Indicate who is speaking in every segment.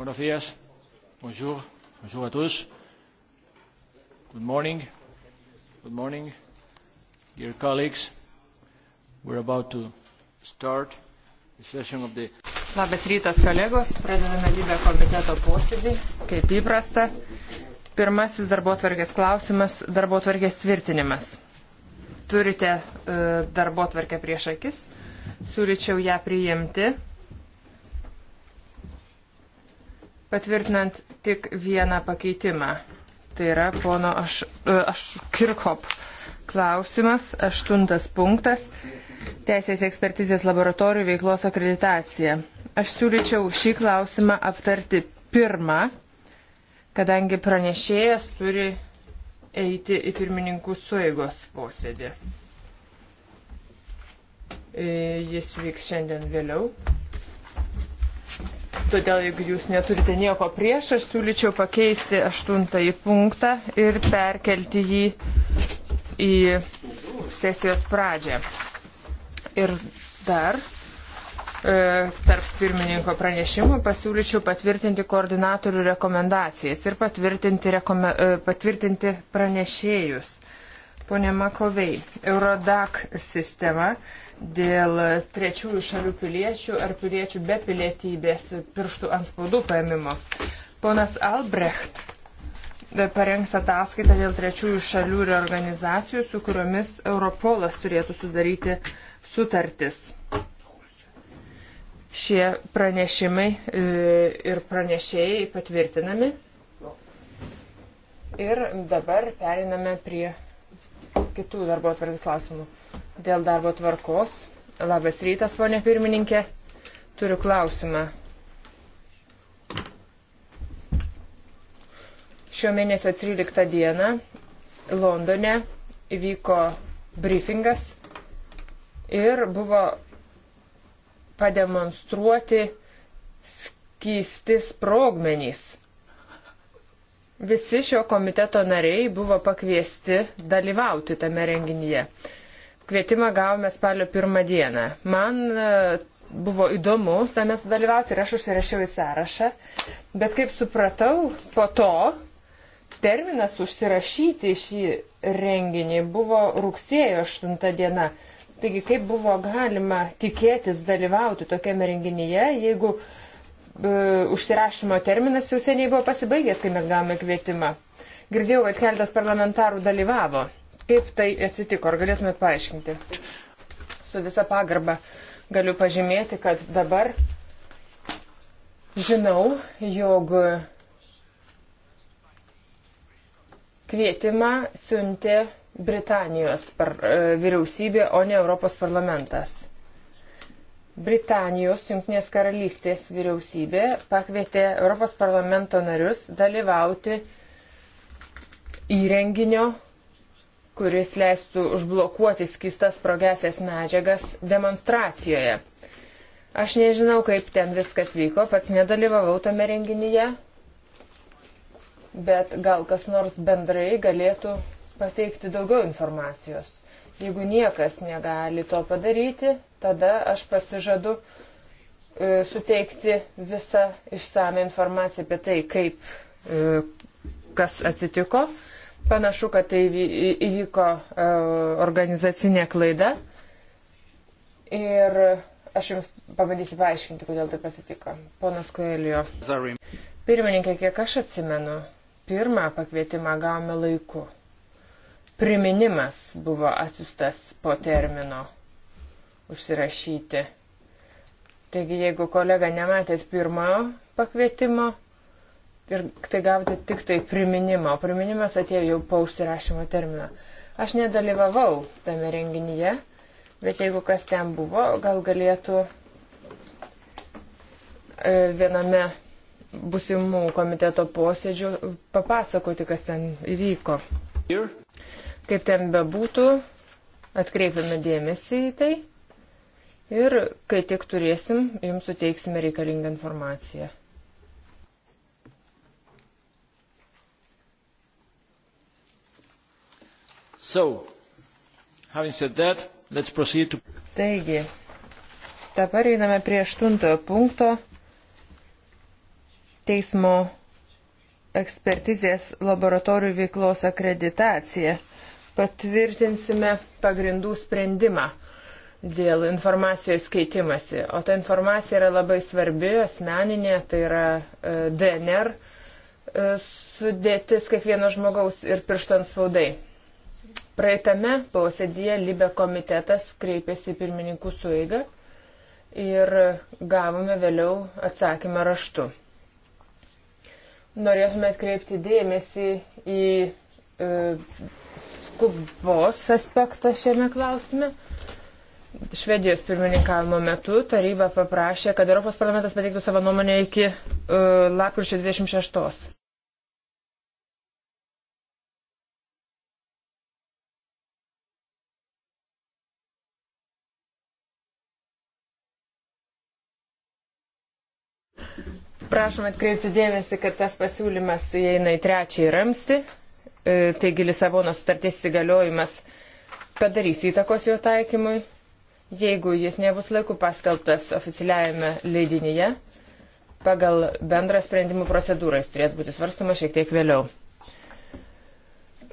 Speaker 1: Buenos días. Bonjour. Bonjour à tous. Good morning. Good morning. Dear colleagues, we're about to start the session of the
Speaker 2: Labas rytas, kolegos. Pradedame lygą komiteto posėdį, kaip įprasta. Pirmasis darbo tvarkės klausimas - darbo tvarkės tvirtinimas. Turite e, darbo tvarkę prieš akis, siūlyčiau ją priimti patvirtinant tik vieną pakeitimą. Tai yra pono aš, e, aš Kirkop klausimas, aštuntas punktas, teisės ekspertizės laboratorijų veiklos akreditacija. Aš siūlyčiau šį klausimą aptarti pirmą, kadangi pranešėjas turi eiti į pirmininkų sueigos posėdį. E, jis vyks šiandien vėliau. Todėl, jeigu jūs neturite nieko prieš, aš siūlyčiau pakeisti aštuntąjį punktą ir perkelti jį į sesijos pradžią. Ir dar e, tarp pirmininko pranešimų pasiūlyčiau patvirtinti koordinatorių rekomendacijas ir patvirtinti, rekome, e, patvirtinti pranešėjus. Pone Makovei, Eurodak sistema dėl trečiųjų šalių piliečių ar piliečių be pilietybės pirštų ant spaudų paėmimo. Ponas Albrecht parengs ataskaitą dėl trečiųjų šalių ir organizacijų, su kuriomis Europolas turėtų sudaryti sutartis. Šie pranešimai e, ir pranešėjai patvirtinami. Ir dabar periname prie kitų darbo atvarkės klausimų. Dėl darbo tvarkos. Labas rytas, ponė pirmininkė. Turiu klausimą. Šio mėnesio 13 dieną Londone įvyko briefingas ir buvo pademonstruoti skysti sprogmenys Visi šio komiteto nariai buvo pakviesti dalyvauti tame renginyje. Kvietimą gavome spalio pirmą dieną. Man e, buvo įdomu tame sudalyvauti ir aš užsirašiau į sąrašą. Bet kaip supratau, po to terminas užsirašyti šį renginį buvo rugsėjo 8 diena. Taigi kaip buvo galima tikėtis dalyvauti tokiame renginyje, jeigu uh, E, užsirašymo terminas jau seniai buvo pasibaigęs, kai mes gavome kvietimą. Girdėjau, kad keletas parlamentarų dalyvavo. Kaip tai atsitiko, ar galėtumėt paaiškinti? Su visa pagarba galiu pažymėti, kad dabar žinau, jog kvietimą siuntė Britanijos par, e, vyriausybė, o ne Europos parlamentas. Britanijos Junktinės karalystės vyriausybė pakvietė Europos parlamento narius dalyvauti įrenginio, kuris leistų užblokuoti skistas progesias medžiagas demonstracijoje. Aš nežinau, kaip ten viskas vyko, pats nedalyvavau tame renginyje, bet gal kas nors bendrai galėtų pateikti daugiau informacijos. Jeigu niekas negali to padaryti, tada aš pasižadu e, suteikti visą išsame informaciją apie tai, kaip, e, kas atsitiko. Panašu, kad tai įvyko e, organizacinė klaida. Ir aš jums pabandysiu paaiškinti, kodėl tai pasitiko. Ponas Koelio. Pirmininkė, kiek aš atsimenu, pirmą pakvietimą gavome laiku priminimas buvo atsiustas po termino užsirašyti. Taigi, jeigu kolega nematėt pirmojo pakvietimo, ir tai gavote tik tai priminimą, o priminimas atėjo jau po užsirašymo termino. Aš nedalyvavau tame renginyje, bet jeigu kas ten buvo, gal galėtų e, viename busimų komiteto posėdžių papasakoti, kas ten įvyko. Here. Kaip ten bebūtų, atkreipiame dėmesį į tai ir kai tik turėsim, jums suteiksime reikalingą informaciją.
Speaker 1: So, having said that, let's proceed to...
Speaker 2: Taigi, dabar einame prie aštuntojo punkto teismo ekspertizės laboratorijų veiklos akreditacija patvirtinsime pagrindų sprendimą dėl informacijos keitimasi. O ta informacija yra labai svarbi, asmeninė, tai yra e, DNR e, sudėtis kiekvieno žmogaus ir pirštans spaudai. Praeitame posėdėje Libė komitetas kreipėsi į pirmininkų sueigą ir gavome vėliau atsakymą raštu. Norėtume atkreipti dėmesį į e, skubos aspektą šiame klausime. Švedijos pirmininkavimo metu taryba paprašė, kad Europos parlamentas pateiktų savo nuomonę iki uh, lapkričio 26. Prašom atkreipti dėmesį, kad tas pasiūlymas įeina į trečiąjį ramstį E, taigi Lisabono sutarties įgaliojimas padarys įtakos jo taikymui, jeigu jis nebus laiku paskelbtas oficialiajame leidinyje, pagal bendrą sprendimų procedūrą jis turės būti svarstama šiek tiek vėliau.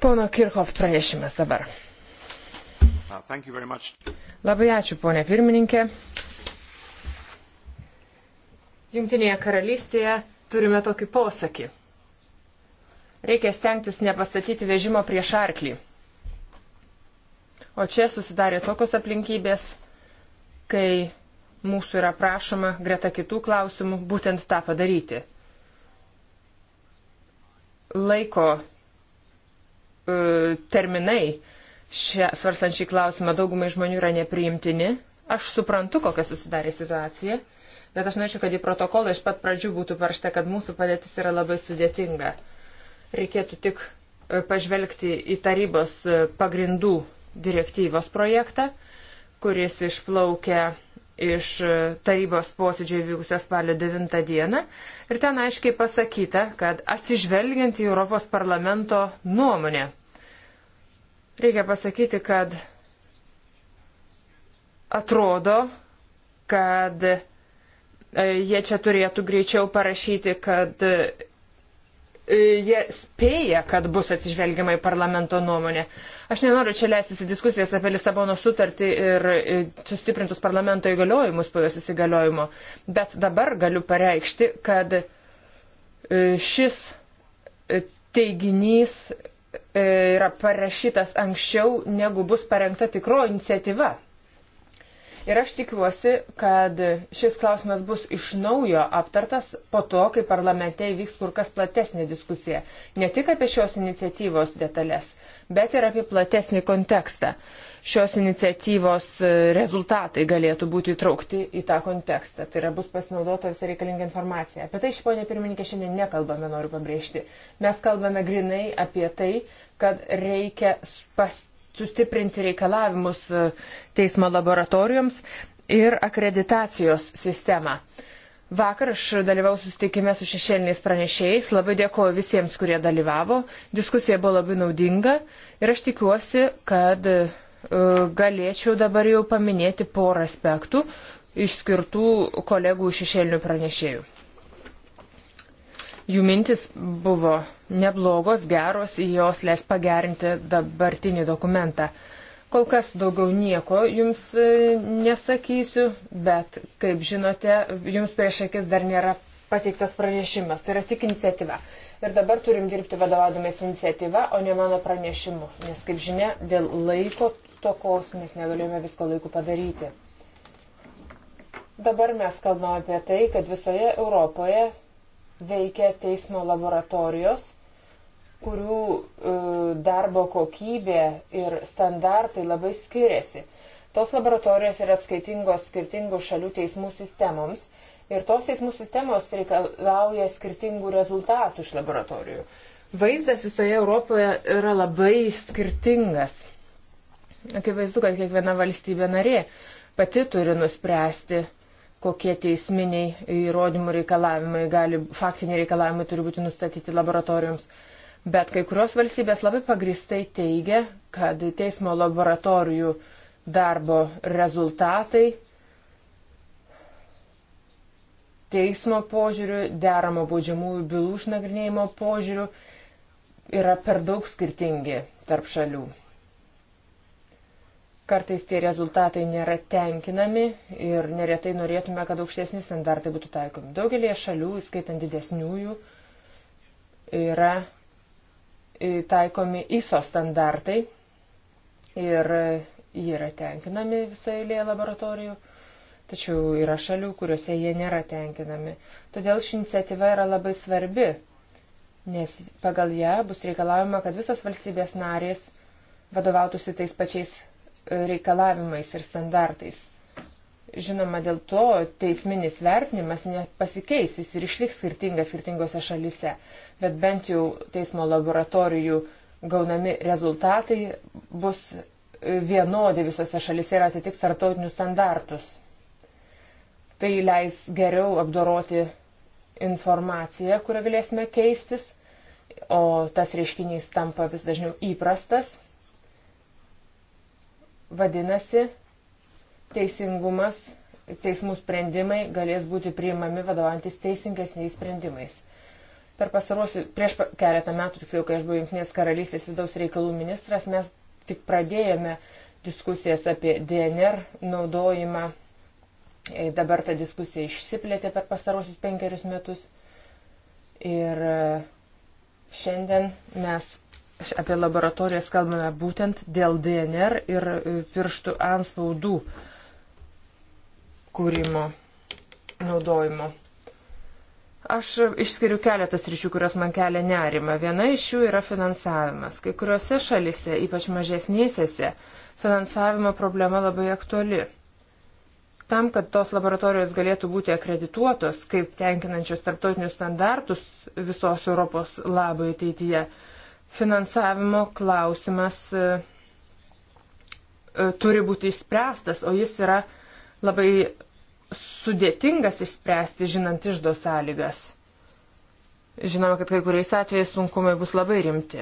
Speaker 2: Pono Kirchhoff pranešimas dabar.
Speaker 3: Uh,
Speaker 2: Labai ačiū, ponė pirmininkė. Jungtinėje karalystėje turime tokį posakį. Reikia stengtis nepastatyti vežimo prieš arklį. O čia susidarė tokios aplinkybės, kai mūsų yra prašoma greta kitų klausimų būtent tą padaryti. Laiko e, terminai šia, svarstant šį klausimą daugumai žmonių yra nepriimtini. Aš suprantu, kokia susidarė situacija, bet aš norėčiau, kad į protokolą iš pat pradžių būtų parašta, kad mūsų padėtis yra labai sudėtinga. Reikėtų tik e, pažvelgti į tarybos e, pagrindų direktyvos projektą, kuris išplaukia iš e, tarybos posėdžio įvykusio spalio 9 dieną. Ir ten aiškiai pasakyta, kad atsižvelgiant į Europos parlamento nuomonę, reikia pasakyti, kad atrodo, kad jie čia turėtų greičiau parašyti, kad E, jie spėja, kad bus atsižvelgiama į parlamento nuomonę. Aš nenoriu čia leistis į diskusijas apie Lisabono sutartį ir e, sustiprintus parlamento įgaliojimus po jos įsigaliojimo, bet dabar galiu pareikšti, kad e, šis teiginys yra parašytas anksčiau, negu bus parengta tikroji iniciatyva. Ir aš tikiuosi, kad šis klausimas bus iš naujo aptartas po to, kai parlamente įvyks kur kas platesnė diskusija. Ne tik apie šios iniciatyvos detalės, bet ir apie platesnį kontekstą. Šios iniciatyvos e, rezultatai galėtų būti įtraukti į tą kontekstą. Tai yra bus pasinaudota visą reikalingą informaciją. Apie tai, ponė pirmininkė, šiandien nekalbame, noriu pabrėžti. Mes kalbame grinai apie tai, kad reikia pas, sustiprinti reikalavimus e, teismo laboratorijoms ir akreditacijos sistemą. Vakar aš dalyvau susitikime su šešėliniais pranešėjais, labai dėkoju visiems, kurie dalyvavo, diskusija buvo labai naudinga ir aš tikiuosi, kad e, galėčiau dabar jau paminėti porą aspektų išskirtų kolegų šešėlinių pranešėjų. Jų mintis buvo neblogos, geros, jos leis pagerinti dabartinį dokumentą. Kol kas daugiau nieko jums e, nesakysiu, bet, kaip žinote, jums prieš akis dar nėra pateiktas pranešimas, tai yra tik iniciatyva. Ir dabar turim dirbti vadovaudomės iniciatyva, o ne mano pranešimu, nes, kaip žinia, dėl laiko stokos mes negalėjome visko laiku padaryti. Dabar mes kalbame apie tai, kad visoje Europoje veikia teismo laboratorijos, kurių e, darbo kokybė ir standartai labai skiriasi. Tos laboratorijos yra skirtingos skirtingų šalių teismų sistemoms ir tos teismų sistemos reikalauja skirtingų rezultatų iš laboratorijų. Vaizdas visoje Europoje yra labai skirtingas. Akivaizdu, kad kiekviena valstybė narė pati turi nuspręsti, kokie teisminiai įrodymų reikalavimai, gali, faktiniai reikalavimai turi būti nustatyti laboratorijoms. Bet kai kurios valstybės labai pagristai teigia, kad teismo laboratorijų darbo rezultatai teismo požiūrių, deramo baudžiamųjų bylų išnagrinėjimo požiūrių yra per daug skirtingi tarp šalių. Kartais tie rezultatai nėra tenkinami ir neretai norėtume, kad aukštesni standartai būtų taikomi. Daugelie šalių, skaitant didesniųjų, yra e, taikomi ISO standartai ir jie yra tenkinami visoje eilėje laboratorijų, tačiau yra šalių, kuriuose jie nėra tenkinami. Todėl ši iniciatyva yra labai svarbi, nes pagal ją bus reikalavima, kad visos valstybės narės vadovautųsi tais pačiais reikalavimais ir standartais. Žinoma, dėl to teisminis vertinimas nepasikeis, jis ir išliks skirtingas skirtingose šalise, bet bent jau teismo laboratorijų gaunami rezultatai bus vienodi visose šalise ir atitiks tartautinius standartus. Tai leis geriau apdoroti informaciją, kurią galėsime keistis, o tas reiškinys tampa vis dažniau įprastas Vadinasi, teisingumas, teismų sprendimai galės būti priimami vadovantis teisingesniais sprendimais. Per pasarosius, prieš keletą metų, tiksliau, kai aš buvau Junktinės karalystės vidaus reikalų ministras, mes tik pradėjome diskusijas apie DNR naudojimą. E, dabar ta diskusija išsiplėtė per pasarosius penkerius metus. Ir e, šiandien mes apie laboratorijas kalbame būtent dėl DNR ir e, pirštų anspaudų kūrimo, naudojimo. Aš išskiriu keletas ryšių, kurios man kelia nerima. Viena iš jų yra finansavimas. Kai kuriuose šalise, ypač mažesnėse, finansavimo problema labai aktuali. Tam, kad tos laboratorijos galėtų būti akredituotos kaip tenkinančios tarptautinius standartus visos Europos labai ateityje, finansavimo klausimas e, e, turi būti išspręstas, o jis yra labai sudėtingas išspręsti, žinant išdo sąlygas. Žinoma, kad kai kuriais atvejais sunkumai bus labai rimti.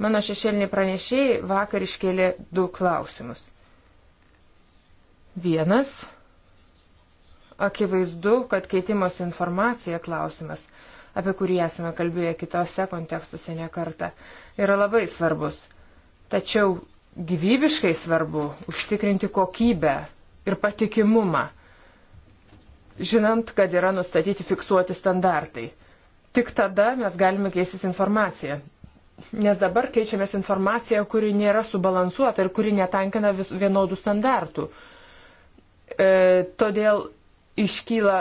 Speaker 2: Mano šešėliniai pranešėjai vakar iškėlė du klausimus. Vienas. Akivaizdu, kad keitimos informacija klausimas apie kurį esame kalbėję kitose kontekstuose nekarta, yra labai svarbus. Tačiau gyvybiškai svarbu užtikrinti kokybę ir patikimumą, žinant, kad yra nustatyti fiksuoti standartai. Tik tada mes galime keistis informaciją. Nes dabar keičiamės informaciją, kuri nėra subalansuota ir kuri netankina vis, vienodų standartų. E, todėl iškyla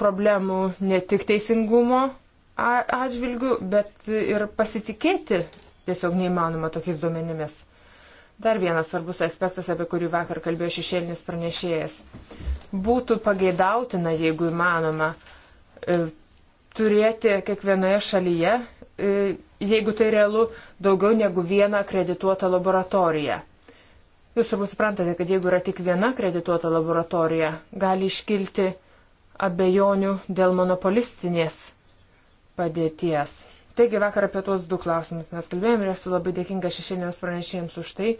Speaker 2: problemų ne tik teisingumo atžvilgių, bet ir pasitikėti tiesiog neįmanoma tokiais duomenimis. Dar vienas svarbus aspektas, apie kurį vakar kalbėjo šešėlinis pranešėjas. Būtų pageidautina, jeigu įmanoma, e, turėti kiekvienoje šalyje, e, jeigu tai realu, daugiau negu vieną akredituotą laboratoriją. Jūs turbūt suprantate, kad jeigu yra tik viena akredituota laboratorija, gali iškilti uh, abejonių dėl monopolistinės padėties. Taigi vakar apie tuos du klausimus mes kalbėjome ir esu labai dėkinga šešėlėms pranešėjams už tai,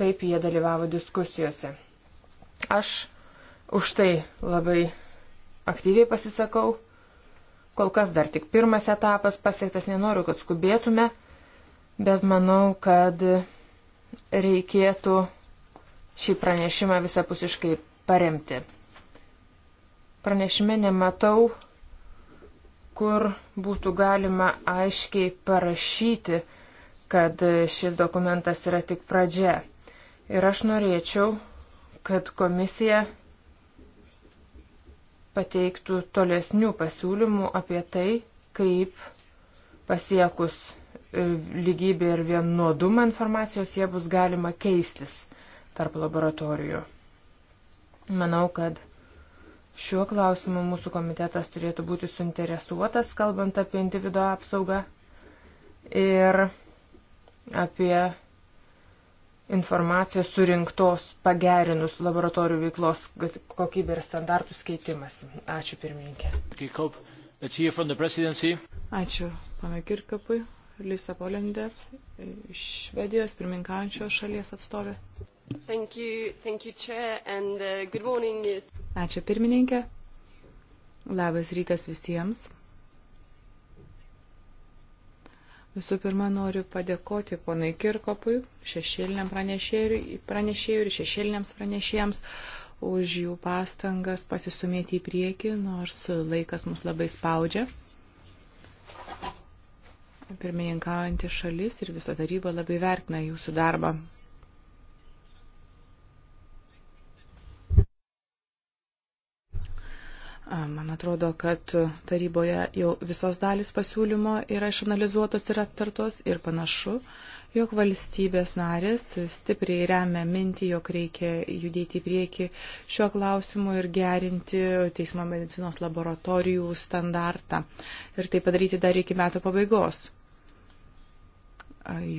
Speaker 2: kaip jie dalyvavo diskusijose. Aš už tai labai aktyviai pasisakau. Kol kas dar tik pirmas etapas pasiektas, nenoriu, kad skubėtume, bet manau, kad reikėtų šį pranešimą visapusiškai paremti. Pranešime nematau, kur būtų galima aiškiai parašyti, kad šis dokumentas yra tik pradžia. Ir aš norėčiau, kad komisija pateiktų tolesnių pasiūlymų apie tai, kaip pasiekus e, lygybė ir vienodumą informacijos jie bus galima keistis tarp laboratorijų. Manau, kad Šiuo klausimu mūsų komitetas turėtų būti suinteresuotas, kalbant apie individuo apsaugą ir apie informacijos surinktos pagerinus laboratorijų veiklos kokybę ir standartus keitimas. Ačiū
Speaker 1: pirmininkė.
Speaker 3: Ačiū pana Kirkapui, Lisa Polender, Švedijos pirmininkančios šalies atstovė. Thank
Speaker 4: you, thank you, Chair, and uh, good morning.
Speaker 3: Ačiū pirmininkė. Labas rytas visiems. Visų pirma, noriu padėkoti ponai Kirkopui, šešėliniam pranešėjui ir šešėliniams pranešėjams už jų pastangas pasistumėti į priekį, nors laikas mus labai spaudžia. Pirmininkaujantį šalis ir visą tarybą labai vertina jūsų darbą. Man atrodo, kad taryboje jau visos dalis pasiūlymo yra išanalizuotos ir aptartos ir panašu, jog valstybės narės stipriai remia mintį, jog reikia judėti į priekį šiuo klausimu ir gerinti teismo medicinos laboratorijų standartą. Ir tai padaryti dar iki metų pabaigos.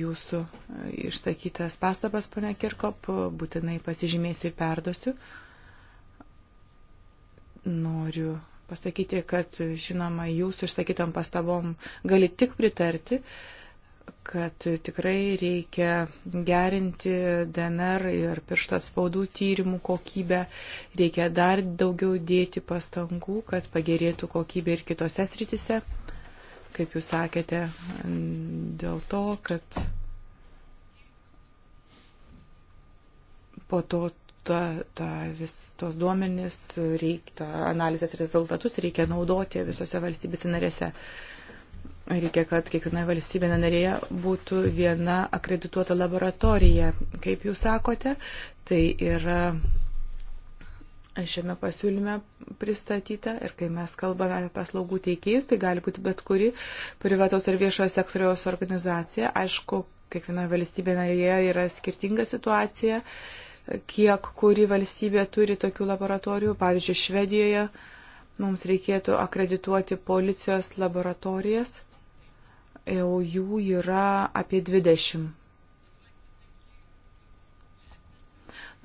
Speaker 3: Jūsų išsakytas pastabas, pane Kirkop, būtinai pasižymėsiu ir perdosiu. Noriu pasakyti, kad žinoma, jūsų išsakytom pastabom gali tik pritarti, kad tikrai reikia gerinti DNR ir piršto spaudų tyrimų kokybę, reikia dar daugiau dėti pastangų, kad pagerėtų kokybė ir kitose sritise, kaip jūs sakėte, dėl to, kad po to ta, ta vis, tos duomenys, reikia, analizės rezultatus reikia naudoti visose valstybėse narėse. Reikia, kad kiekvienoje valstybėje narėje būtų viena akredituota laboratorija. Kaip jūs sakote, tai yra šiame pasiūlyme pristatyta ir kai mes kalbame apie paslaugų teikėjus, tai gali būti bet kuri privatos ar viešojo sektoriaus organizacija. Aišku, kiekvienoje valstybėje narėje yra skirtinga situacija kiek kuri valstybė turi tokių laboratorijų. Pavyzdžiui, Švedijoje mums reikėtų akredituoti policijos laboratorijas, jau jų yra apie 20.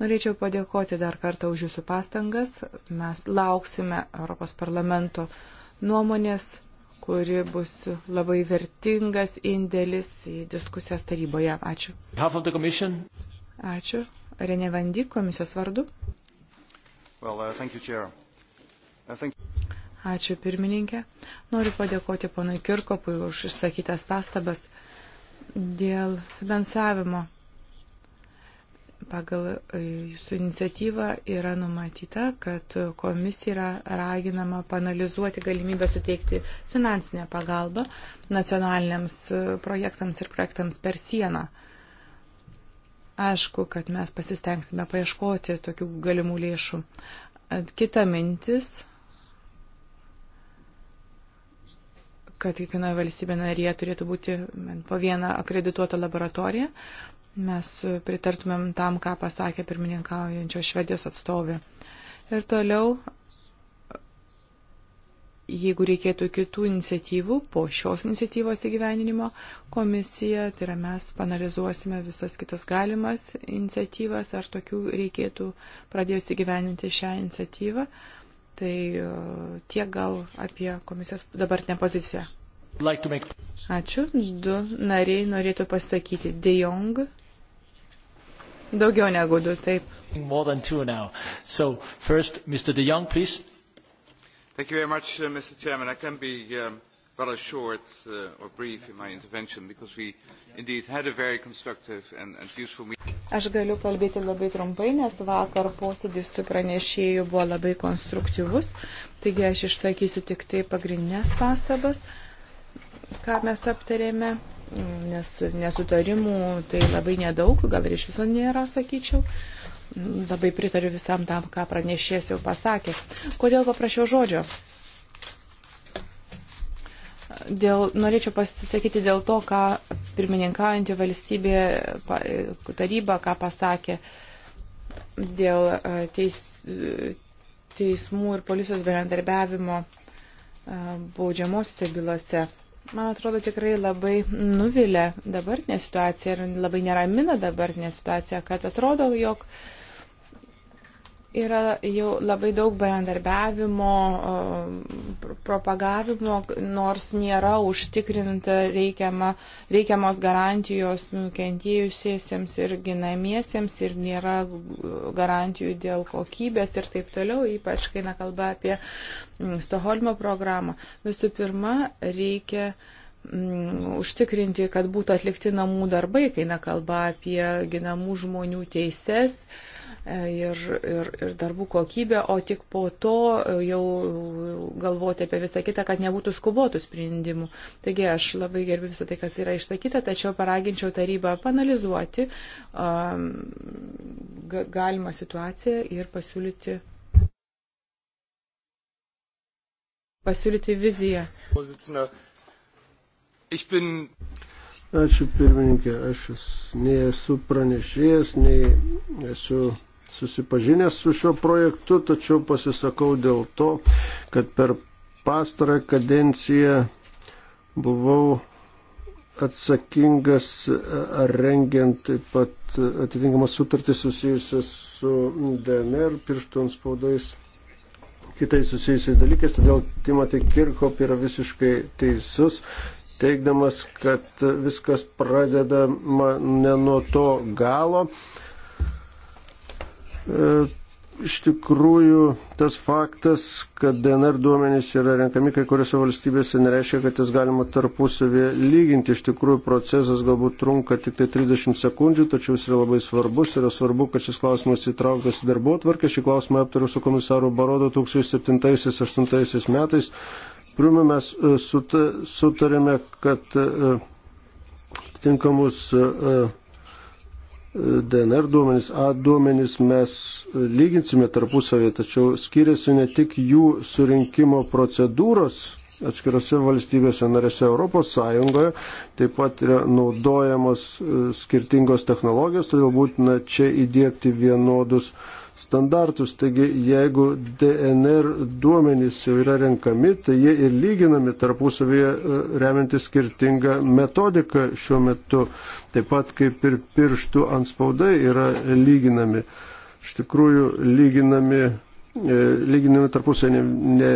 Speaker 3: Norėčiau padėkoti dar kartą už jūsų pastangas. Mes lauksime Europos parlamento nuomonės, kuri bus labai vertingas indėlis į diskusijas taryboje. Ačiū. Ačiū. Renė Vandy, komisijos vardu.
Speaker 1: Well, uh, thank you, Chair. Uh, thank you.
Speaker 3: Ačiū pirmininkė. Noriu padėkoti ponui Kirkopui už išsakytas pastabas dėl finansavimo. Pagal e, jūsų iniciatyvą yra numatyta, kad komisija yra raginama panalizuoti galimybę suteikti finansinę pagalbą nacionaliniams e, projektams ir projektams per sieną. Aišku, kad mes pasistengsime paieškoti tokių galimų lėšų. Kita mintis, kad kiekvienoje valstybė narėje turėtų būti po vieną akredituotą laboratoriją. Mes pritartumėm tam, ką pasakė pirmininkaujančio švedijos atstovė. Ir toliau jeigu reikėtų kitų iniciatyvų po šios iniciatyvos įgyveninimo komisija, tai yra mes panalizuosime visas kitas galimas iniciatyvas, ar tokių reikėtų pradėjus įgyveninti šią iniciatyvą. Tai tiek gal apie komisijos dabartinę poziciją.
Speaker 1: Ačiū.
Speaker 3: Du nariai norėtų pasakyti. De Jong. Daugiau negu du, taip.
Speaker 1: More than two now. So first, Mr. De Jong, please. Thank you
Speaker 3: very much, uh, Mr. Chairman. I can be um, rather short uh, or brief in my intervention because we indeed had a very constructive and, and useful meeting. Aš galiu kalbėti labai trumpai, nes vakar posėdis su pranešėju buvo labai konstruktyvus, taigi aš išsakysiu tik tai pagrindinės pastabas, ką mes aptarėme, nes nesutarimų tai labai nedaug, gal ir iš viso nėra, sakyčiau. Uh, Labai pritariu visam tam, ką pranešės jau pasakė. Kodėl paprašiau žodžio? Dėl, norėčiau pasisakyti dėl to, ką pirmininkaujantį valstybė taryba, ką pasakė dėl teis, teismų ir policijos bendradarbiavimo baudžiamosiose bylose man atrodo, tikrai labai nuvilia dabartinė situacija ir labai neramina dabartinė situacija, kad atrodo, jog uh, Yra jau labai daug bendarbiavimo, e, propagavimo, nors nėra užtikrinta reikiama, reikiamos garantijos nukentėjusiesiems ir ginamiesiems ir nėra garantijų dėl kokybės ir taip toliau, ypač kai nekalba apie mm, Stoholmo programą. Visų pirma, reikia mm, užtikrinti, kad būtų atlikti namų darbai, kai nekalba apie ginamų žmonių teises ir, ir, ir darbų kokybę, o tik po to e, jau galvoti apie visą kitą, kad nebūtų skubotų sprendimų. Taigi aš labai gerbiu visą tai, kas yra išsakyta, tačiau paraginčiau tarybą panalizuoti um, galimą situaciją ir pasiūlyti pasiūlyti viziją.
Speaker 5: Ačiū pirmininkė, aš esu, nei esu pranešėjas, nei esu susipažinęs su šiuo projektu, tačiau pasisakau dėl to, kad per pastarą kadenciją buvau atsakingas rengiant taip pat atitinkamas sutartis susijusias su DNR pirštų ant spaudais kitais susijusiais dalykais, todėl Timothy Kirchhoff yra visiškai teisus, teikdamas, kad viskas pradedama ne nuo to galo, E, iš tikrųjų, tas faktas, kad DNR duomenys yra renkami kai kuriuose valstybėse, nereiškia, kad jas galima tarpusavį lyginti. Iš tikrųjų, procesas galbūt trunka tik tai 30 sekundžių, tačiau jis yra labai svarbus. Yra svarbu, kad šis klausimas įtrauktas į darbo atvarkę. Šį klausimą aptariu su komisaru Barodo 2007-2008 metais. Pirmą mes e, sutarėme, kad e, tinkamus. Uh, DNR duomenys, A duomenys mes lyginsime tarpusavį, tačiau skiriasi ne tik jų surinkimo procedūros atskirose valstybėse narėse Europos Sąjungoje, taip pat yra naudojamos e, skirtingos technologijos, todėl būtina čia įdėkti vienodus standartus. Taigi, jeigu DNR duomenys jau yra renkami, tai jie ir lyginami tarpusavyje e, remianti skirtingą metodiką šiuo metu, taip pat kaip ir pirštų anspaudai yra lyginami. Iš tikrųjų, lyginami e, lyginami tarpusai ne, ne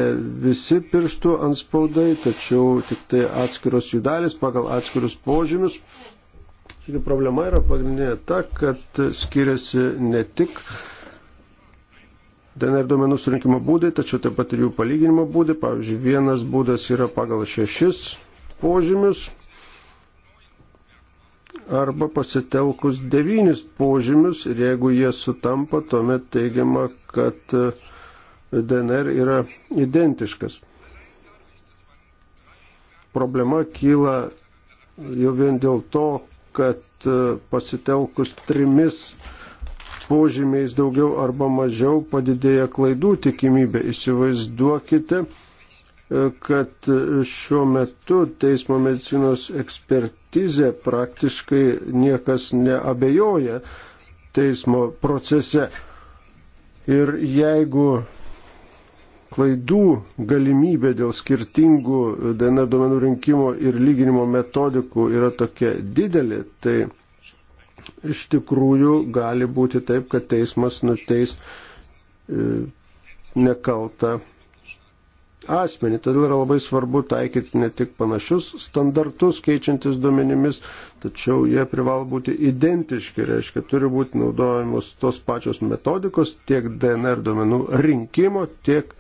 Speaker 5: visi pirštų anspaudai, tačiau tik tai atskiros jų dalis pagal atskirus požymius. Taigi problema yra pagrindinė ta, kad skiriasi ne tik DNR duomenų surinkimo būdai, tačiau taip pat ir jų palyginimo būdai. Pavyzdžiui, vienas būdas yra pagal šešis požymius arba pasitelkus devynis požymius ir jeigu jie sutampa, tuomet teigiama, kad e, DNR yra identiškas. Problema kyla jau vien dėl to, kad e, pasitelkus trimis požymius požymiais daugiau arba mažiau padidėja klaidų tikimybė. Įsivaizduokite, e, kad šiuo metu teismo medicinos ekspertizė praktiškai niekas neabejoja teismo procese. Ir jeigu klaidų galimybė dėl skirtingų DNA duomenų rinkimo ir lyginimo metodikų yra tokia didelė, tai iš tikrųjų gali būti taip, kad teismas nuteis e, nekaltą asmenį. Todėl yra labai svarbu taikyti ne tik panašius standartus keičiantis duomenimis, tačiau jie privalo būti identiški, reiškia, turi būti naudojamos tos pačios metodikos tiek DNR duomenų rinkimo, tiek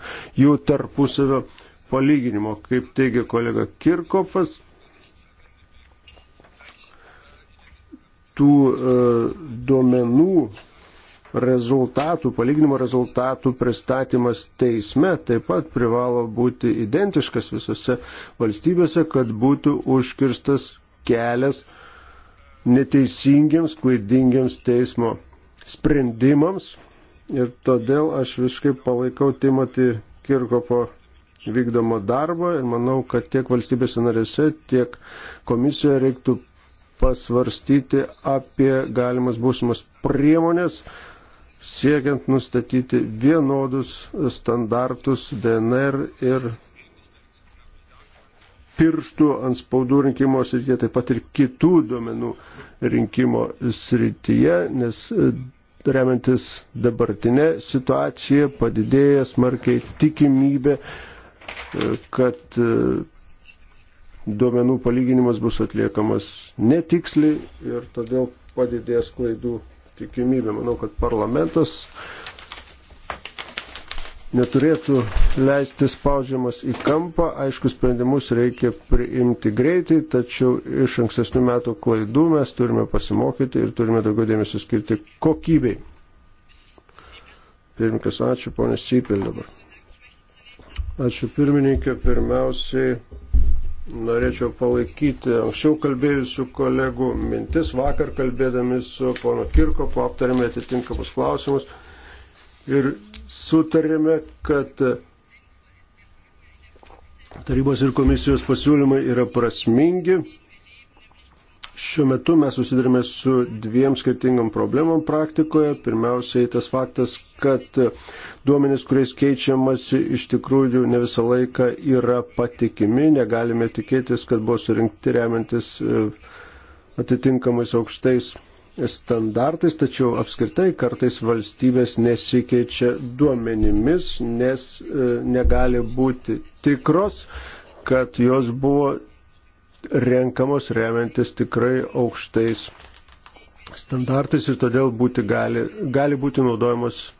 Speaker 5: jų tarpusavio palyginimo. Kaip teigia kolega Kirkofas, tų e, duomenų rezultatų, palyginimo rezultatų pristatymas teisme taip pat privalo būti identiškas visose valstybėse, kad būtų užkirstas kelias neteisingiams, klaidingiams teismo sprendimams. Ir todėl aš visiškai palaikau Timotį Kirkopo vykdomą darbą ir manau, kad tiek valstybėse narėse, tiek komisijoje reiktų pasvarstyti apie galimas būsimas priemonės, siekiant nustatyti vienodus standartus DNR ir pirštų ant spaudų rinkimo srityje, taip pat ir kitų duomenų rinkimo srityje, nes e, remiantis dabartinė situacija padidėja smarkiai tikimybė, e, kad e, duomenų palyginimas bus atliekamas netiksliai ir todėl padidės klaidų tikimybė. Manau, kad parlamentas neturėtų leisti spaudžiamas į kampą. Aišku, sprendimus reikia priimti greitai, tačiau iš ankstesnių metų klaidų mes turime pasimokyti ir turime daugiau dėmesio skirti kokybei. Pirmininkas, ačiū, ponė Sypil dabar. Ačiū pirmininkė, pirmiausiai norėčiau palaikyti anksčiau kalbėjusių kolegų mintis. Vakar kalbėdami su pono Kirkopu aptarėme atitinkamus klausimus ir sutarėme, kad tarybos ir komisijos pasiūlymai yra prasmingi Šiuo metu mes susidurime su dviem skirtingom problemom praktikoje. Pirmiausiai tas faktas, kad duomenys, kuriais keičiamasi, iš tikrųjų ne visą laiką yra patikimi. Negalime tikėtis, kad buvo surinkti remiantis e, atitinkamais aukštais standartais, tačiau apskritai kartais valstybės nesikeičia duomenimis, nes e, negali būti tikros, kad jos buvo renkamos remiantis tikrai aukštais standartais ir todėl būti gali, gali būti naudojamos e,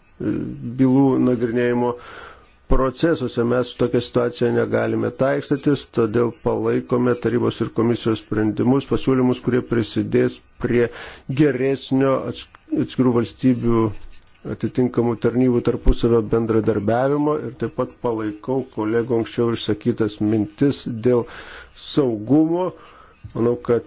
Speaker 5: bylų nagrinėjimo procesuose. Mes su tokia situacija negalime taikstytis, todėl palaikome tarybos ir komisijos sprendimus, pasiūlymus, kurie prisidės prie geresnio atskirų valstybių atitinkamų tarnybų tarpusavio bendradarbiavimo ir taip pat palaikau kolegų anksčiau išsakytas mintis dėl saugumo. Manau, kad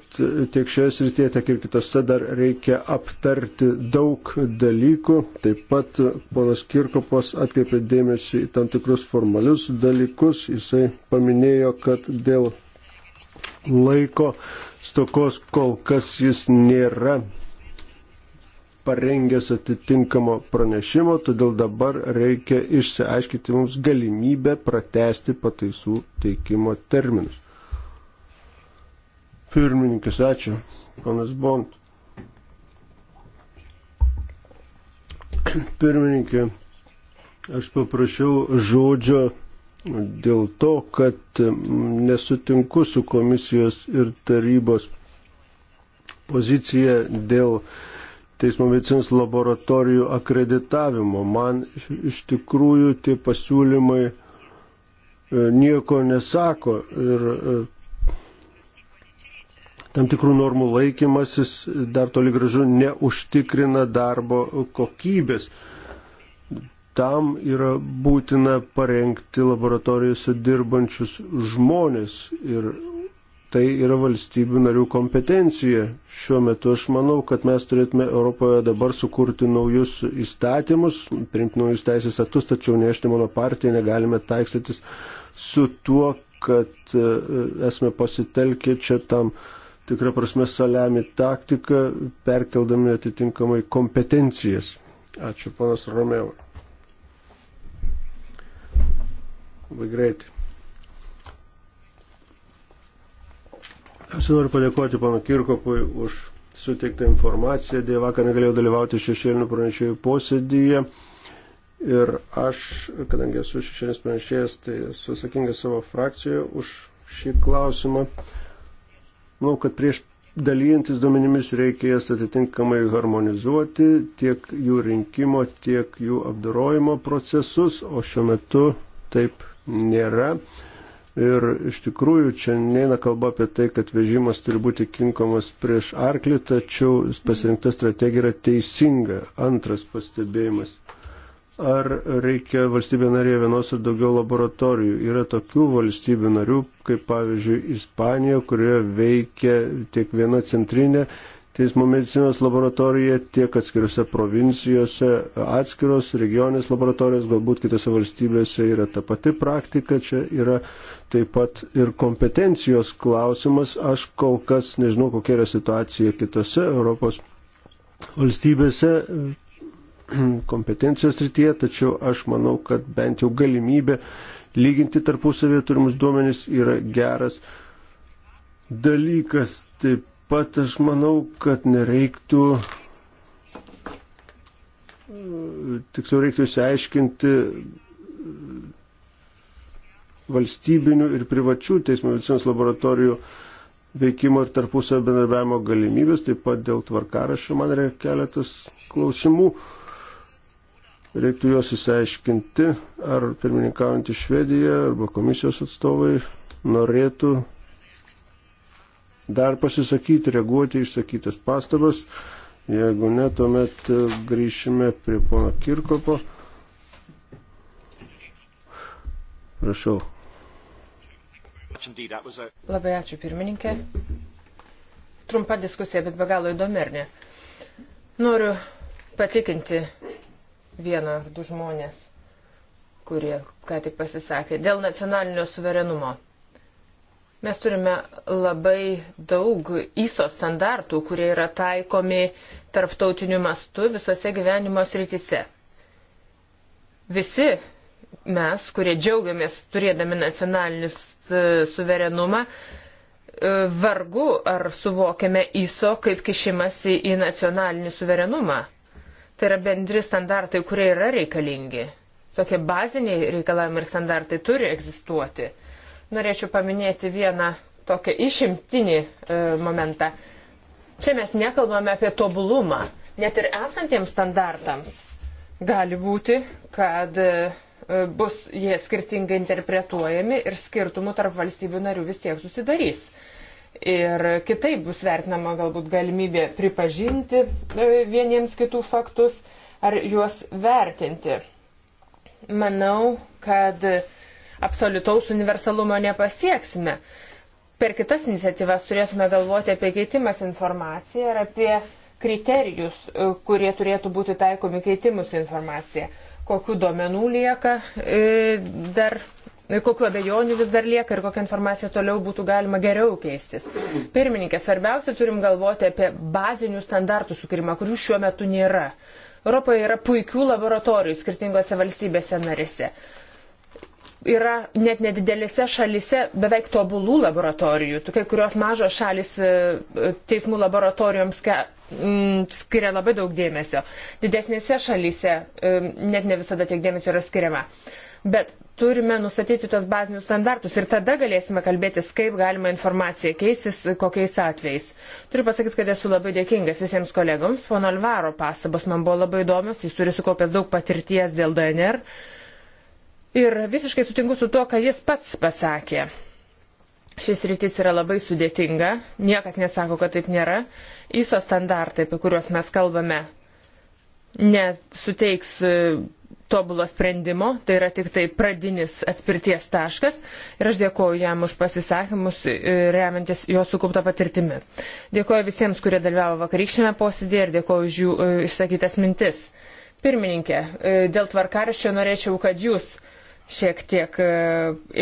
Speaker 5: tiek šioje srityje, tiek ir kitose dar reikia aptarti daug dalykų. Taip pat ponas Kirkopas atkreipė dėmesį į tam tikrus formalius dalykus. Jisai paminėjo, kad dėl laiko stokos kol kas jis nėra parengęs atitinkamo pranešimo, todėl dabar reikia išsiaiškinti mums galimybę pratesti pataisų teikimo terminus. Pirmininkas, ačiū. Ponas Bond. Pirmininkė, aš paprašiau žodžio dėl to, kad nesutinku su komisijos ir tarybos pozicija dėl uh, teismo medicinos laboratorijų akreditavimo. Man iš tikrųjų tie pasiūlymai e, nieko nesako ir e, tam tikrų normų laikymasis dar toli gražu neužtikrina darbo kokybės. Tam yra būtina parengti laboratorijose dirbančius žmonės ir tai yra valstybių narių kompetencija. Šiuo metu aš manau, kad mes turėtume Europoje dabar sukurti naujus įstatymus, priimti naujus teisės aktus, tačiau nešti mano partiją negalime taikstytis su tuo, kad e, esame pasitelkę čia tam tikrą prasme saliami taktiką, perkeldami atitinkamai kompetencijas. Ačiū, panas Romeo. Labai greitai. Aš noriu padėkoti pana Kirkopui už suteiktą informaciją. Dėja, vakar negalėjau dalyvauti šešėlinių pranešėjų posėdyje. Ir aš, kadangi esu šešėlinis pranešėjas, tai esu atsakingas savo frakcijoje už šį klausimą. Manau, kad prieš dalyjantis duomenimis reikia jas atitinkamai harmonizuoti tiek jų rinkimo, tiek jų apdarojimo procesus, o šiuo metu taip nėra. Ir iš tikrųjų čia neina kalba apie tai, kad vežimas turi būti kinkamas prieš arklį, tačiau pasirinkta strategija yra teisinga. Antras pastebėjimas. Ar reikia valstybė narėje vienos ar daugiau laboratorijų? Yra tokių valstybių narių, kaip pavyzdžiui Ispanija, kurioje veikia tiek viena centrinė, teismo medicinos laboratorija, tiek atskiriuose provincijose, atskiros regioninės laboratorijos, galbūt kitose valstybėse yra ta pati praktika, čia yra taip pat ir kompetencijos klausimas. Aš kol kas nežinau, kokia yra situacija kitose Europos valstybėse kompetencijos rytyje, tačiau aš manau, kad bent jau galimybė lyginti tarpusavėje turimus duomenis yra geras dalykas. Taip pat aš manau, kad nereiktų, tiksliau reiktų išsiaiškinti valstybinių ir privačių teismo medicinos laboratorijų veikimo ir tarpusio bendarbiavimo galimybės, taip pat dėl tvarkarašio man reikia keletas klausimų. Reiktų juos įsiaiškinti, ar pirmininkaujantį Švediją arba komisijos atstovai norėtų dar pasisakyti, reaguoti išsakytas pastabas. Jeigu ne, tuomet e, grįšime prie pono Kirkopo. Prašau.
Speaker 2: Labai ačiū pirmininkė. Trumpa diskusija, bet be galo įdomi, ar ne? Noriu patikinti vieną ar du žmonės, kurie ką tik pasisakė, dėl nacionalinio suverenumo. Mes turime labai daug ISO standartų, kurie yra taikomi tarptautiniu mastu visose gyvenimo srityse. Visi mes, kurie džiaugiamės turėdami nacionalinį suverenumą, e, vargu ar suvokiame ISO kaip kišimasi į nacionalinį suverenumą. Tai yra bendri standartai, kurie yra reikalingi. Tokie baziniai reikalavimai ir standartai turi egzistuoti. Norėčiau paminėti vieną tokią išimtinį e, momentą. Čia mes nekalbame apie tobulumą. Net ir esantiems standartams gali būti, kad e, bus jie skirtingai interpretuojami ir skirtumų tarp valstybių narių vis tiek susidarys. Ir kitaip bus vertinama galbūt galimybė pripažinti e, vieniems kitų faktus ar juos vertinti. Manau, kad absoliutaus universalumo nepasieksime. Per kitas iniciatyvas turėtume galvoti apie keitimas informaciją ir apie kriterijus, e, kurie turėtų būti taikomi keitimus informaciją. Kokiu duomenų lieka e, dar e, kokiu abejonių vis dar lieka ir kokią informaciją toliau būtų galima geriau keistis. Pirmininkė, svarbiausia turim galvoti apie bazinių standartų sukūrimą, kurių šiuo metu nėra. Europoje yra puikių laboratorijų skirtingose valstybėse narėse yra net nedidelėse šalise beveik tobulų laboratorijų. Kai kurios mažos šalis e, e, teismų laboratorijoms mm, skiria labai daug dėmesio. Didesnėse šalise e, net ne visada tiek dėmesio yra skiriama. Bet turime nustatyti tos bazinius standartus ir tada galėsime kalbėtis, kaip galima informacija keisis, kokiais atvejais. Turiu pasakyti, kad esu labai dėkingas visiems kolegoms. Fono Alvaro pastabos man buvo labai įdomios, jis turi sukaupęs daug patirties dėl DNR. Uh, Ir visiškai sutinku su tuo, ką jis pats pasakė. Šis rytis yra labai sudėtinga, niekas nesako, kad taip nėra. ISO standartai, apie kuriuos mes kalbame, nesuteiks e, tobulo sprendimo, tai yra tik tai pradinis atspirties taškas ir aš dėkoju jam už pasisakymus, e, remiantis jo sukauptą patirtimi. Dėkoju visiems, kurie dalyvavo vakarykščiame posėdėje ir dėkoju už jų e, išsakytas mintis. Pirmininkė, dėl tvarkaraščio norėčiau, kad jūs šiek tiek e,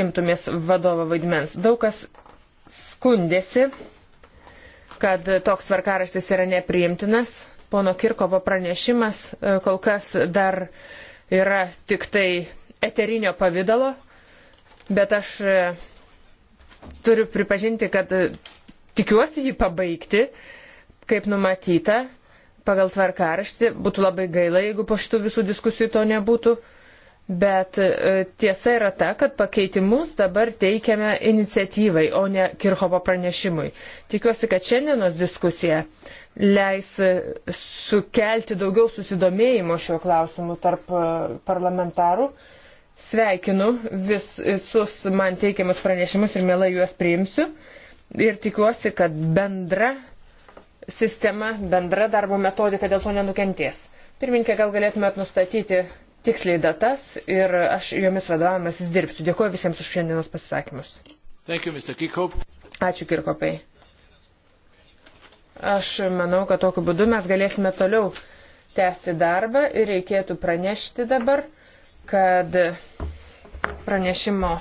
Speaker 2: imtumės vadovo vaidmens. Daug kas skundėsi, kad toks varkaraštis yra nepriimtinas. Pono Kirkovo pranešimas e, kol kas dar yra tik tai eterinio pavydalo, bet aš e, turiu pripažinti, kad tikiuosi jį pabaigti, kaip numatyta, pagal tvarkaraštį. Būtų labai gaila, jeigu po šitų visų diskusijų to nebūtų. Bet e, tiesa yra ta, kad pakeitimus dabar teikiame iniciatyvai, o ne Kirchovo pranešimui. Tikiuosi, kad šiandienos diskusija leis e, sukelti daugiau susidomėjimo šiuo klausimu tarp e, parlamentarų. Sveikinu vis, visus man teikiamus pranešimus ir mielai juos priimsiu. Ir tikiuosi, kad bendra sistema, bendra darbo metodika dėl to nenukentės. Pirminkė, gal galėtumėt nustatyti tiksliai datas ir aš jomis vadovavimasis dirbsiu. Dėkuoju visiems už šiandienos
Speaker 1: pasisakymus. You,
Speaker 2: Ačiū, Kirkopai. Aš manau, kad tokiu būdu mes galėsime toliau tęsti darbą ir reikėtų pranešti dabar, kad pranešimo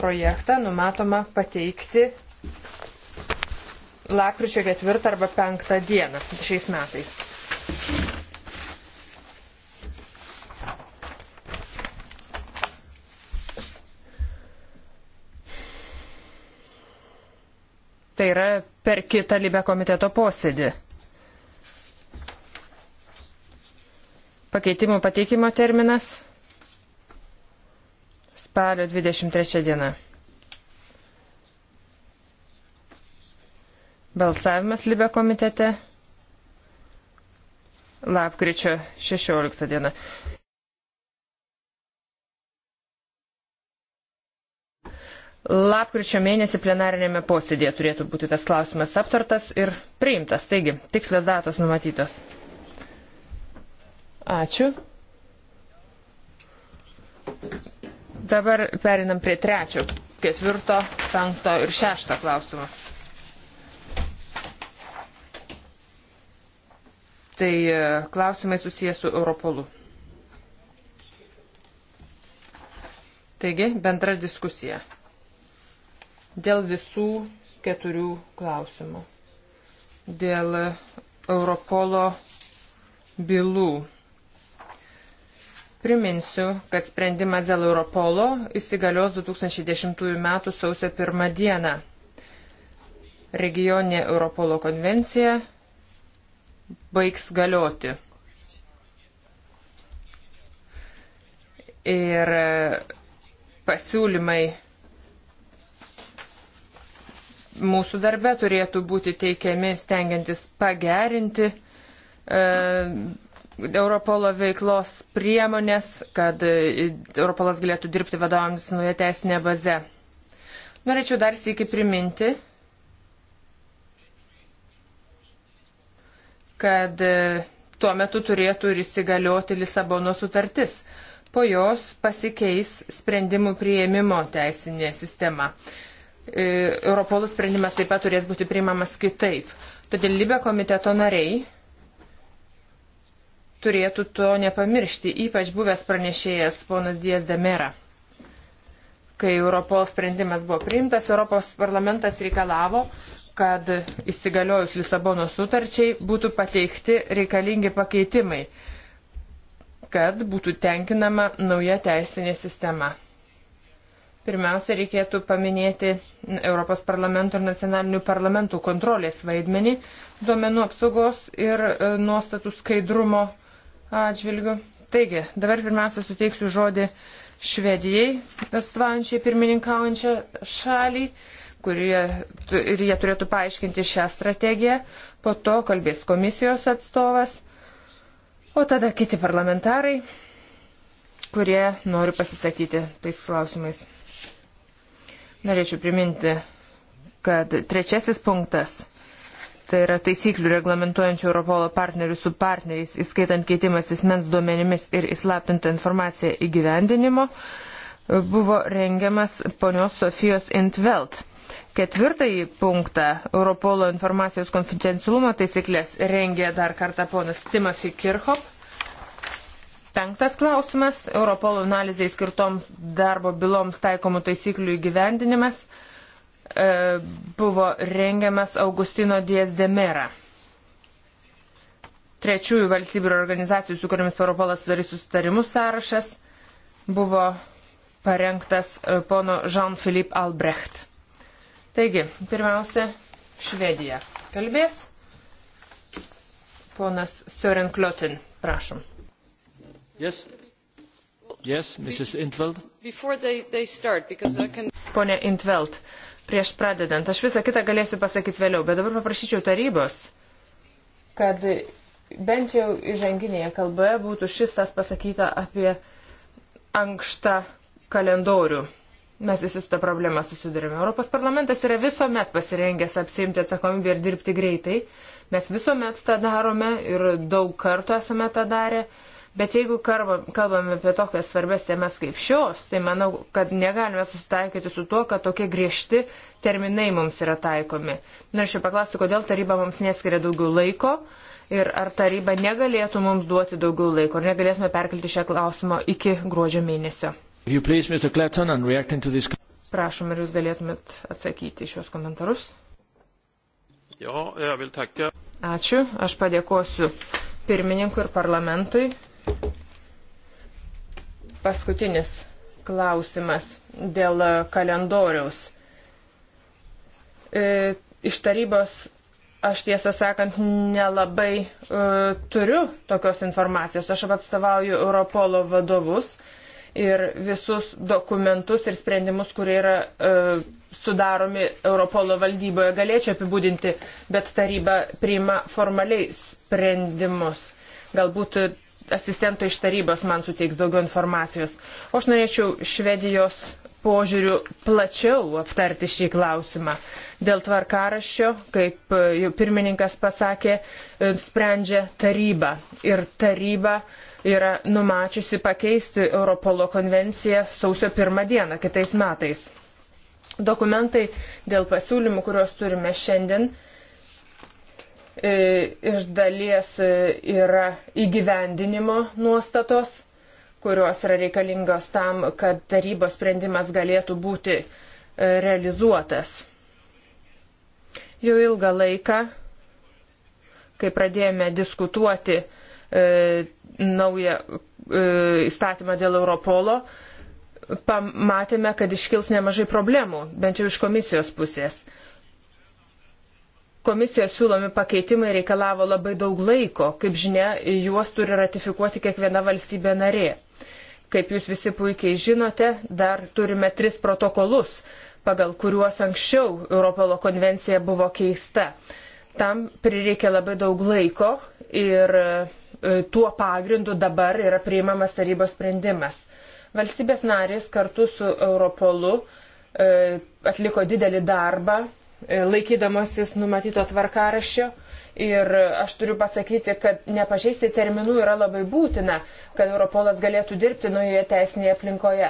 Speaker 2: projektą numatoma pateikti lakryčio 4 arba 5 dieną šiais metais. Tai yra per kitą Libę komiteto posėdį. Pakeitimų pateikimo terminas spalio 23 diena. Balsavimas Libė komitete lapkričio 16 diena. Lapkričio mėnesį plenarinėme posėdėje turėtų būti tas klausimas aptartas ir priimtas. Taigi, tikslios datos numatytos. Ačiū. Dabar perinam prie trečio, ketvirto, penkto ir šešto klausimo. Tai e, klausimai susijęs su Europolu. Taigi, bendra diskusija dėl visų keturių klausimų. Dėl Europolo bylų. Priminsiu, kad sprendimas dėl Europolo įsigalios 2010 m. sausio 1 d. Regioninė Europolo konvencija baigs galioti. Ir pasiūlymai mūsų darbe turėtų būti teikiami stengiantis pagerinti e, Europolo veiklos priemonės, kad e, Europolas galėtų dirbti vadovams nauja teisinė baze. Norėčiau dar sėki priminti, kad e, tuo metu turėtų ir įsigalioti Lisabono sutartis. Po jos pasikeis sprendimų prieimimo teisinė sistema. E, Europolų sprendimas taip pat turės būti priimamas kitaip. Todėl Libė komiteto nariai turėtų to nepamiršti, ypač buvęs pranešėjas ponas Dijas Demera. Kai Europol sprendimas buvo priimtas, Europos parlamentas reikalavo, kad įsigaliojus Lisabono sutarčiai būtų pateikti reikalingi pakeitimai, kad būtų tenkinama nauja teisinė sistema. Pirmiausia, reikėtų paminėti Europos parlamento ir nacionalinių parlamentų kontrolės vaidmenį duomenų apsaugos ir e, nuostatų skaidrumo atžvilgių. Taigi, dabar pirmiausia suteiksiu žodį Švedijai, atstovaujančiai pirmininkaujančią šalį, kurie, ir jie turėtų paaiškinti šią strategiją. Po to kalbės komisijos atstovas, o tada kiti parlamentarai, kurie nori pasisakyti tais klausimais. Norėčiau priminti, kad trečiasis punktas tai yra taisyklių reglamentuojančių Europolo partnerių su partneriais, įskaitant keitimas įsmens duomenimis ir įslaptintą informaciją įgyvendinimo, buvo rengiamas ponios Sofijos Intvelt. Ketvirtąjį punktą Europolo informacijos konfidencialumo taisyklės rengė dar kartą ponas Timasi Kirchop. Penktas klausimas - Europolo analizai skirtoms darbo byloms taikomų taisyklių įgyvendinimas e, buvo rengiamas Augustino Dies de Mera. Trečiųjų valstybių ir organizacijų, su kuriamis Europolas sudarys susitarimus sąrašas, buvo parengtas e, pono Jean-Philippe Albrecht. Taigi, pirmiausia, Švedija. Kalbės ponas Sören Klotin, prašom.
Speaker 1: Yes. Yes, Mrs. Intveld. Before they, they
Speaker 4: start, because I can...
Speaker 2: Pone Intveld, prieš pradedant, aš visą kitą galėsiu pasakyti vėliau, bet dabar paprašyčiau tarybos, kad bent jau įžanginėje kalboje būtų šis tas pasakyta apie ankštą kalendorių. Mes visi su tą problemą susidurime. Europos parlamentas yra visuomet pasirengęs apsimti atsakomybę ir dirbti greitai. Mes visuomet tą darome ir daug kartų esame tą darę. Bet jeigu kalbame apie tokias svarbės temas kaip šios, tai manau, kad negalime susitaikyti su tuo, kad tokie griežti terminai mums yra taikomi. Norėčiau paklausti, kodėl taryba mums neskiria daugiau laiko ir ar taryba negalėtų mums duoti daugiau laiko, ar negalėtume perkelti šią klausimą iki gruodžio mėnesio. Prašom, ar jūs galėtumėt atsakyti šios komentarus? Jo, Ačiū, aš padėkosiu pirmininkui ir parlamentui Paskutinis klausimas dėl kalendoriaus. E, iš tarybos aš tiesą sakant nelabai e, turiu tokios informacijos. Aš atstovauju Europolo vadovus ir visus dokumentus ir sprendimus, kurie yra e, sudaromi Europolo valdyboje, galėčiau apibūdinti, bet taryba priima formaliai sprendimus. Galbūt asistento iš tarybos man suteiks daugiau informacijos. O aš norėčiau Švedijos požiūrių plačiau aptarti šį klausimą. Dėl tvarkaraščio, kaip e, jau pirmininkas pasakė, e, sprendžia taryba. Ir taryba yra numačiusi pakeisti Europolo konvenciją sausio pirmą dieną kitais metais. Dokumentai dėl pasiūlymų, kuriuos turime šiandien, E, iš dalies e, yra įgyvendinimo nuostatos, kurios yra reikalingos tam, kad tarybos sprendimas galėtų būti e, realizuotas. Jau ilgą laiką, kai pradėjome diskutuoti e, naują e, įstatymą dėl Europolo, pamatėme, kad iškils nemažai problemų, bent jau iš komisijos pusės. E, Komisijos siūlomi pakeitimai reikalavo labai daug laiko. Kaip žinia, juos turi ratifikuoti kiekviena valstybė narė. Kaip jūs visi puikiai žinote, dar turime tris protokolus, pagal kuriuos anksčiau Europolo konvencija buvo keista. Tam prireikė labai daug laiko ir e, tuo pagrindu dabar yra priimamas tarybos sprendimas. Valstybės narės kartu su Europolu e, atliko didelį darbą E, laikydamosis numatyto tvarkaraščio. Ir aš turiu pasakyti, kad nepažeisti terminų yra labai būtina, kad Europolas galėtų dirbti naujoje teisinėje aplinkoje.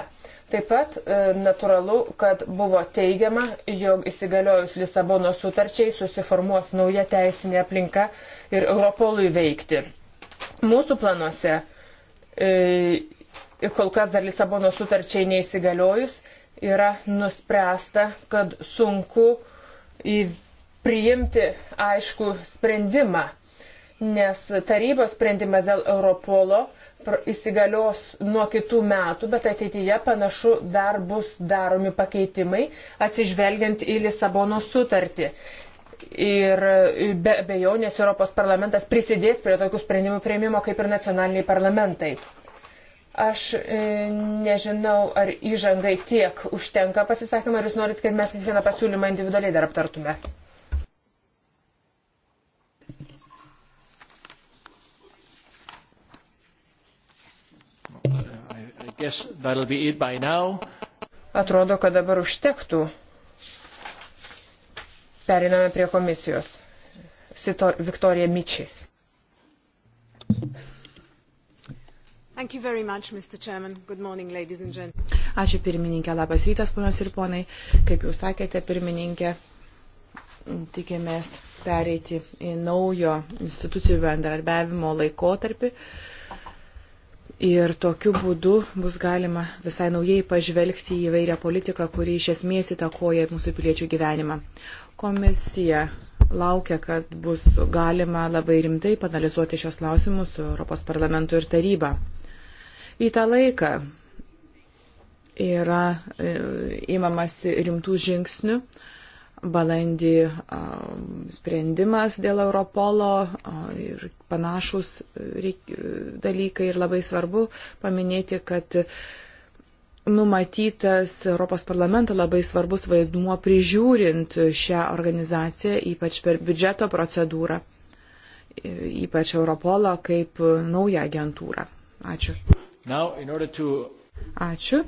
Speaker 2: Taip pat e, natūralu, kad buvo teigiama, jog įsigaliojus Lisabono sutarčiai susiformuos nauja teisinė aplinka ir Europolui veikti. Mūsų planuose, e, kol kas dar Lisabono sutarčiai neįsigaliojus, yra nuspręsta, kad sunku uh, priimti aišku sprendimą, nes tarybos sprendimas dėl Europolo įsigalios nuo kitų metų, bet ateityje panašu dar bus daromi pakeitimai atsižvelgiant į Lisabono sutartį. Ir be abejonės Europos parlamentas prisidės prie tokių sprendimų prieimimo kaip ir nacionaliniai parlamentai. Aš e, nežinau, ar įžangai tiek užtenka pasisakymą, ar jūs norit, kad mes kiekvieną pasiūlymą individualiai dar aptartume. Atrodo, kad dabar užtektų. Periname prie komisijos.
Speaker 3: Viktorija Mičiai. Much, morning, Ačiū pirmininkė, labas rytas, ponios ir ponai. Kaip jūs sakėte, pirmininkė, tikimės pereiti į naujo institucijų bendradarbiavimo laikotarpį. Ir tokiu būdu bus galima visai naujai pažvelgti į vairią politiką, kuri iš esmės įtakoja ir mūsų piliečių gyvenimą. Komisija laukia, kad bus galima labai rimtai panalizuoti šios klausimus su Europos parlamentu ir taryba į tą laiką yra įmamasi e, rimtų žingsnių. Balandį sprendimas dėl Europolo ir panašus e, e, dalykai ir labai svarbu paminėti, kad numatytas Europos parlamento labai svarbus vaidmuo prižiūrint šią organizaciją, ypač per biudžeto procedūrą, ypač Europolą kaip naują agentūrą. Ačiū.
Speaker 1: Now, to...
Speaker 3: Ačiū.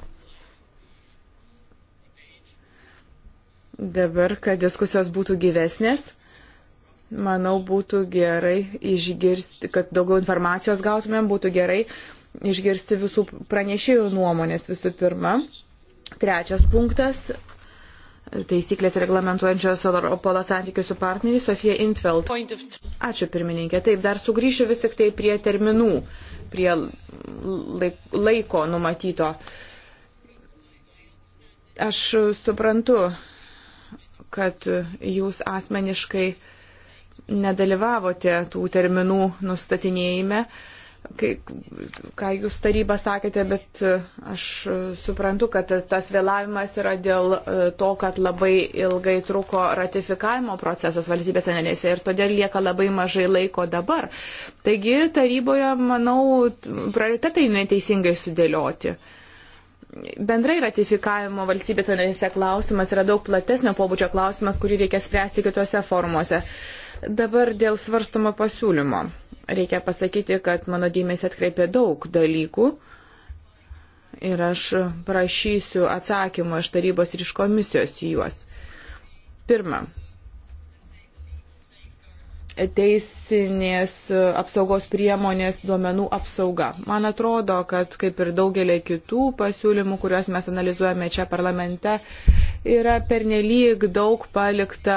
Speaker 3: Dabar, kad diskusijos būtų gyvesnės, manau, būtų gerai išgirsti, kad daugiau informacijos gautumėm, būtų gerai išgirsti visų pranešėjų nuomonės visų pirma. Trečias punktas taisyklės reglamentuojančios Europolo santykius su partneriais Sofija Intfeld. Ačiū pirmininkė. Taip, dar sugrįšiu vis tik tai prie terminų. Uh, prie laiko numatyto. Aš suprantu, kad jūs asmeniškai nedalyvavote tų terminų nustatinėjime, uh, kai, ką jūs taryba sakėte, bet e, aš suprantu, kad tas vėlavimas yra dėl e, to, kad labai ilgai truko ratifikavimo procesas valstybės narėse ir todėl lieka labai mažai laiko dabar. Taigi taryboje, manau, prioritetai neteisingai sudėlioti bendrai ratifikavimo valstybės narėse klausimas yra daug platesnio pobūdžio klausimas, kurį reikia spręsti kitose formuose. Dabar dėl svarstomo pasiūlymo. Reikia pasakyti, kad mano dėmesį atkreipė daug dalykų ir aš prašysiu atsakymą iš tarybos ir iš komisijos į juos. Pirma, teisinės apsaugos priemonės duomenų apsauga. Man atrodo, kad kaip ir daugelį kitų pasiūlymų, kuriuos mes analizuojame čia parlamente, yra pernelyg daug palikta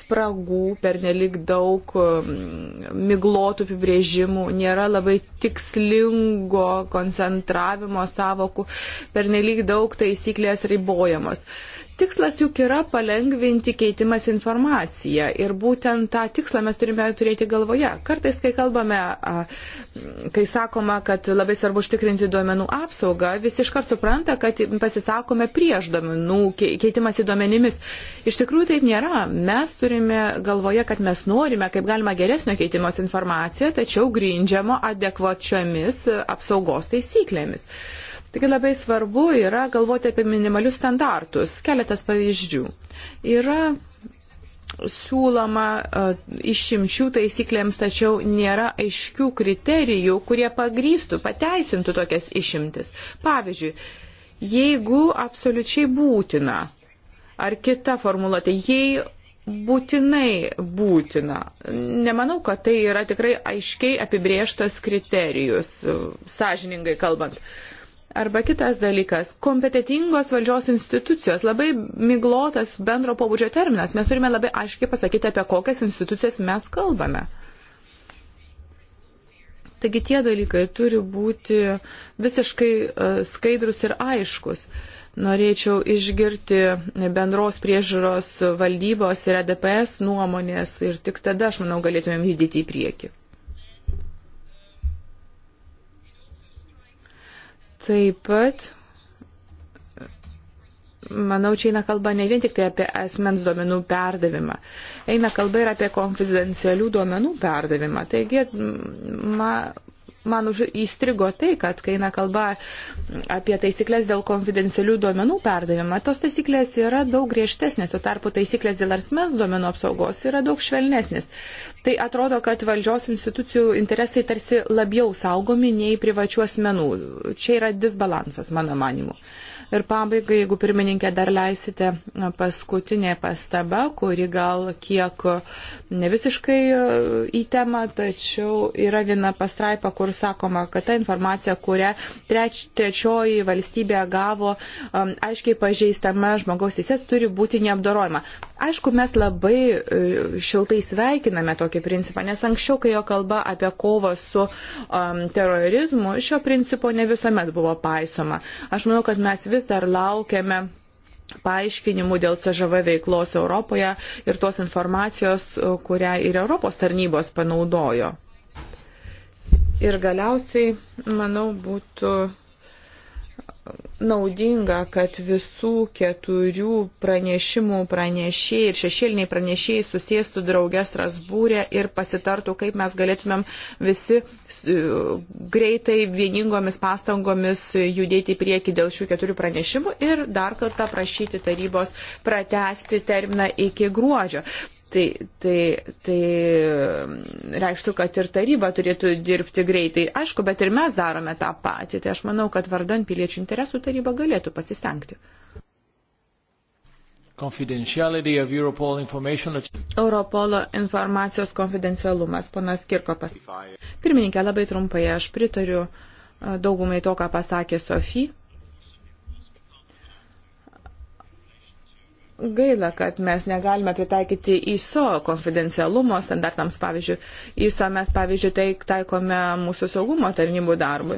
Speaker 3: spragų, pernelyg daug miglotų apibrėžimų, nėra labai tikslingo koncentravimo savokų, pernelyg daug taisyklės ribojamos. Uh, Tikslas juk yra palengvinti keitimas informaciją ir būtent tą tikslą mes turime turėti galvoje. Kartais, kai kalbame, kai sakoma, kad labai svarbu užtikrinti duomenų apsaugą, visi iškart supranta, kad pasisakome prieš duomenų keitimąsi duomenimis. Iš tikrųjų taip nėra. Mes turime galvoje, kad mes norime kaip galima geresnio keitimos informaciją, tačiau grindžiamo adekvačiomis apsaugos taisyklėmis. Taigi labai svarbu yra galvoti apie minimalius standartus. Keletas pavyzdžių. Yra siūloma e, išimčių taisyklėms, tačiau nėra aiškių kriterijų, kurie pagrystų, pateisintų tokias išimtis. Pavyzdžiui, jeigu absoliučiai būtina, ar kita formuluotė, tai jei būtinai būtina. Nemanau, kad tai yra tikrai aiškiai apibrieštas kriterijus, e, sąžiningai kalbant. Uh, Arba kitas dalykas - kompetitingos valdžios institucijos. Labai miglotas bendro pobūdžio terminas. Mes turime labai aiškiai pasakyti, apie kokias institucijas mes kalbame. Taigi tie dalykai turi būti visiškai e, skaidrus ir aiškus. Norėčiau išgirti bendros priežiūros valdybos ir ADPS e nuomonės ir tik tada, aš manau, galėtumėm judėti į priekį. Taip pat, manau, čia eina kalba ne vien tik tai apie asmens duomenų perdavimą. Eina kalba ir apie konfidencialių duomenų perdavimą. Taigi, ma, man už, įstrigo tai, kad kai eina kalba apie taisyklės dėl konfidencialių duomenų perdavimą, tos taisyklės yra daug griežtesnės, tuo tarpu taisyklės dėl arsmens duomenų apsaugos yra daug švelnesnės. Tai atrodo, kad valdžios institucijų interesai tarsi labiau saugomi nei privačių asmenų. Čia yra disbalansas, mano manimu. Uh, Ir pabaigai, jeigu pirmininkė dar leisite, paskutinė pastaba, kuri gal kiek ne visiškai e, įtema, tačiau yra viena pastraipa, kur sakoma, kad ta informacija, kurią treč, trečioji valstybė gavo, um, aiškiai pažeistama žmogaus teisės, turi būti neapdorojama. Aišku, mes labai e, šiltai sveikiname tokį principą, nes anksčiau, kai jo kalba apie kovą su um, terorizmu, šio principo ne visuomet buvo paisoma. Aš manau, kad mes vis vis dar laukiame paaiškinimų dėl CŽV veiklos Europoje ir tos informacijos, e, kurią ir Europos tarnybos panaudojo. Ir galiausiai, manau, būtų naudinga, kad visų keturių pranešimų pranešėjai ir šešėliniai pranešėjai susėstų draugės Rasbūrė ir pasitartų, kaip mes galėtumėm visi e, greitai vieningomis pastangomis judėti į priekį dėl šių keturių pranešimų ir dar kartą prašyti tarybos pratesti terminą iki gruodžio tai, tai, tai mm, reikštų, kad ir taryba turėtų dirbti greitai. Aišku, bet ir mes darome tą patį. Tai aš manau, kad vardan piliečių interesų taryba galėtų pasistengti. Europolo informacijos konfidencialumas, ponas Kirkopas. Pirmininkė, labai trumpai, aš pritariu e, daugumai to, ką pasakė Sofija. Gaila, kad mes negalime pritaikyti ISO konfidencialumo standartams, pavyzdžiui, ISO mes, pavyzdžiui, tai taikome mūsų saugumo tarnybų darbui.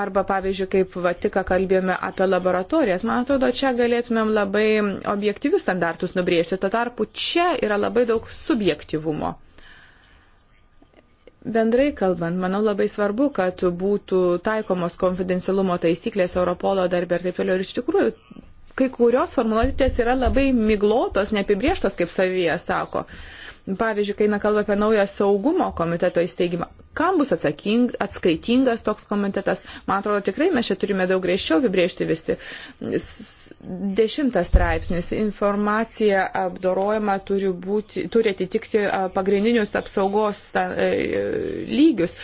Speaker 3: Arba, pavyzdžiui, kaip va, tik kalbėjome apie laboratorijas, man atrodo, čia galėtumėm labai objektyvius standartus nubriežti, tuo tarpu čia yra labai daug subjektivumo. Bendrai kalbant, manau labai svarbu, kad būtų taikomos konfidencialumo taisyklės Europolo darbė ir taip toliau. Ir iš tikrųjų kai kurios formuluotės yra labai miglotos, neapibrieštos, kaip savyje sako. Pavyzdžiui, kai kalba apie naują saugumo komiteto įsteigimą, kam bus atsaking, atskaitingas toks komitetas, man atrodo, tikrai mes čia turime daug griežčiau apibriežti visi. Dešimtas straipsnis - informacija apdorojama turi, būti, turi atitikti pagrindinius apsaugos e, lygius.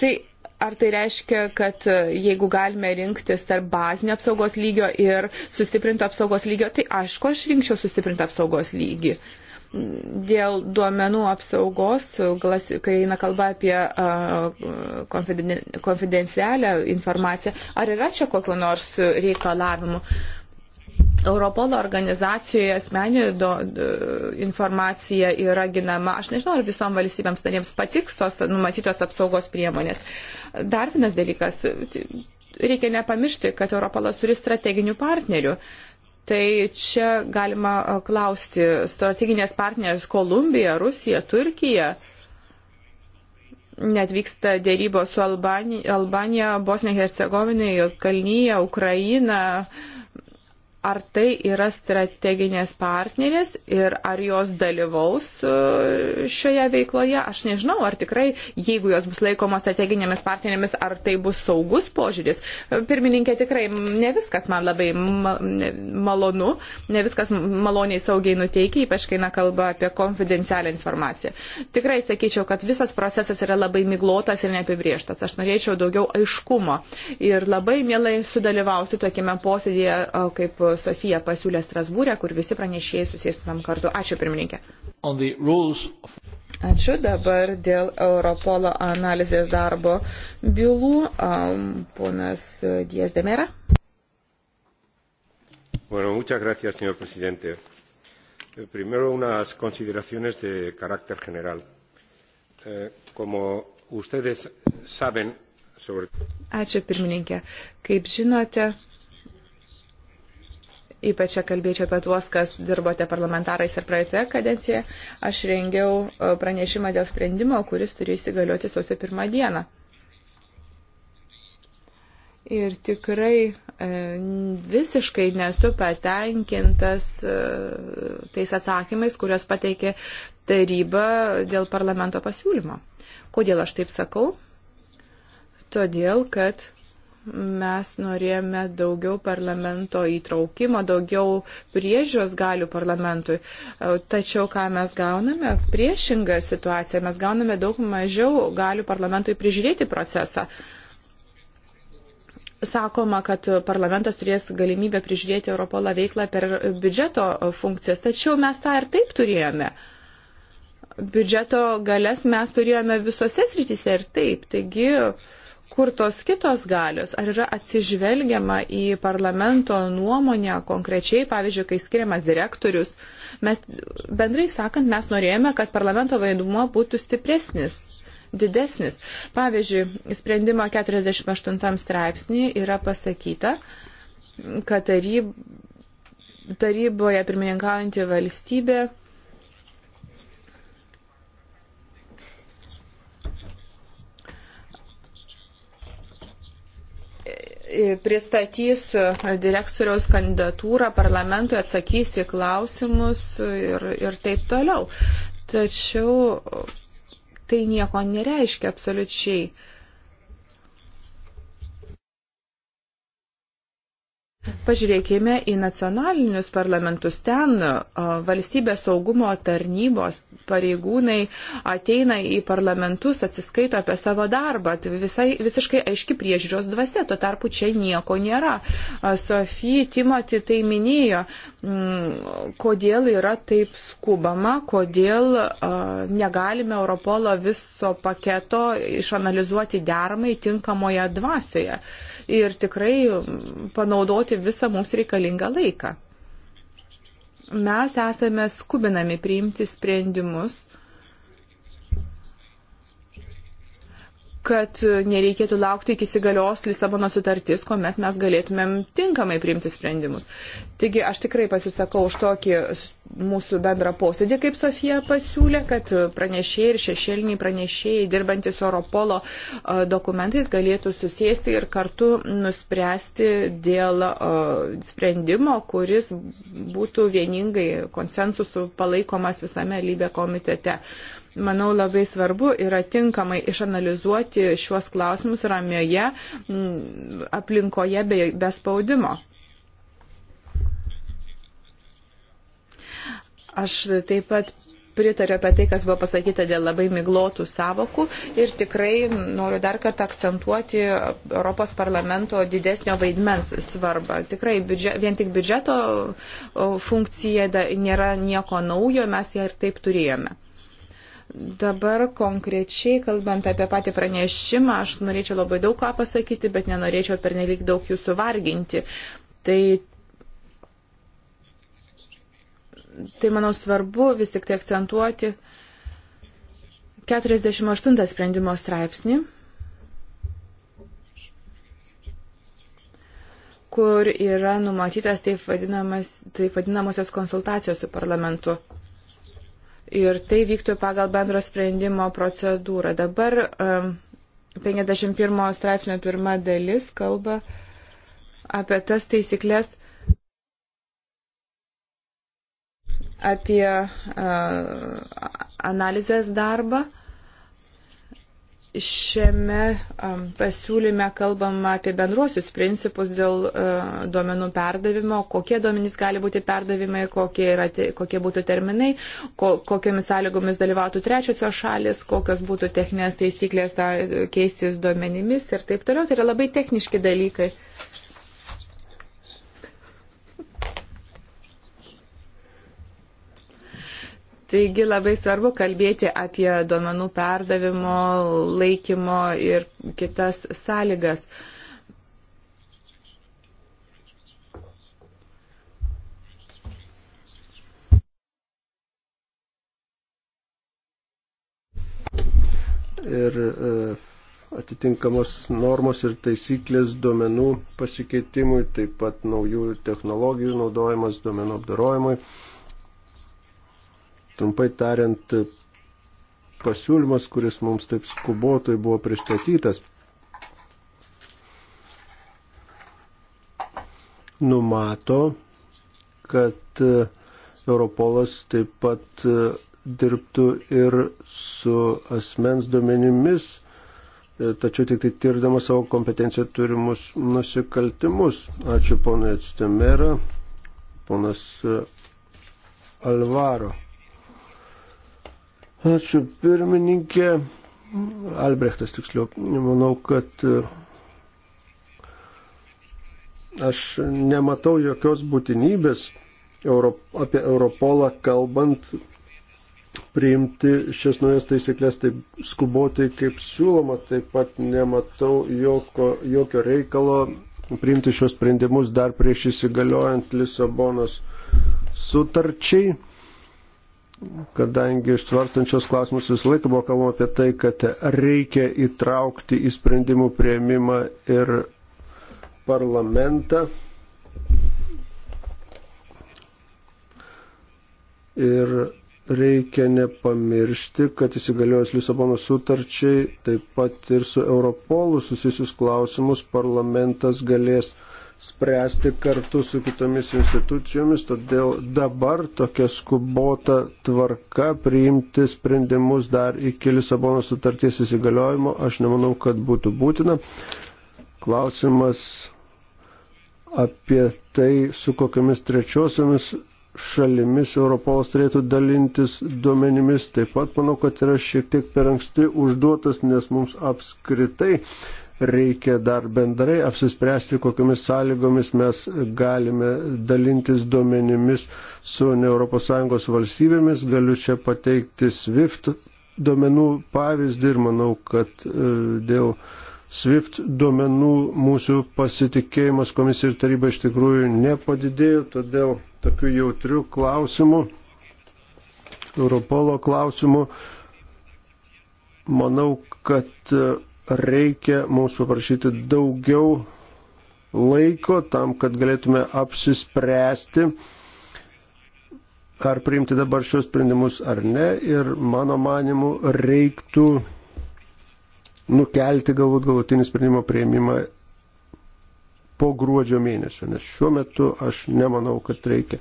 Speaker 3: Tai Ar tai reiškia, kad e, jeigu galime rinktis tarp bazinio apsaugos lygio ir sustiprinto apsaugos lygio, tai aišku, aš rinkčiau sustiprinto apsaugos lygį. Dėl duomenų apsaugos, e, kai eina kalba apie e, konfidencialią informaciją, ar yra čia kokiu nors reikalavimu? Europolo organizacijoje asmeninė informacija yra ginama. Aš nežinau, ar visom valstybėms narėms patiks tos numatytos apsaugos priemonės. Dar vienas dalykas. Reikia nepamiršti, kad Europolas turi strateginių partnerių. Tai čia galima klausti strateginės partnerės Kolumbija, Rusija, Turkija net vyksta dėrybos su Albanija, Albanija Bosnija, Hercegovina, Kalnyje, Ukraina, ar tai yra strateginės partnerės ir ar jos dalyvaus e, šioje veikloje. Aš nežinau, ar tikrai, jeigu jos bus laikomos strateginėmis partnerėmis, ar tai bus saugus požiūris. E, pirmininkė, tikrai ne viskas man labai malonu, ne viskas maloniai saugiai nuteikia, ypač kai na kalba apie konfidencialią informaciją. Tikrai sakyčiau, kad visas procesas yra labai miglotas ir neapibrieštas. Aš norėčiau daugiau aiškumo ir labai mielai sudalyvausiu tokiame posėdėje e, kaip Sofija pasiūlė Strasbūrė, kur visi pranešėjai susėstumėm kartu.
Speaker 1: Ačiū, pirmininkė. Of... Ačiū
Speaker 3: dabar dėl
Speaker 1: Europolo
Speaker 3: analizės darbo bylų. Um, ponas Dies Demera.
Speaker 5: Bueno, muchas gracias, señor presidente. Eh, primero, unas consideraciones de carácter general. Eh, como ustedes saben, sobre.
Speaker 3: Ačiū, pirmininkė. Kaip žinote, Ypač čia kalbėčiau apie tuos, kas dirbote parlamentarais ir praeitoje kadencijoje. Aš rengiau e, pranešimą dėl sprendimo, kuris turi įsigalioti sausio pirmą dieną. Ir tikrai e, visiškai nesu patenkintas e, tais atsakymais, kuriuos pateikė taryba dėl parlamento pasiūlymo. Kodėl aš taip sakau? Todėl, kad mes norėjome daugiau parlamento įtraukimo, daugiau priežios galių parlamentui. E, tačiau ką mes gauname? Priešingą situaciją. Mes gauname daug mažiau galių parlamentui prižiūrėti procesą. Sakoma, kad parlamentas turės galimybę prižiūrėti Europolą veiklą per biudžeto funkcijas, tačiau mes tą ir taip turėjome biudžeto galės mes turėjome visose srityse ir taip. Taigi sukurtos kitos galios? Ar yra atsižvelgiama į parlamento nuomonę konkrečiai, pavyzdžiui, kai skiriamas direktorius? Mes, bendrai sakant, mes norėjome, kad parlamento vaidmuo būtų stipresnis didesnis. Pavyzdžiui, sprendimo 48 straipsnį yra pasakyta, kad taryb, taryboje pirmininkaujantį valstybę pristatys direktoriaus kandidatūrą parlamentui, atsakys į klausimus ir, ir taip toliau. Tačiau tai nieko nereiškia absoliučiai. Pažiūrėkime į nacionalinius parlamentus. Ten valstybės saugumo tarnybos pareigūnai ateina į parlamentus, atsiskaito apie savo darbą. Tai visai, visiškai aiški priežiūros dvasia, tuo tarpu čia nieko nėra. Sofija Timoti tai minėjo, mm, kodėl yra taip skubama, kodėl negalime Europolo viso paketo išanalizuoti deramai tinkamoje dvasioje ir tikrai panaudoti skirti visą mums reikalingą laiką. Mes esame skubinami priimti sprendimus, kad nereikėtų laukti iki įsigalios Lisabono sutartis, kuomet mes galėtumėm tinkamai priimti sprendimus. Taigi aš tikrai pasisakau už tokį mūsų bendrą posėdį, kaip Sofija pasiūlė, kad pranešėjai ir šešėliniai pranešėjai dirbantys Europolo dokumentais galėtų susėsti ir kartu nuspręsti dėl sprendimo, kuris būtų vieningai konsensusų palaikomas visame lybė komitete manau, labai svarbu yra tinkamai išanalizuoti šiuos klausimus ramioje aplinkoje be, be spaudimo. Aš taip pat pritariu apie tai, kas buvo pasakyta dėl labai miglotų savokų ir tikrai noriu dar kartą akcentuoti Europos parlamento didesnio vaidmens svarbą. Tikrai biudžet, vien tik biudžeto funkcija da, nėra nieko naujo, mes ją ir taip turėjome. Dabar konkrečiai, kalbant apie patį pranešimą, aš norėčiau labai daug ką pasakyti, bet nenorėčiau pernelyg daug jūsų varginti. Tai tai manau svarbu vis tik tai akcentuoti 48 sprendimo straipsnį, kur yra numatytas taip, taip vadinamosios konsultacijos su parlamentu. Ir tai vyktų pagal bendro sprendimo procedūrą. Dabar um, 51 straipsnio pirma dalis kalba apie tas taisyklės, apie analizės darbą. Šiame pasiūlyme kalbama apie bendruosius principus dėl duomenų perdavimo, kokie duomenys gali būti perdavimai, kokie, yra, kokie būtų terminai, ko, kokiamis sąlygomis dalyvautų trečiosios šalis, kokios būtų techninės taisyklės keistis duomenimis ir taip toliau. Tai yra labai techniški dalykai. Uh, Taigi labai svarbu kalbėti apie duomenų perdavimo, laikymo ir kitas sąlygas.
Speaker 5: Ir e, atitinkamos normos ir taisyklės duomenų pasikeitimui, taip pat naujų technologijų naudojimas duomenų apdarojimui. Trumpai tariant, pasiūlymas, kuris mums taip skubotai buvo pristatytas, numato, kad e, Europolas taip pat e, dirbtų ir su asmens duomenimis, e, tačiau tik tai tirdamas savo kompetenciją turimus nusikaltimus. Ačiū ponai Atstemera, ponas Alvaro. Ačiū pirmininkė. Albrechtas tiksliau. Manau, kad e, aš nematau jokios būtinybės Europ, apie Europolą kalbant priimti šias naujas taisyklės taip skubotai, kaip siūloma. Taip pat nematau joko, jokio reikalo priimti šios sprendimus dar prieš įsigaliojant Lisabonos sutarčiai kadangi svarstančios klausimus visą laiką buvo kalbama apie tai, kad reikia įtraukti į sprendimų prieimimą ir parlamentą. Ir reikia nepamiršti, kad įsigaliojus Lisabono sutarčiai, taip pat ir su Europolu susijusius klausimus parlamentas galės spręsti kartu su kitomis institucijomis, todėl dabar tokia skubota tvarka priimti sprendimus dar iki Lisabono sutarties įsigaliojimo, aš nemanau, kad būtų būtina. Klausimas apie tai, su kokiamis trečiosiomis šalimis Europolas turėtų dalintis duomenimis, taip pat manau, kad yra šiek tiek per anksti užduotas, nes mums apskritai reikia dar bendrai apsispręsti, kokiamis sąlygomis mes galime dalintis duomenimis su ES valstybėmis. Galiu čia pateikti SWIFT duomenų pavyzdį ir manau, kad e, dėl SWIFT duomenų mūsų pasitikėjimas komisija ir taryba iš tikrųjų nepadidėjo, todėl tokių jautrių klausimų, Europolo klausimų, manau, kad e, reikia mums paprašyti daugiau laiko tam, kad galėtume apsispręsti, ar priimti dabar šios sprendimus ar ne. Ir mano manimu, reiktų nukelti galbūt galutinį sprendimo prieimimą po gruodžio mėnesio, nes šiuo metu aš nemanau, kad reikia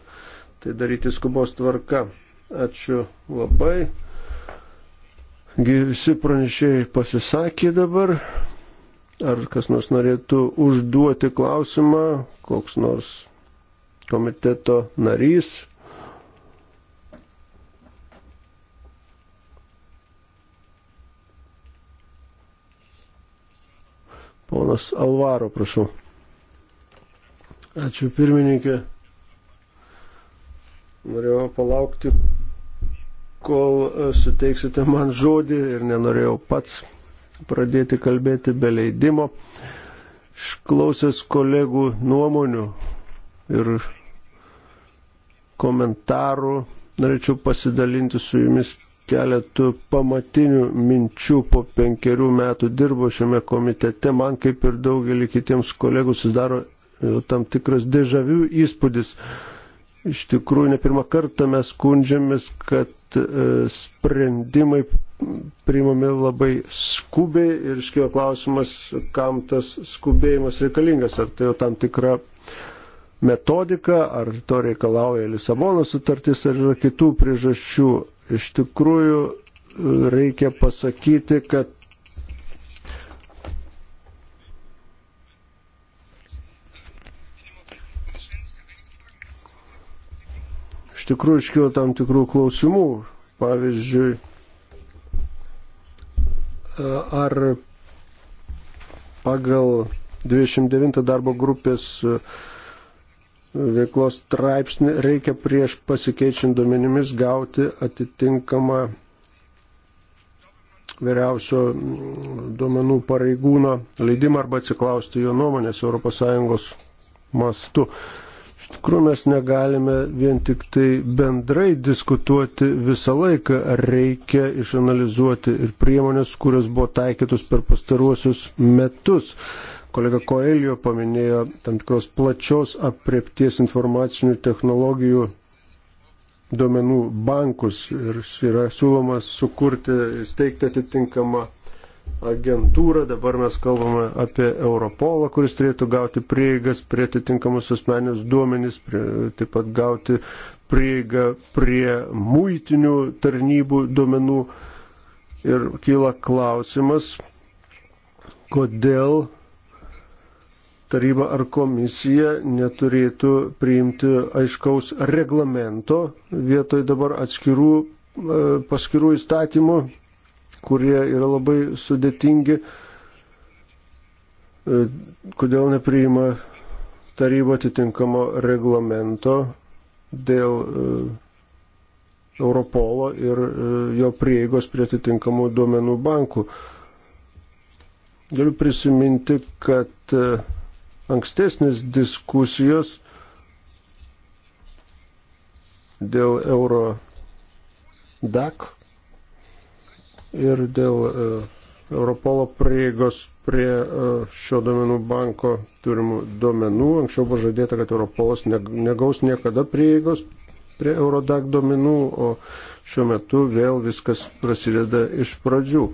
Speaker 5: tai daryti skubos tvarka. Ačiū labai. Visi pranešėjai pasisakė dabar. Ar kas nors norėtų užduoti klausimą, koks nors komiteto narys? Ponas Alvaro, prašau. Ačiū pirmininkė. Norėjau palaukti, kol e, suteiksite man žodį ir nenorėjau pats pradėti kalbėti be leidimo. Išklausęs kolegų nuomonių ir komentarų, norėčiau pasidalinti su jumis keletų pamatinių minčių po penkerių metų dirbo šiame komitete. Man kaip ir daugelį kitiems kolegų susidaro e, tam tikras dėžavių įspūdis. Iš tikrųjų, ne pirmą kartą mes skundžiamės, kad E, sprendimai priimami labai skubiai ir iškyla klausimas, kam tas skubėjimas reikalingas. Ar tai jau tam tikra metodika, ar to reikalauja Lisabono sutartis, ar yra kitų priežasčių. Iš tikrųjų, reikia pasakyti, kad iš tikrųjų iškilo tam tikrų klausimų. Pavyzdžiui, e, ar pagal 29 darbo grupės e, veiklos straipsnį reikia prieš pasikeičiant duomenimis gauti atitinkamą vyriausio mm, duomenų pareigūno leidimą arba atsiklausti jo nuomonės ES mastu. Iš tikrųjų mes negalime vien tik tai bendrai diskutuoti visą laiką, reikia išanalizuoti ir priemonės, kurios buvo taikytos per pastaruosius metus. Kolega Koelio paminėjo tam tikros plačios apriepties informacinių technologijų duomenų bankus ir yra siūlomas sukurti, steigti atitinkamą agentūrą, dabar mes kalbame apie Europolą, kuris turėtų gauti prieigas prie atitinkamus asmeninius duomenys, prie, taip pat gauti prieigą prie muitinių tarnybų duomenų. Ir kyla klausimas, kodėl taryba ar komisija neturėtų priimti aiškaus reglamento vietoj dabar atskirų e, paskirų įstatymų kurie yra labai sudėtingi, e, kodėl nepriima taryba atitinkamo reglamento dėl e, Europolo ir e, jo prieigos prie atitinkamų duomenų bankų. Galiu prisiminti, kad ankstesnės diskusijos dėl euro DAC ir dėl e, Europolo prieigos prie e, šio domenų banko turimų domenų. Anksčiau buvo žadėta, kad Europolas negaus niekada prieigos prie Eurodag domenų, o šiuo metu vėl viskas prasideda iš pradžių.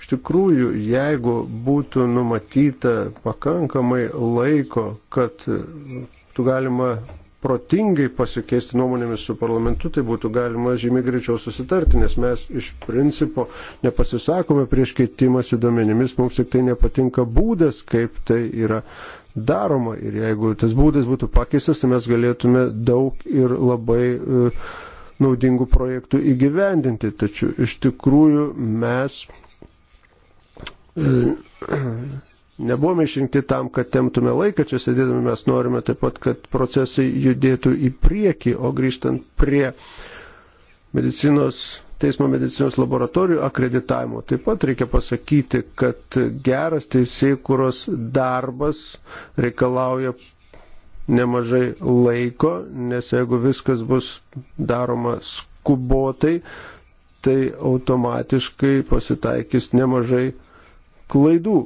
Speaker 5: Iš tikrųjų, jeigu būtų numatyta pakankamai laiko, kad būtų galima protingai pasikeisti nuomonėmis su parlamentu, tai būtų galima žymiai greičiau susitarti, nes mes iš principo nepasisakome prieš keitimąsi duomenimis, mums tik tai nepatinka būdas, kaip tai yra daroma. Ir jeigu tas būdas būtų pakeistas, tai mes galėtume daug ir labai e, naudingų projektų įgyvendinti. Tačiau iš tikrųjų mes e, Nebuvome išrinkti tam, kad temtume laiką čia sėdėdami, mes norime taip pat, kad procesai judėtų į priekį, o grįžtant prie medicinos, teismo medicinos laboratorijų akreditavimo, taip pat reikia pasakyti, kad geras teisėkuros darbas reikalauja nemažai laiko, nes jeigu viskas bus daroma skubotai, tai automatiškai pasitaikys nemažai klaidų.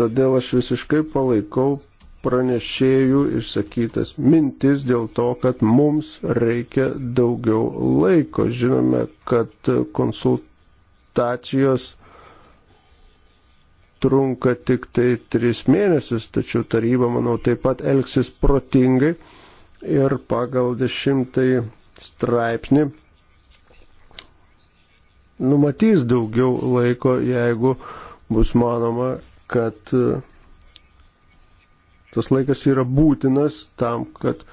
Speaker 5: Todėl aš visiškai palaikau pranešėjų išsakytas mintis dėl to, kad mums reikia daugiau laiko. Žinome, kad konsultacijos trunka tik tai tris mėnesius, tačiau taryba, manau, taip pat elgsis protingai ir pagal dešimtai straipsnį numatys daugiau laiko, jeigu uh, bus manoma, kad e, tas laikas yra būtinas tam, kad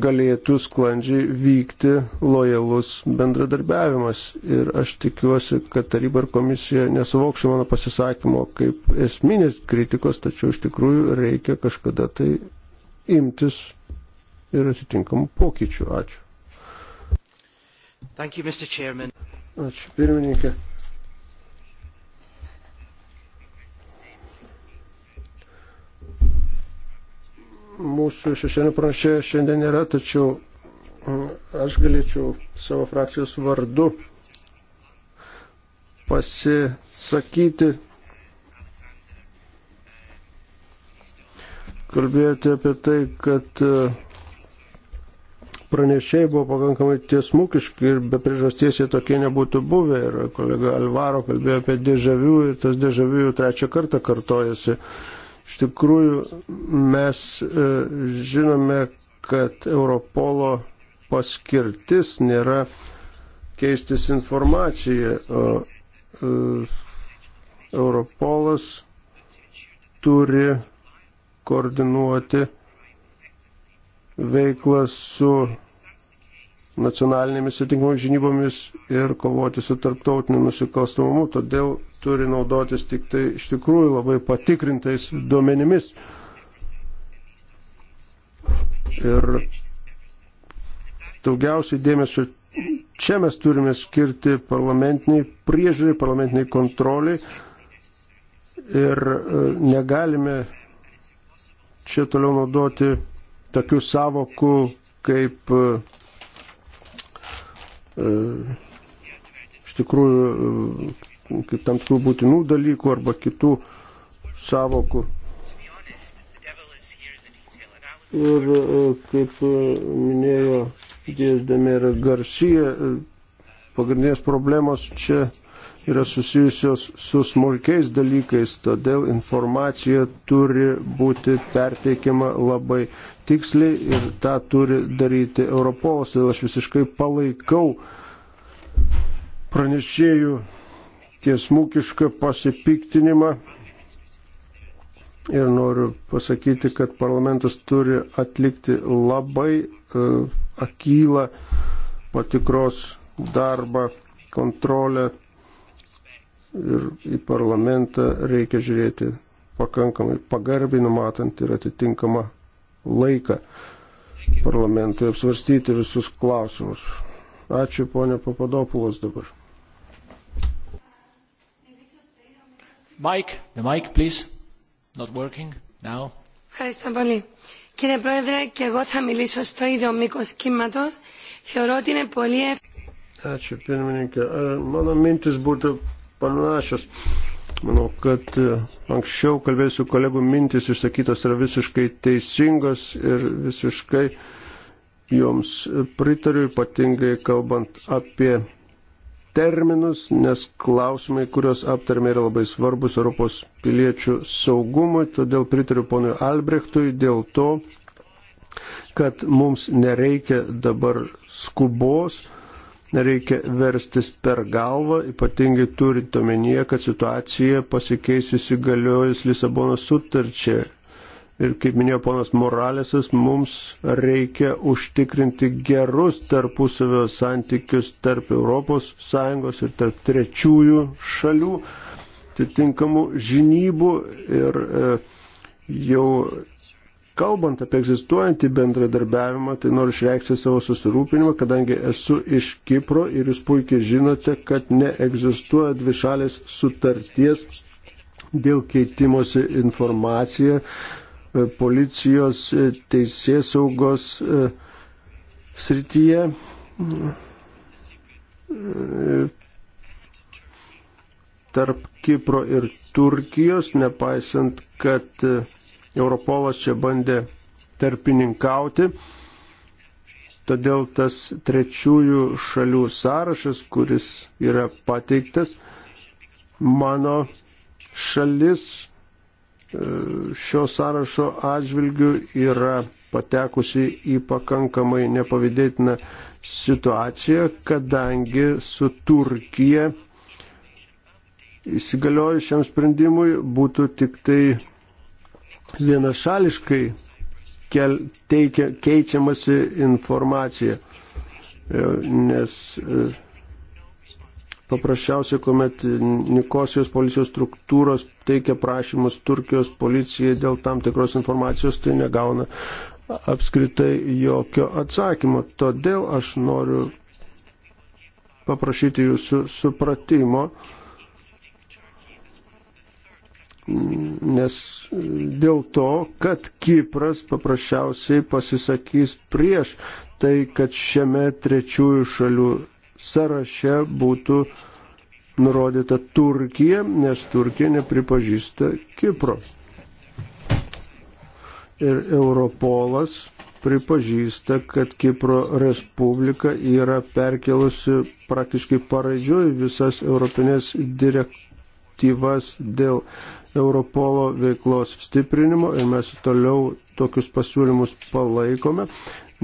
Speaker 5: galėtų sklandžiai vykti lojalus bendradarbiavimas. Ir aš tikiuosi, kad taryba ir komisija nesuvokšia mano pasisakymo kaip esminės kritikos, tačiau iš tikrųjų reikia kažkada tai imtis ir atitinkamų pokyčių. Ačiū. Thank you, Mr. Chairman. Ačiū pirmininkė. mūsų šešėlių pranešėjo šiandien nėra, tačiau mm, aš galėčiau savo frakcijos vardu pasisakyti. Kalbėjote apie tai, kad e, pranešėjai buvo pakankamai tiesmukiški ir be priežasties jie tokie nebūtų buvę. Ir kolega Alvaro kalbėjo apie dėžavių ir tas dėžavių jau trečią kartą kartojasi. Uh, Iš tikrųjų, mes e, žinome, kad Europolo paskirtis nėra keistis informaciją. E, Europolas turi koordinuoti veiklą su nacionalinėmis atitinkamomis žinybomis ir kovoti su tarptautiniu nusikalstamumu, todėl turi naudotis tik tai iš tikrųjų labai patikrintais duomenimis. Ir daugiausiai dėmesio čia mes turime skirti parlamentiniai priežiūrai, parlamentiniai kontroliai ir e, negalime čia toliau naudoti tokių savokų kaip e, E, iš tikrųjų e, kaip tam tikrų būtinų dalykų arba kitų savokų. Ir e, kaip minėjo Dėsdemė ir Garcija, pagrindinės problemos čia yra susijusios su smulkiais dalykais, todėl informacija turi būti perteikiama labai tiksliai ir tą turi daryti Europolas. Todėl aš visiškai palaikau pranešėjų tiesmukišką pasipiktinimą ir noriu pasakyti, kad parlamentas turi atlikti labai uh, akylą patikros darbą, kontrolę ir į parlamentą reikia žiūrėti pakankamai pagarbiai, numatant ir atitinkamą laiką parlamentui apsvarstyti visus klausimus. Ačiū ponė Papadopulos dabar.
Speaker 1: Mike, the mic please. Not working now.
Speaker 4: Ευχαριστώ πολύ. Κύριε Πρόεδρε, και εγώ θα μιλήσω στο ίδιο μήκος κύματος. Θεωρώ ότι είναι πολύ εύκολο.
Speaker 5: Ačiū, pirmininkė. Mano mintis būtų panašios. Manau, kad e, anksčiau kalbėjusių kolegų mintis išsakytos yra visiškai teisingos ir visiškai joms pritariu, ypatingai kalbant apie terminus, nes klausimai, kuriuos aptarėme, yra labai svarbus Europos piliečių saugumui, todėl pritariu ponui Albrechtui dėl to, kad mums nereikia dabar skubos nereikia verstis per galvą, ypatingai turint omenyje, kad situacija pasikeis įsigaliojus Lisabonos sutarčiai. Ir kaip minėjo ponas Moralesas, mums reikia užtikrinti gerus tarpusavio santykius tarp ES ir tarp trečiųjų šalių, atitinkamų žinybų ir e, jau Kalbant apie egzistuojantį bendradarbiavimą, tai noriu išreikšti savo susirūpinimą, kadangi esu iš Kipro ir jūs puikiai žinote, kad neegzistuoja dvišalės sutarties dėl keitimosi informacija e, policijos e, teisės saugos e, srityje. Tarp Kipro ir Turkijos, nepaisant, kad Europolas čia bandė tarpininkauti. Todėl tas trečiųjų šalių sąrašas, kuris yra pateiktas, mano šalis e, šio sąrašo atžvilgių yra patekusi į pakankamai nepavydėtiną situaciją, kadangi su Turkija įsigaliojus šiam sprendimui būtų tik tai vienašališkai kel, teikia, keičiamasi informacija, e, nes e, paprasčiausiai, kuomet Nikosijos policijos struktūros teikia prašymus Turkijos policijai dėl tam tikros informacijos, tai negauna apskritai jokio atsakymo. Todėl aš noriu paprašyti jūsų supratimo, su nes e, dėl to, kad Kipras paprasčiausiai pasisakys prieš tai, kad šiame trečiųjų šalių sąraše būtų nurodyta Turkija, nes Turkija nepripažįsta Kipro. Ir Europolas pripažįsta, kad Kipro Respublika yra perkelusi praktiškai paraidžiui visas europinės direktyvas dėl Europolo veiklos stiprinimo ir mes toliau tokius pasiūlymus palaikome,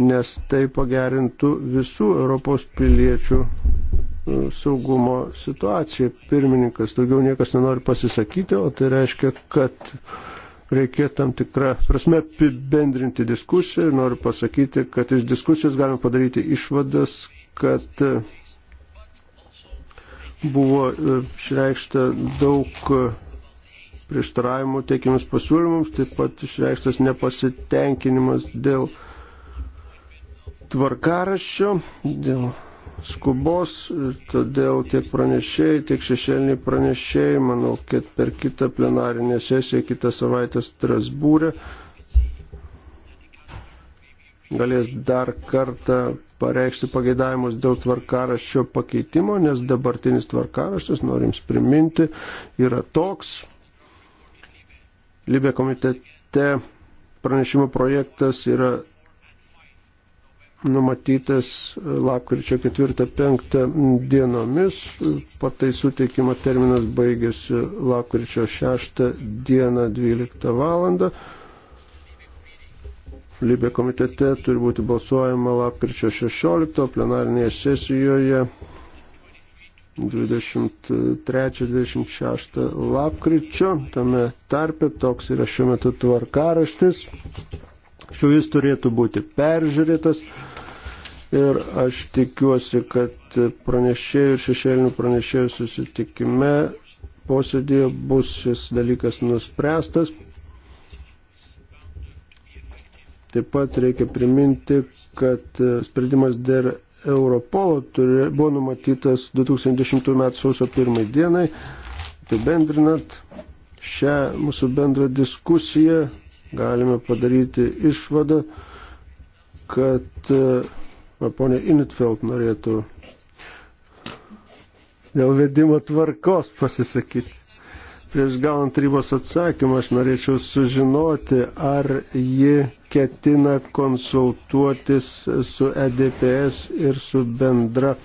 Speaker 5: nes tai pagerintų visų Europos piliečių e, saugumo situaciją. Pirmininkas, daugiau niekas nenori pasisakyti, o tai reiškia, kad reikėtų tam tikrą prasme apibendrinti diskusiją ir noriu pasakyti, kad iš diskusijos galima padaryti išvadas, kad e, buvo e, išreikšta daug prieštaravimų teikiamus pasiūlymams, taip pat išreikštas nepasitenkinimas dėl tvarkaraščio, dėl skubos, todėl tiek pranešėjai, tiek šešėliniai pranešėjai, manau, kad per kitą plenarinę sesiją, kitą savaitę Strasbūrę galės dar kartą pareikšti pageidavimus dėl tvarkaraščio pakeitimo, nes dabartinis tvarkaraštis, norim priminti, yra toks, Libė komitete pranešimo projektas yra numatytas lapkričio 4-5 dienomis. Pataisų teikimo terminas baigėsi lapkričio 6 dieną 12 valandą. Libė komitete turi būti balsuojama lapkričio 16 plenarinėje sesijoje 23-26 lapkričio. Tame tarpe toks yra šiuo metu tvarkaraštis. Šis turėtų būti peržiūrėtas. Ir aš tikiuosi, kad pranešėjų ir šešėlinių pranešėjų susitikime posėdėje bus šis dalykas nuspręstas. Taip pat reikia priminti, kad sprendimas dėl Europolo turi, buvo numatytas 2010 m. sausio 1 dienai. Tai bendrinat šią mūsų bendrą diskusiją galime padaryti išvadą, kad e, ponė Initfeld norėtų dėl vedimo tvarkos pasisakyti. Prieš gaunant tarybos atsakymą aš norėčiau sužinoti, ar ji ketina konsultuotis su EDPS ir su bendra e,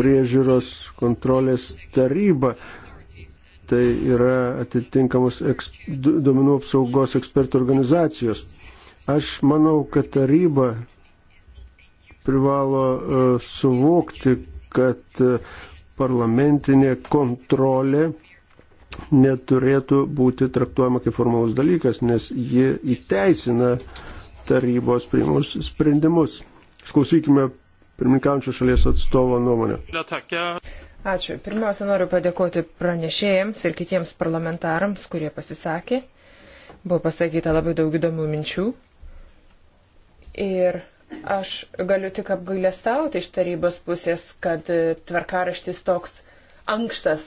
Speaker 5: priežiūros kontrolės taryba. Tai yra atitinkamos eks, duomenų apsaugos ekspertų organizacijos. Aš manau, kad taryba privalo uh, suvokti, kad uh, parlamentinė kontrolė neturėtų būti traktuojama kaip formalus dalykas, nes ji įteisina tarybos priimus sprendimus. Išklausykime pirmininkančio šalies atstovo nuomonę.
Speaker 2: Ačiū. Pirmiausia, noriu padėkoti pranešėjams ir kitiems parlamentarams, kurie pasisakė. Buvo pasakyta labai daug įdomių minčių. Ir Aš galiu tik apgailestauti iš tarybos pusės, kad e, tvarkaraštis toks ankštas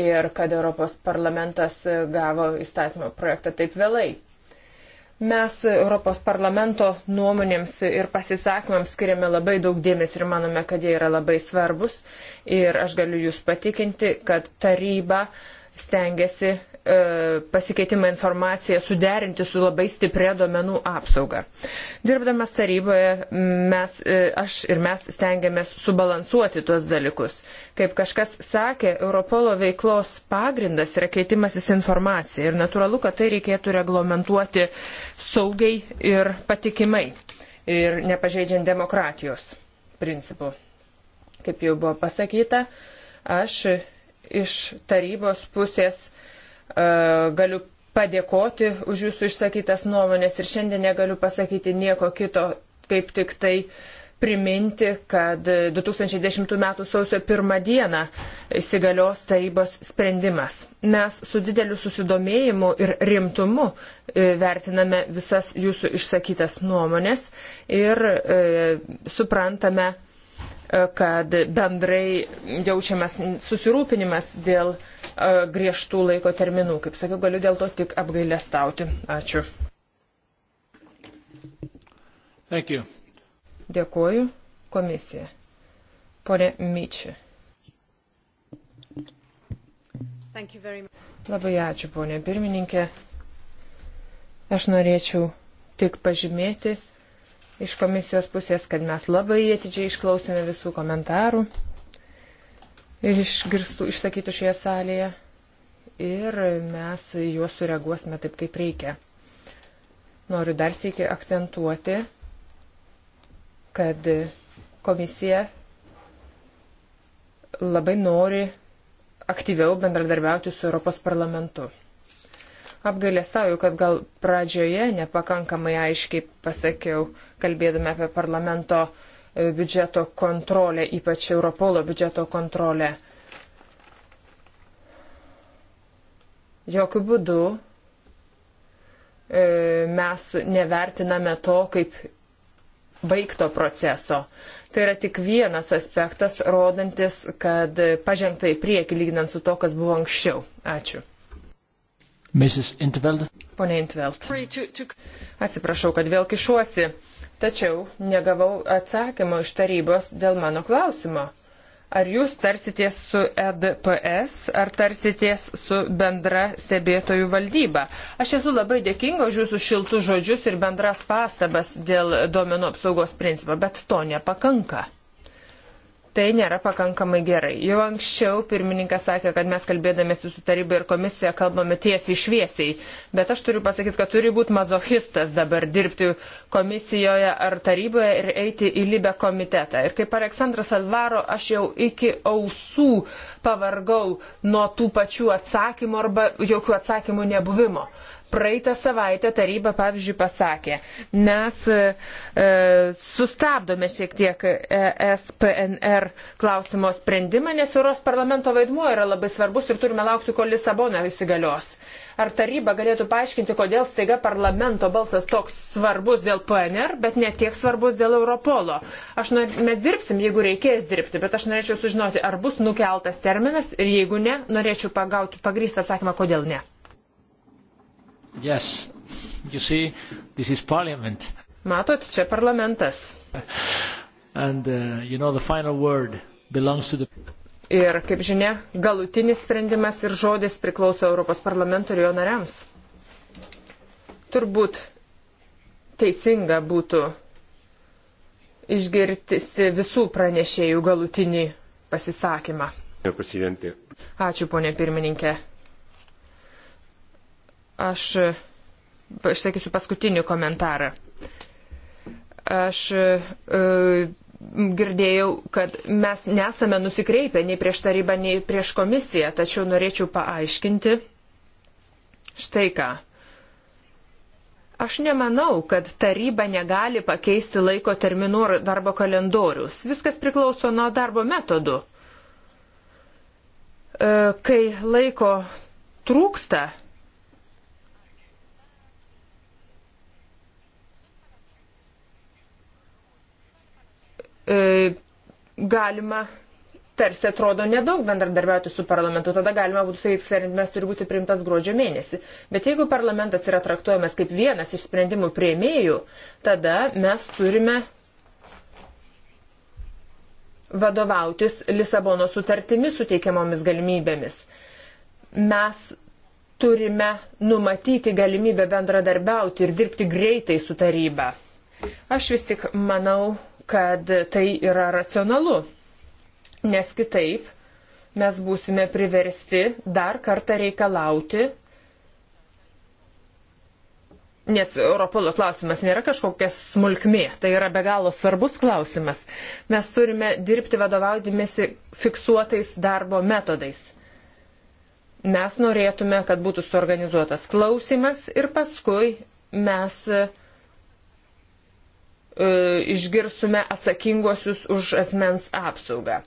Speaker 2: ir kad Europos parlamentas e, gavo įstatymo projektą taip vėlai. Mes Europos parlamento nuomonėms ir pasisakymams skiriame labai daug dėmesio ir manome, kad jie yra labai svarbus. Ir aš galiu Jūs patikinti, kad taryba stengiasi E, pasikeitimą informaciją suderinti su labai stipria duomenų apsauga. Dirbdamas taryboje mes, e, aš ir mes stengiamės subalansuoti tuos dalykus. Kaip kažkas sakė, Europolo veiklos pagrindas yra keitimasis informacija ir natūralu, kad tai reikėtų reglamentuoti saugiai ir patikimai ir nepažeidžiant demokratijos principų. Kaip jau buvo pasakyta, aš iš tarybos pusės E, galiu padėkoti už jūsų išsakytas nuomonės ir šiandien negaliu pasakyti nieko kito, kaip tik tai priminti, kad 2010 m. sausio 1 dieną įsigalios tarybos sprendimas. Mes su dideliu susidomėjimu ir rimtumu e, vertiname visas jūsų išsakytas nuomonės ir e, suprantame, kad bendrai jaučiamas susirūpinimas dėl e, griežtų laiko terminų. Kaip sakiau, galiu dėl to tik apgailę stauti. Ačiū. Dėkuoju. Komisija. Pone Myči. Labai ačiū, ponė pirmininkė. Aš norėčiau tik pažymėti, iš komisijos pusės, kad mes labai atidžiai išklausėme visų komentarų išgirstų išsakytų šioje salėje ir mes juos sureaguosime taip, kaip reikia. Noriu dar sėki akcentuoti, kad komisija labai nori aktyviau bendradarbiauti su Europos parlamentu. Apgailėstauju, kad gal pradžioje nepakankamai aiškiai pasakiau, kalbėdami apie parlamento e, biudžeto kontrolę, ypač Europolo biudžeto kontrolę. Jokių būdų e, mes nevertiname to kaip baigto proceso. Tai yra tik vienas aspektas, rodantis, kad pažengta į priekį lyginant su to, kas buvo anksčiau. Ačiū.
Speaker 1: Mrs. Intveld.
Speaker 2: Pone Intveld. Atsiprašau, kad vėl kišuosi, tačiau negavau atsakymo iš tarybos dėl mano klausimo. Ar jūs tarsitės su EDPS, ar tarsitės su bendra stebėtojų valdyba? Aš esu labai dėkinga už jūsų šiltus žodžius ir bendras pastabas dėl duomenų apsaugos principo, bet to nepakanka tai nėra pakankamai gerai. Jau anksčiau pirmininkas sakė, kad mes kalbėdamėsi su taryba ir komisija kalbame tiesiai šviesiai, bet aš turiu pasakyti, kad turi būti mazochistas dabar dirbti komisijoje ar taryboje ir eiti į Libę komitetą. Ir kaip Aleksandras Alvaro, aš jau iki ausų pavargau nuo tų pačių atsakymų arba jokių atsakymų nebuvimo. Praeitą savaitę taryba, pavyzdžiui, pasakė, mes e, e sustabdome šiek tiek ESPNR klausimo sprendimą, nes Euros parlamento vaidmuo yra labai svarbus ir turime laukti, kol Lisabona įsigalios. Ar taryba galėtų paaiškinti, kodėl staiga parlamento balsas toks svarbus dėl PNR, bet netiek svarbus dėl Europolo? Aš, nu, mes dirbsim, jeigu reikės dirbti, bet aš norėčiau sužinoti, ar bus nukeltas terminas ir jeigu ne, norėčiau pagauti pagrįstą atsakymą, kodėl ne.
Speaker 1: Yes. You see, this is parliament.
Speaker 2: Matot, čia
Speaker 1: parlamentas. And, uh, you know, the final word belongs to the...
Speaker 2: Ir, kaip žinia, galutinis sprendimas ir žodis priklauso Europos parlamento ir jo nariams. Turbūt teisinga būtų išgirti visų pranešėjų galutinį pasisakymą. Ačiū, ponė pirmininkė. Aš išsakysiu paskutinį komentarą. Aš e, girdėjau, kad mes nesame nusikreipę nei prieš tarybą, nei prieš komisiją, tačiau norėčiau paaiškinti štai ką. Aš nemanau, kad taryba negali pakeisti laiko terminų ir darbo kalendorius. Viskas priklauso nuo darbo metodų. E, kai laiko trūksta, e, galima tarsi atrodo nedaug bendradarbiauti su parlamentu, tada galima būtų sakyti, sprendimas turi būti priimtas gruodžio mėnesį. Bet jeigu parlamentas yra traktuojamas kaip vienas iš sprendimų prieimėjų, tada mes turime vadovautis Lisabono sutartimi suteikiamomis galimybėmis. Mes turime numatyti galimybę bendradarbiauti ir dirbti greitai su taryba. Aš vis tik manau, kad tai yra racionalu, nes kitaip mes būsime priversti dar kartą reikalauti, nes Europolo klausimas nėra kažkokia smulkmė, tai yra be galo svarbus klausimas. Mes turime dirbti vadovaudimėsi fiksuotais darbo metodais. Mes norėtume, kad būtų suorganizuotas klausimas ir paskui mes uh, E, išgirstume atsakinguosius už asmens apsaugą.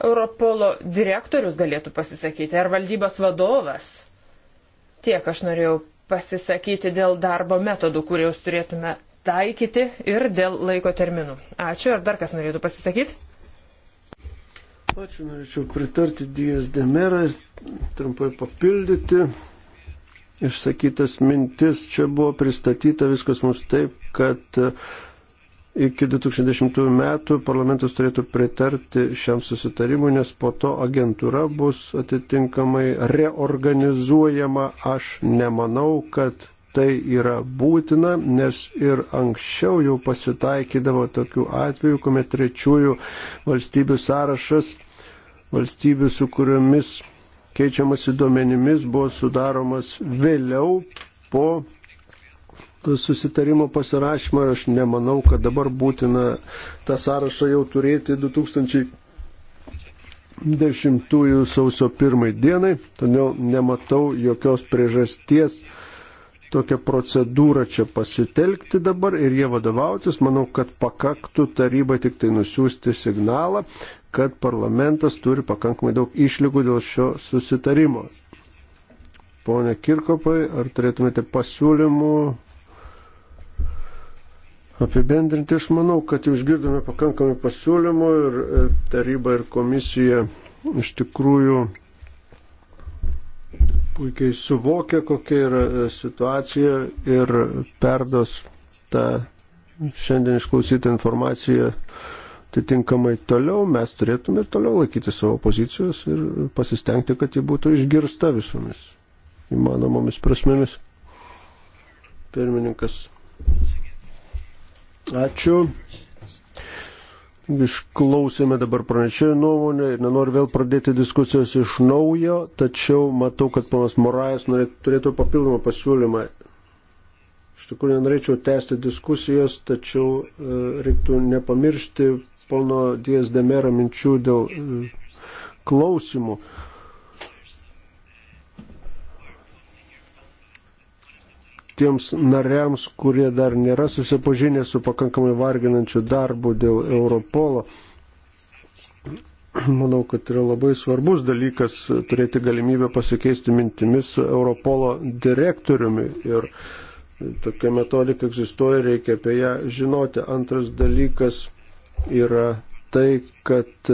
Speaker 2: Europolo direktorius galėtų pasisakyti, ar valdybos vadovas. Tiek aš norėjau pasisakyti dėl darbo metodų, kuriuos turėtume taikyti ir dėl laiko terminų. Ačiū, ar dar kas norėtų pasisakyti?
Speaker 5: Ačiū, norėčiau pritarti Dijas Demerą, trumpai papildyti. Išsakytas mintis čia buvo pristatyta viskas mums taip, kad uh, Iki 2010 metų parlamentas turėtų pritarti šiam susitarimui, nes po to agentūra bus atitinkamai reorganizuojama. Aš nemanau, kad tai yra būtina, nes ir anksčiau jau pasitaikydavo tokių atvejų, kuomet trečiųjų valstybių sąrašas valstybių, su kuriomis keičiamasi duomenimis, buvo sudaromas vėliau po susitarimo pasirašymą ir aš nemanau, kad dabar būtina tą sąrašą jau turėti 2010 sausio 1 dienai, todėl nematau jokios priežasties tokią procedūrą čia pasitelkti dabar ir jie vadovautis. Manau, kad pakaktų taryba tik tai nusiųsti signalą, kad parlamentas turi pakankamai daug išlygų dėl šio susitarimo. Pone Kirkopai, ar turėtumėte pasiūlymų apibendrinti. Aš manau, kad jau išgirdome pakankamai pasiūlymų ir e, taryba ir komisija iš tikrųjų puikiai suvokia, kokia yra e, situacija ir perdos tą šiandien išklausytą informaciją. Atitinkamai toliau mes turėtume ir toliau laikyti savo pozicijos ir pasistengti, kad ji būtų išgirsta visomis įmanomomis prasmėmis. Pirmininkas. Sėkė. Ačiū. Išklausėme dabar pranešėjų nuomonę ir nenoriu vėl pradėti diskusijos iš naujo, tačiau matau, kad panas Morajas turėtų papildomą pasiūlymą. Iš tikrųjų, nenorėčiau tęsti diskusijos, tačiau e, reiktų nepamiršti pono Dies Demera minčių dėl e, klausimų. tiems nariams, kurie dar nėra susipažinę su pakankamai varginančiu darbu dėl Europolo. Manau, kad yra labai svarbus dalykas turėti galimybę pasikeisti mintimis su Europolo direktoriumi ir tokia metodika egzistuoja, reikia apie ją žinoti. Antras dalykas yra tai, kad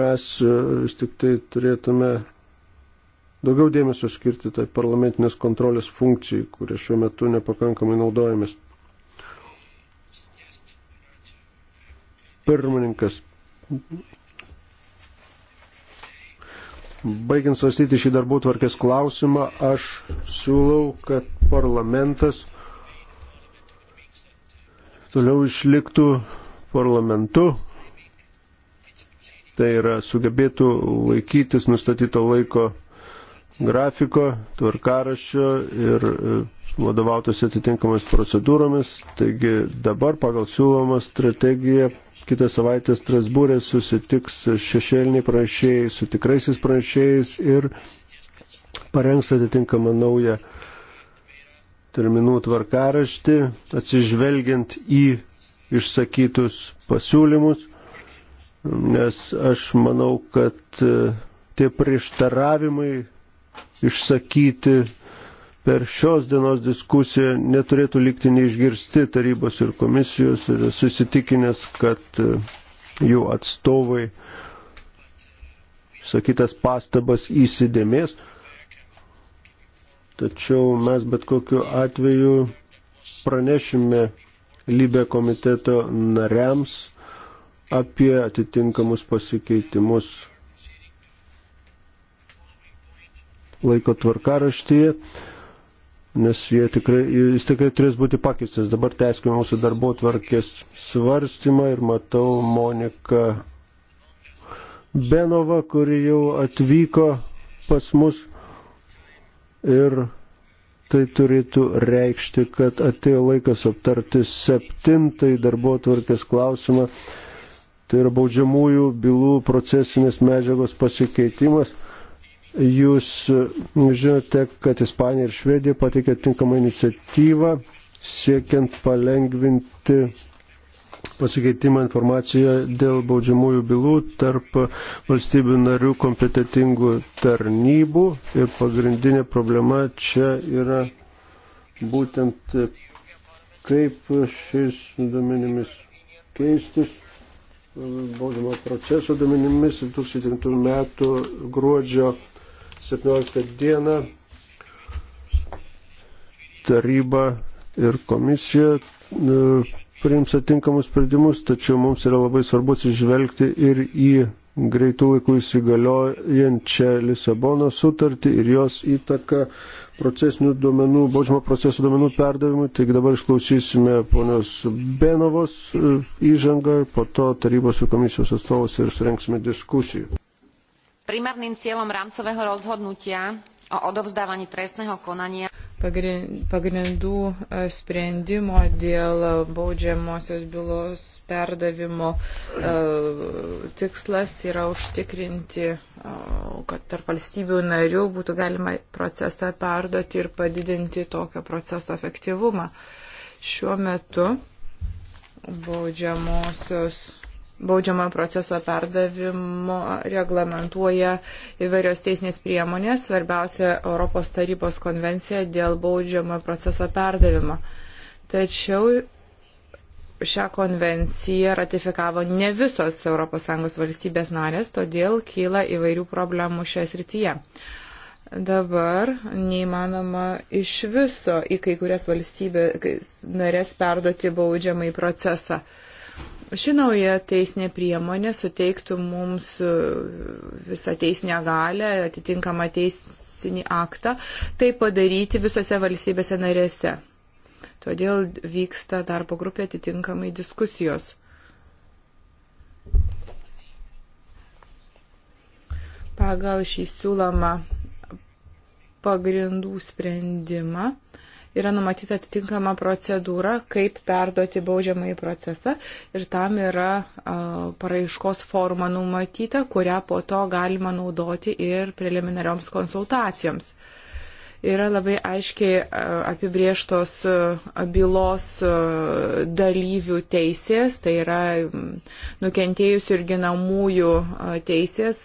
Speaker 5: mes vis tik tai turėtume daugiau dėmesio skirti tai parlamentinės kontrolės funkcijai, kurie šiuo metu nepakankamai naudojamės. Pirmininkas. Baigiant svarstyti šį darbų tvarkės klausimą, aš siūlau, kad parlamentas toliau išliktų parlamentu, tai yra sugebėtų laikytis nustatyto laiko grafiko, tvarkaraščio ir e, vadovautis atitinkamas procedūromis. Taigi dabar pagal siūlomą strategiją kitą savaitę Strasbūrė susitiks šešėliniai pranešėjai su tikraisiais pranešėjais ir parengs atitinkamą naują terminų tvarkaraštį, atsižvelgiant į išsakytus pasiūlymus, nes aš manau, kad e, tie prieštaravimai išsakyti per šios dienos diskusiją neturėtų likti neišgirsti tarybos ir komisijos ir susitikinęs, kad e, jų atstovai sakytas pastabas įsidėmės. Tačiau mes bet kokiu atveju pranešime Libė komiteto nariams apie atitinkamus pasikeitimus laiko tvarkaraštyje, nes tikrai, jis tikrai turės būti pakeistas. Dabar tęskime mūsų darbo tvarkės svarstymą ir matau Moniką Benova, kuri jau atvyko pas mus ir tai turėtų reikšti, kad atėjo laikas aptarti septintai darbo tvarkės klausimą. Tai yra baudžiamųjų bylų procesinės medžiagos pasikeitimas. Jūs žinote, kad Ispanija ir Švedija patikė tinkamą iniciatyvą siekiant palengvinti pasikeitimą informaciją dėl baudžiamųjų bylų tarp valstybių narių kompetitingų tarnybų. Ir pagrindinė problema čia yra būtent kaip šiais duomenimis keistis baudžiamo proceso duomenimis 2009 metų gruodžio 17 dieną taryba ir komisija e, priims atinkamus sprendimus, tačiau mums yra labai svarbu atsižvelgti ir į greitų laikų įsigaliojančią Lisabono sutartį ir jos įtaką procesinių duomenų, baudžiamo procesų duomenų perdavimui. Taigi dabar išklausysime ponios Benovos e, įžangą, po to tarybos ir komisijos atstovus ir surenksime diskusijų.
Speaker 4: Primárnym cieľom rámcového rozhodnutia o odovzdávaní trestného konania
Speaker 3: pagrindų eh, sprendimo dėl eh, baudžiamosios bylos perdavimo eh, tikslas yra užtikrinti, kad tarp valstybių narių būtų galima procesą perduoti ir padidinti tokio proceso efektyvumą. Šiuo metu baudžiamosios baudžiamojo proceso perdavimo reglamentuoja įvairios teisinės priemonės, svarbiausia Europos tarybos konvencija dėl baudžiamojo proceso perdavimo. Tačiau šią konvenciją ratifikavo ne visos ES valstybės narės, todėl kyla įvairių problemų šioje srityje. Dabar neįmanoma iš viso į kai kurias valstybės narės perduoti baudžiamąjį procesą. Uh, Ši nauja teisinė priemonė suteiktų mums e, visą teisinę galę, atitinkamą teisinį aktą, tai padaryti visose valstybėse narėse. Todėl vyksta darbo grupė atitinkamai diskusijos. Pagal šį siūlomą pagrindų sprendimą yra numatyta atitinkama procedūra, kaip perduoti baudžiamąjį procesą ir tam yra paraiškos forma numatyta, kurią po to galima naudoti ir preliminarioms konsultacijoms yra labai aiškiai apibrieštos bylos dalyvių teisės, tai yra nukentėjusių ir ginamųjų teisės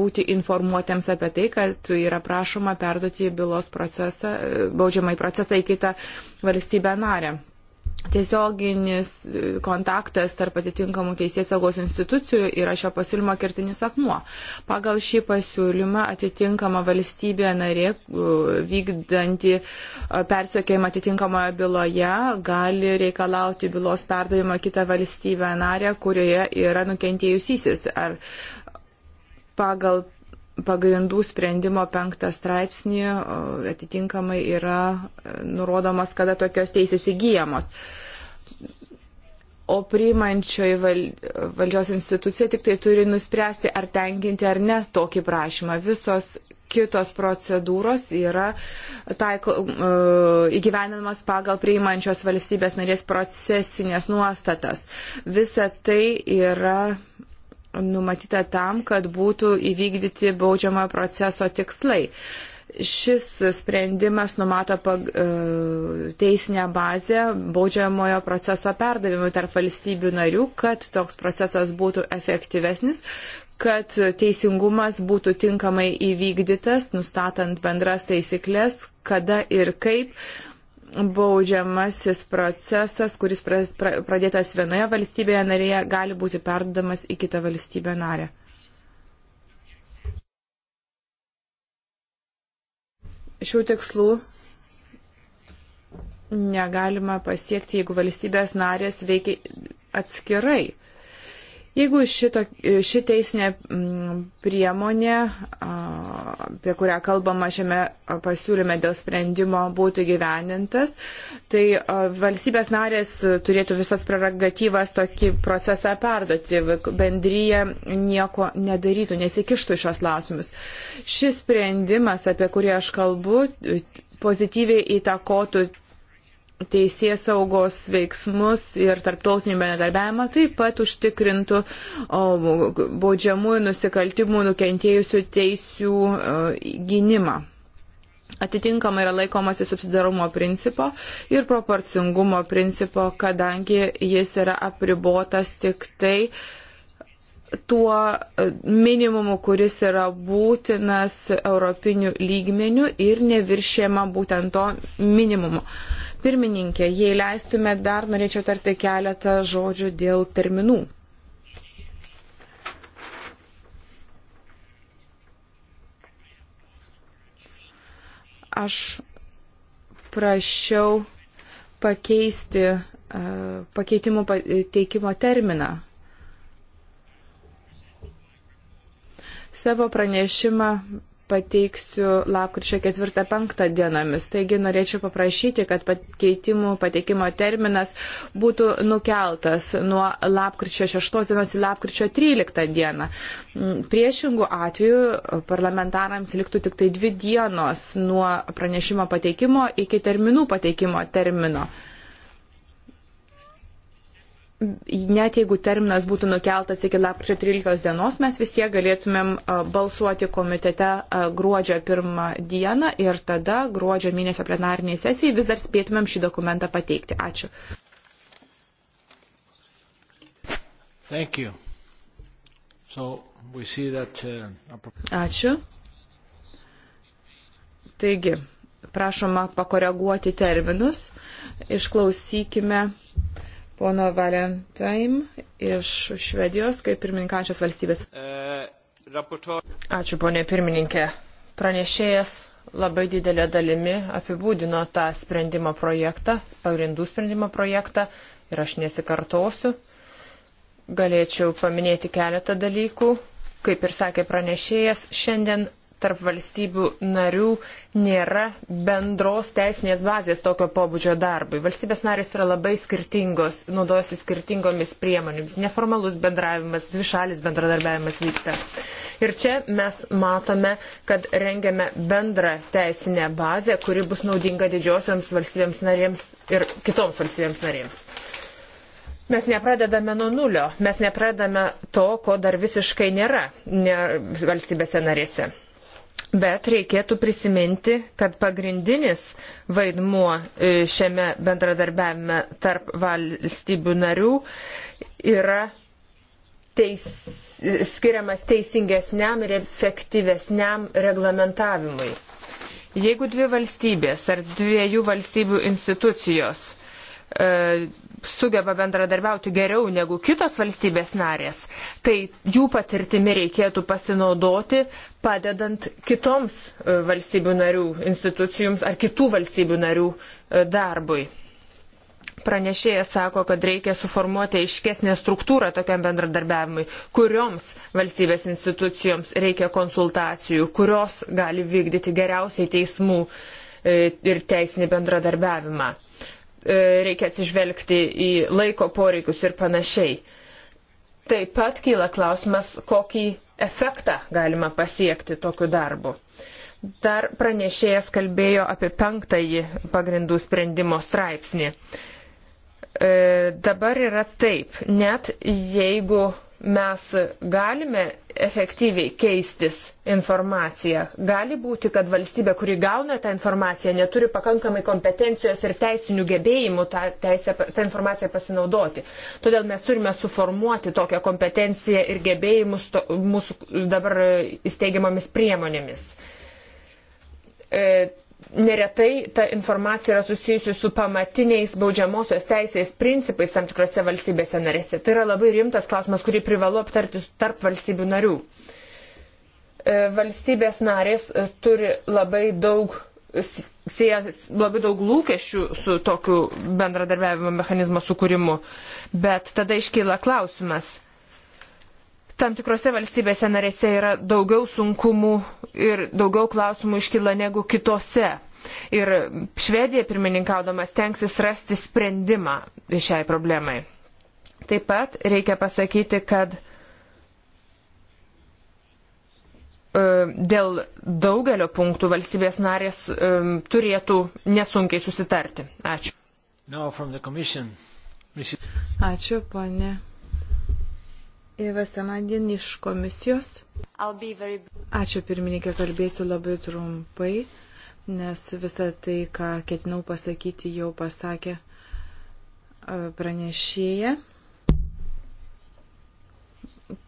Speaker 3: būti informuotėms apie tai, kad yra prašoma perduoti bylos procesą, baudžiamai procesą į kitą valstybę narę tiesioginis e, kontaktas tarp atitinkamų teisės saugos institucijų yra šio pasiūlymo kertinis akmuo. Pagal šį pasiūlymą atitinkama valstybė narė e, vykdanti e, persiekėjimą atitinkamoje byloje gali reikalauti bylos perdavimą kitą valstybę narę, kurioje yra nukentėjusysis. Ar pagal pagrindų sprendimo penktą straipsnį atitinkamai yra e, nurodomas, kada tokios teisės įgyjamos. O priimančioji valdžios institucija tik tai turi nuspręsti, ar tenkinti ar ne tokį prašymą. Visos kitos procedūros yra taiko, e, įgyvenamas pagal priimančios valstybės narės procesinės nuostatas. Visa tai yra numatyta tam, kad būtų įvykdyti baudžiamojo proceso tikslai. Šis sprendimas numato pag, e, teisinę bazę baudžiamojo proceso perdavimui tarp valstybių narių, kad toks procesas būtų efektyvesnis, kad teisingumas būtų tinkamai įvykdytas, nustatant bendras taisyklės, kada ir kaip baudžiamasis procesas, kuris pradėtas vienoje valstybėje narėje, gali būti perdodamas į kitą valstybę narę. Šių tikslų negalima pasiekti, jeigu valstybės narės veikia atskirai. Jeigu šito, ši teisinė priemonė, apie kurią kalbama šiame pasiūlyme dėl sprendimo, būtų gyvenintas, tai valstybės narės turėtų visas prerogatyvas tokį procesą perduoti, bendryje nieko nedarytų, nesikištų iš šios lausimus. Šis sprendimas, apie kurį aš kalbu, pozityviai įtakotų teisės saugos veiksmus ir tarptautinį bendradarbiavimą taip pat užtikrintų baudžiamųjų nusikaltimų nukentėjusių teisių e, gynimą. Atitinkamai yra laikomasi subsidarumo principo ir proporcingumo principo, kadangi jis yra apribotas tik tai tuo e, minimumu, kuris yra būtinas europinių lygmenių ir neviršėma būtent to minimumu. Uh, Pirmininkė, jei leistume, dar norėčiau tarti keletą žodžių dėl terminų. Aš prašiau pakeisti e, pakeitimų teikimo terminą. Savo pranešimą pateiksiu lapkričio 4-5 dienomis. Taigi norėčiau paprašyti, kad pakeitimų pateikimo terminas būtų nukeltas nuo lapkričio 6 dienos į lapkričio 13 dieną. Mm, priešingų atveju parlamentarams liktų tik tai dvi dienos nuo pranešimo pateikimo iki terminų pateikimo termino net jeigu terminas būtų nukeltas iki lapkričio 13 dienos, mes vis tiek galėtumėm balsuoti komitete gruodžio 1 dieną ir tada gruodžio mėnesio plenariniai sesijai vis dar spėtumėm šį dokumentą pateikti. Ačiū.
Speaker 1: So that, uh,
Speaker 3: Ačiū. Taigi, prašoma pakoreguoti terminus. Išklausykime pono Valentaim iš Švedijos kaip pirmininkančios valstybės.
Speaker 1: E, Ačiū,
Speaker 2: ponė pirmininkė. Pranešėjas labai didelė dalimi apibūdino tą sprendimo projektą, pagrindų sprendimo projektą ir aš nesikartosiu. Galėčiau paminėti keletą dalykų. Kaip ir sakė pranešėjas, šiandien tarp valstybių narių nėra bendros teisinės bazės tokio pobūdžio darbui. Valstybės narės yra labai skirtingos, naudojasi skirtingomis priemonėmis. Neformalus bendravimas, dvišalis bendradarbiavimas vyksta. Ir čia mes matome, kad rengiame bendrą teisinę bazę, kuri bus naudinga didžiosioms valstybėms narėms ir kitoms valstybėms narėms. Mes nepradedame nuo nulio, mes nepradedame to, ko dar visiškai nėra ne, valstybėse narėse. Bet reikėtų prisiminti, kad pagrindinis vaidmuo e, šiame bendradarbiavime tarp valstybių narių yra teis, skiriamas teisingesniam ir efektyvesniam reglamentavimui. Jeigu dvi valstybės ar dviejų valstybių institucijos e, sugeba bendradarbiauti geriau negu kitos valstybės narės, tai jų patirtimi reikėtų pasinaudoti, padedant kitoms e, valstybių narių institucijoms ar kitų valstybių narių e, darbui. Pranešėjas sako, kad reikia suformuoti aiškesnę struktūrą tokiam bendradarbiavimui, kurioms valstybės institucijoms reikia konsultacijų, kurios gali vykdyti geriausiai teismų e, ir teisinį bendradarbiavimą E, reikia atsižvelgti į laiko poreikius ir panašiai. Taip pat kyla klausimas, kokį efektą galima pasiekti tokiu darbu. Dar pranešėjas kalbėjo apie penktąjį pagrindų sprendimo straipsnį. E, dabar yra taip, net jeigu mes galime efektyviai keistis informaciją. Gali būti, kad valstybė, kuri gauna tą informaciją, neturi pakankamai kompetencijos ir teisinių gebėjimų tą, teisę, tą informaciją pasinaudoti. Todėl mes turime suformuoti tokią kompetenciją ir gebėjimus to, mūsų dabar įsteigiamomis priemonėmis. E, neretai ta informacija yra susijusi su pamatiniais baudžiamosios teisės principais tam tikrose valstybėse narėse. Tai yra labai rimtas klausimas, kurį privalu aptarti tarp valstybių narių. E, valstybės narės e, turi labai daug, sieja labai daug lūkesčių su tokiu bendradarbiavimo mechanizmo sukūrimu, bet tada iškyla klausimas tam tikrose valstybėse narėse yra daugiau sunkumų ir daugiau klausimų iškyla negu kitose. Ir Švedija pirmininkaudamas tenksis rasti sprendimą šiai problemai. Taip pat reikia pasakyti, kad e, dėl daugelio punktų valstybės narės e, turėtų nesunkiai
Speaker 1: susitarti. Ačiū.
Speaker 3: Ačiū, ponė Eva Samadien iš komisijos. Very... Ačiū pirmininkė, kalbėsiu labai trumpai, nes visą tai, ką ketinau pasakyti, jau pasakė e, pranešėja.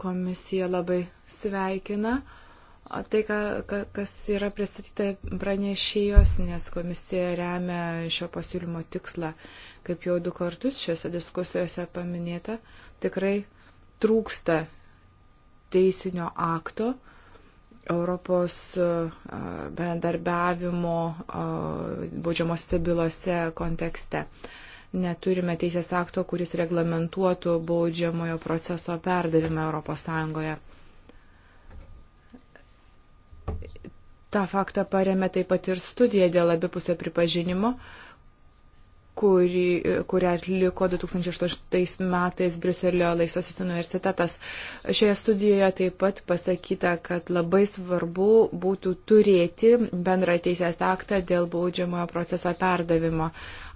Speaker 3: Komisija labai sveikina tai, ką, kas yra pristatyta pranešėjos, nes komisija remia šio pasiūlymo tikslą, kaip jau du kartus šiuose diskusijose paminėta, tikrai trūksta teisinio akto, Europos e, bendarbiavimo e, baudžiamosiose bylose kontekste. Neturime teisės akto, kuris reglamentuotų baudžiamojo proceso perdavimą ES. Ta faktą paremė taip pat ir studija dėl abipusio pripažinimo, uh, kurį, kurią atliko 2008 metais Briuselio Laisvasis universitetas. Šioje studijoje taip pat pasakyta, kad labai svarbu būtų turėti bendrą teisės aktą dėl baudžiamojo proceso perdavimo.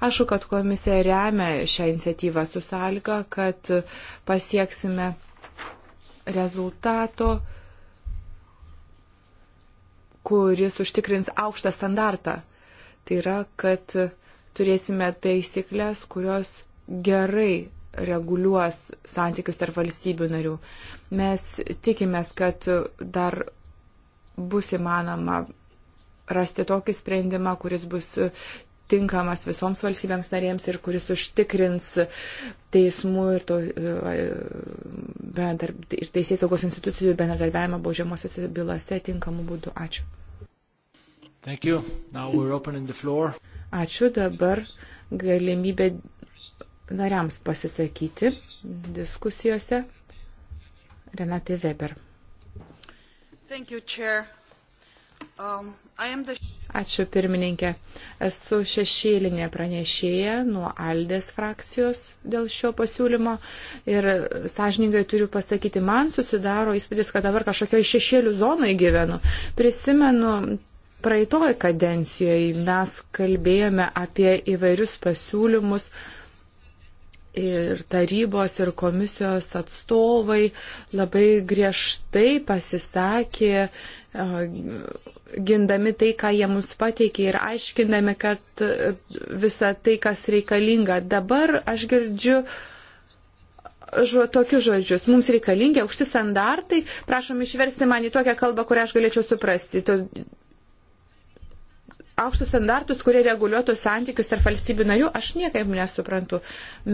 Speaker 3: Ašku, kad komisija remia šią iniciatyvą su sąlyga, kad pasieksime rezultato kuris užtikrins aukštą standartą. Tai yra, kad turėsime taisyklės, kurios gerai reguliuos santykius tarp valstybių narių. Mes tikimės, kad dar bus įmanoma rasti tokį sprendimą, kuris bus tinkamas visoms valstybėms narėms ir kuris užtikrins teismų ir, to, ir teisės saugos institucijų bendradarbiavimą baudžiamosiose bylose tinkamu būdu. Ačiū.
Speaker 1: Thank you. Now we're opening the floor.
Speaker 3: Ačiū dabar galimybė nariams pasisakyti diskusijose. Renate Weber. Thank you, Chair. Um, Ačiū pirmininkė. Esu šešėlinė pranešėja nuo Aldės frakcijos dėl šio pasiūlymo ir sąžininkai turiu pasakyti, man susidaro įspūdis, kad dabar kažkokioje šešėlių zonoje gyvenu. Prisimenu Praeitoj kadencijoje mes kalbėjome apie įvairius pasiūlymus ir tarybos, ir komisijos atstovai labai griežtai pasisakė gindami tai, ką jie mums pateikė ir aiškindami, kad e, visa tai, kas reikalinga. Dabar aš girdžiu žo, tokius žodžius. Mums reikalingi aukšti standartai, prašom išversti man į tokią kalbą, kurią aš galėčiau suprasti. To, aukštus standartus, kurie reguliuotų santykius tarp valstybių narių, aš niekaip nesuprantu.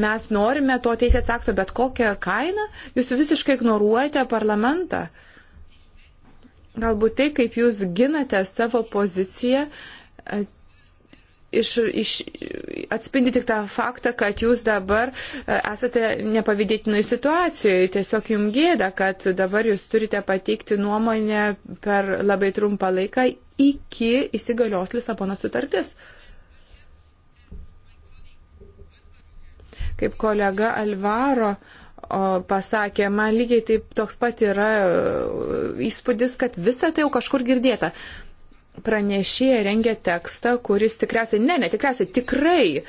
Speaker 3: Mes norime to teisės akto, bet kokią kainą jūs visiškai ignoruojate parlamentą. Galbūt tai, kaip jūs ginate savo poziciją, e, iš, iš, atspindi tik tą faktą, kad jūs dabar e, esate nepavydėtinoj situacijoje. Tiesiog jums gėda, kad dabar jūs turite pateikti nuomonę per labai trumpą laiką iki įsigalios Lisabono sutartis. Kaip kolega Alvaro pasakė, man lygiai taip toks pat yra e, įspūdis, kad visa tai jau kažkur girdėta pranešėja rengia tekstą, kuris tikriausiai, ne, ne tikriausiai, tikrai e,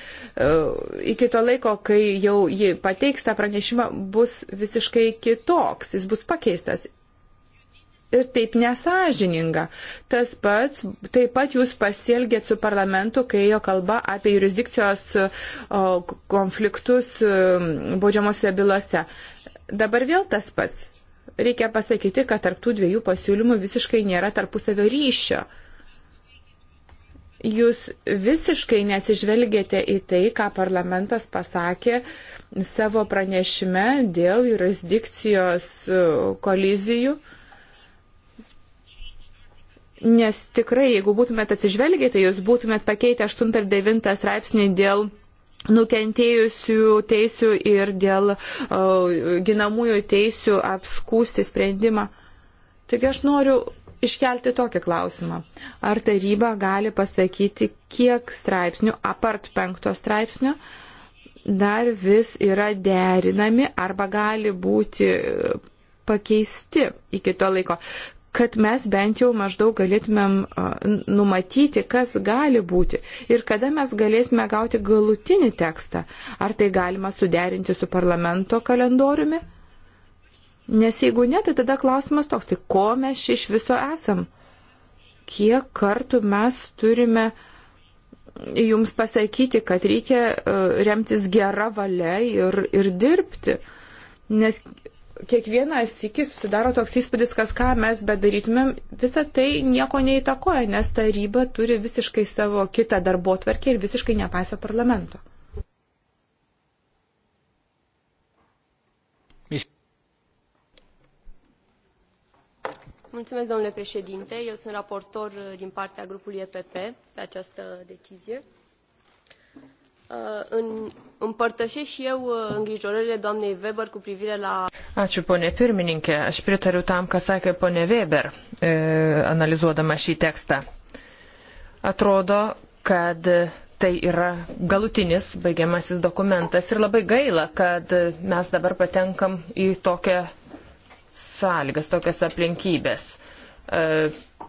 Speaker 3: iki to laiko, kai jau ji pateiks tą pranešimą, bus visiškai kitoks, jis bus pakeistas ir taip nesažininga. Tas pats, taip pat jūs pasielgėt su parlamentu, kai jo kalba apie jurisdikcijos konfliktus e, baudžiamosiose bylose. Dabar vėl tas pats. Reikia pasakyti, kad tarptų dviejų pasiūlymų visiškai nėra tarpusavio ryšio. Jūs visiškai neatsižvelgėte į tai, ką parlamentas pasakė savo pranešime dėl jurisdikcijos e, kolizijų. Uh, Nes tikrai, jeigu būtumėt atsižvelgę, tai jūs būtumėt pakeitę 8 ir 9 straipsnį dėl nukentėjusių teisių ir dėl uh, ginamųjų teisių apskūsti sprendimą. Taigi aš noriu iškelti tokį klausimą. Ar taryba gali pasakyti, kiek straipsnių, apart penkto straipsnio, dar vis yra derinami arba gali būti pakeisti iki to laiko, kad mes bent jau maždaug galėtumėm numatyti, kas gali būti ir kada mes galėsime gauti galutinį tekstą. Ar tai galima suderinti su parlamento kalendoriumi? Nes jeigu ne, tai tada klausimas toks, tai ko mes iš viso esam? Kiek kartų mes turime jums pasakyti, kad reikia remtis gerą valią ir, ir dirbti? Nes kiekvienas iki susidaro toks įspūdis, kas ką mes bedarytumėm, visa tai nieko neįtakoja, nes taryba turi visiškai savo kitą darbo tvarkę ir visiškai nepaiso parlamento.
Speaker 5: Mulțumesc, domnule președinte. Eu sunt raportor din partea grupului EPP pe această decizie. Uh, Uh, împărtășesc și eu uh, îngrijorările doamnei Weber cu privire
Speaker 4: la...
Speaker 2: Ačiū, ponė pirmininkė. Aš pritariu tam, ką sakė ponė Weber, e, analizuodama šį tekstą. Atrodo, kad tai yra galutinis baigiamasis dokumentas ir labai gaila, kad mes dabar patenkam į tokią sąlygas, tokias aplinkybės. E,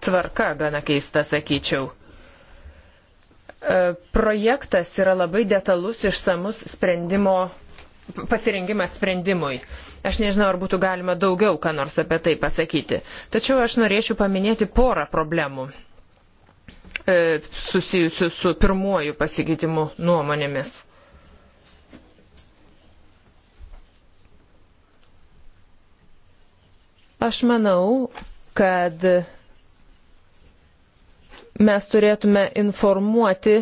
Speaker 2: tvarka gana keista, sakyčiau E, projektas yra labai detalus išsamus sprendimo, pasirengimas sprendimui. Aš nežinau, ar būtų galima daugiau ką nors apie tai pasakyti. Tačiau aš norėčiau paminėti porą problemų e, susijusių su pirmuoju pasikeitimu nuomonėmis. Aš manau, kad mes turėtume informuoti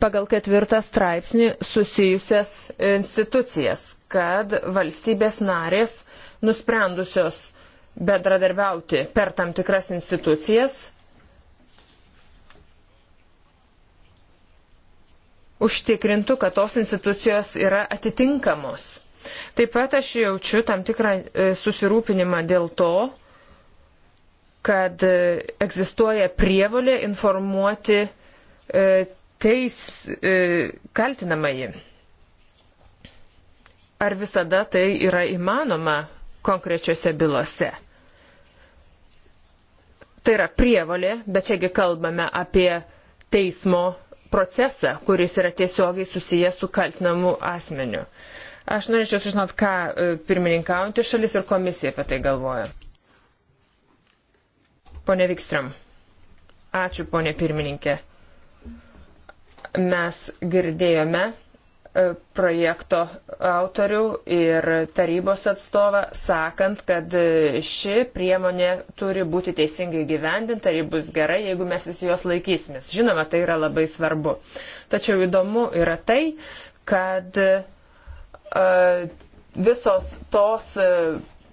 Speaker 2: pagal ketvirtą straipsnį susijusias institucijas, kad valstybės narės nusprendusios bendradarbiauti per tam tikras institucijas užtikrintų, kad tos institucijos yra atitinkamos. Taip pat aš jaučiu tam tikrą e, susirūpinimą dėl to, kad e, egzistuoja prievalė informuoti e, teis e, kaltinamąjį. Ar visada tai yra įmanoma konkrečiose bylose? Tai yra prievalė, bet čiagi kalbame apie teismo procesą, kuris yra tiesiogiai susijęs su kaltinamu asmeniu. Aš norėčiau sužinoti, ką pirmininkaujantys šalis ir komisija apie tai galvoja. Pone Vikstram. Ačiū, ponė pirmininkė. Mes girdėjome e, projekto autorių ir tarybos atstovą, sakant, kad e, ši priemonė turi būti teisingai gyvendinta ir bus gerai, jeigu mes visi jos laikysimės. Žinoma, tai yra labai svarbu. Tačiau įdomu yra tai, kad e, visos tos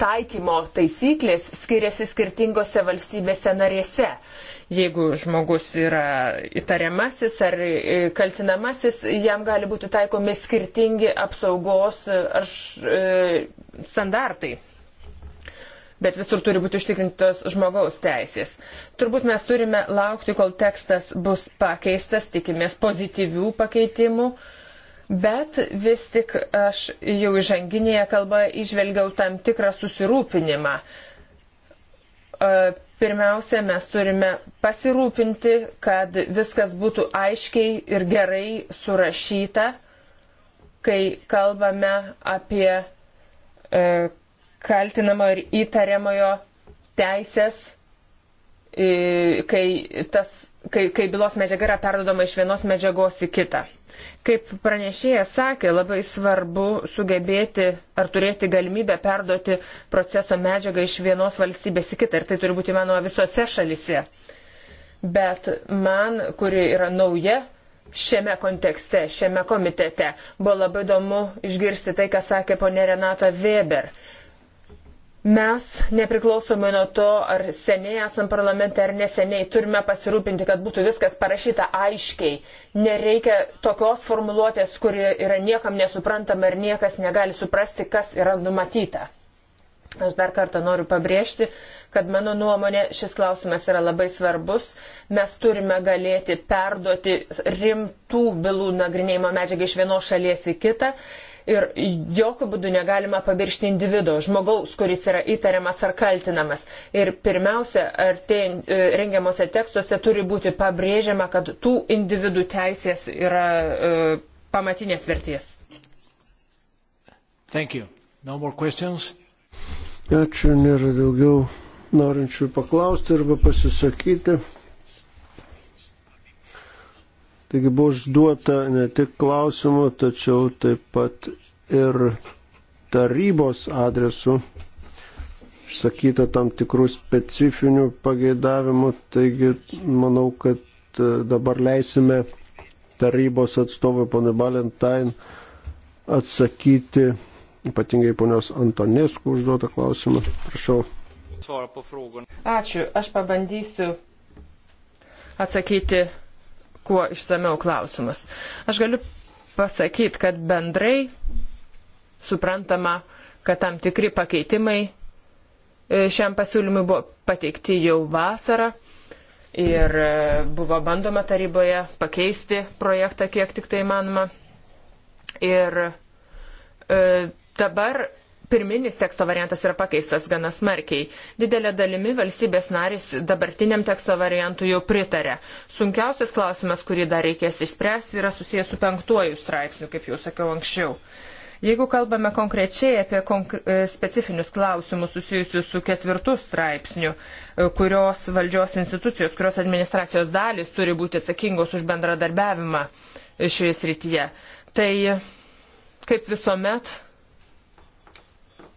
Speaker 2: taikymo taisyklės skiriasi skirtingose valstybėse narėse. Jeigu žmogus yra įtariamasis ar e, kaltinamasis, jam gali būti taikomi skirtingi apsaugos e, ar e, standartai. Bet visur turi būti užtikrintos žmogaus teisės. Turbūt mes turime laukti, kol tekstas bus pakeistas, tikimės pozityvių pakeitimų. Uh, Bet vis tik aš jau įžanginėje kalboje išvelgiau tam tikrą susirūpinimą. E, pirmiausia, mes turime pasirūpinti, kad viskas būtų aiškiai ir gerai surašyta, kai kalbame apie e, kaltinamo ir įtariamojo teisės, e, kai tas kai, kai bylos medžiaga yra perdodama iš vienos medžiagos į kitą. Kaip pranešėjas sakė, labai svarbu sugebėti ar turėti galimybę perduoti proceso medžiagą iš vienos valstybės į kitą ir tai turi būti įmanoma visose šalise. Bet man, kuri yra nauja šiame kontekste, šiame komitete, buvo labai įdomu išgirsti tai, ką sakė ponė Renata Weber. Mes, nepriklausomai nuo to, ar seniai esam parlamente ar neseniai, turime pasirūpinti, kad būtų viskas parašyta aiškiai. Nereikia tokios formuluotės, kuri yra niekam nesuprantama ir niekas negali suprasti, kas yra numatyta. Aš dar kartą noriu pabrėžti, kad mano nuomonė šis klausimas yra labai svarbus. Mes turime galėti perduoti rimtų bylų nagrinėjimo medžiagą iš vienos šalies į kitą ir jokių būdų negalima pamiršti individuo, žmogaus, kuris yra įtariamas ar kaltinamas. Ir pirmiausia, artėj, e, rengiamuose tekstuose turi būti pabrėžiama, kad tų individų teisės yra e, pamatinės vertės.
Speaker 1: No
Speaker 5: Ačiū, nėra daugiau norinčių paklausti arba pasisakyti. Taigi buvo užduota ne tik klausimų, tačiau taip pat ir tarybos adresu išsakyta tam tikrų specifinių pageidavimų. Taigi manau, kad e, dabar leisime tarybos atstovui ponui Balentain atsakyti ypatingai ponios Antonėskų užduotą klausimą. Prašau.
Speaker 2: Ačiū. Aš pabandysiu atsakyti kuo išsameu klausimus. Aš galiu pasakyti, kad bendrai suprantama, kad tam tikri pakeitimai e, šiam pasiūlymui buvo pateikti jau vasarą ir e, buvo bandoma taryboje pakeisti projektą kiek tik tai manoma. Ir e, dabar pirminis teksto variantas yra pakeistas gana smarkiai. Didelė dalimi valstybės narys dabartiniam teksto variantui jau pritarė. Sunkiausias klausimas, kurį dar reikės išspręsti, yra susijęs su penktuoju straipsniu, kaip jau sakiau anksčiau. Jeigu kalbame konkrečiai apie konkre specifinius klausimus susijusius su ketvirtu straipsniu, e, kurios valdžios institucijos, kurios administracijos dalis turi būti atsakingos už bendradarbiavimą šioje srityje, tai kaip visuomet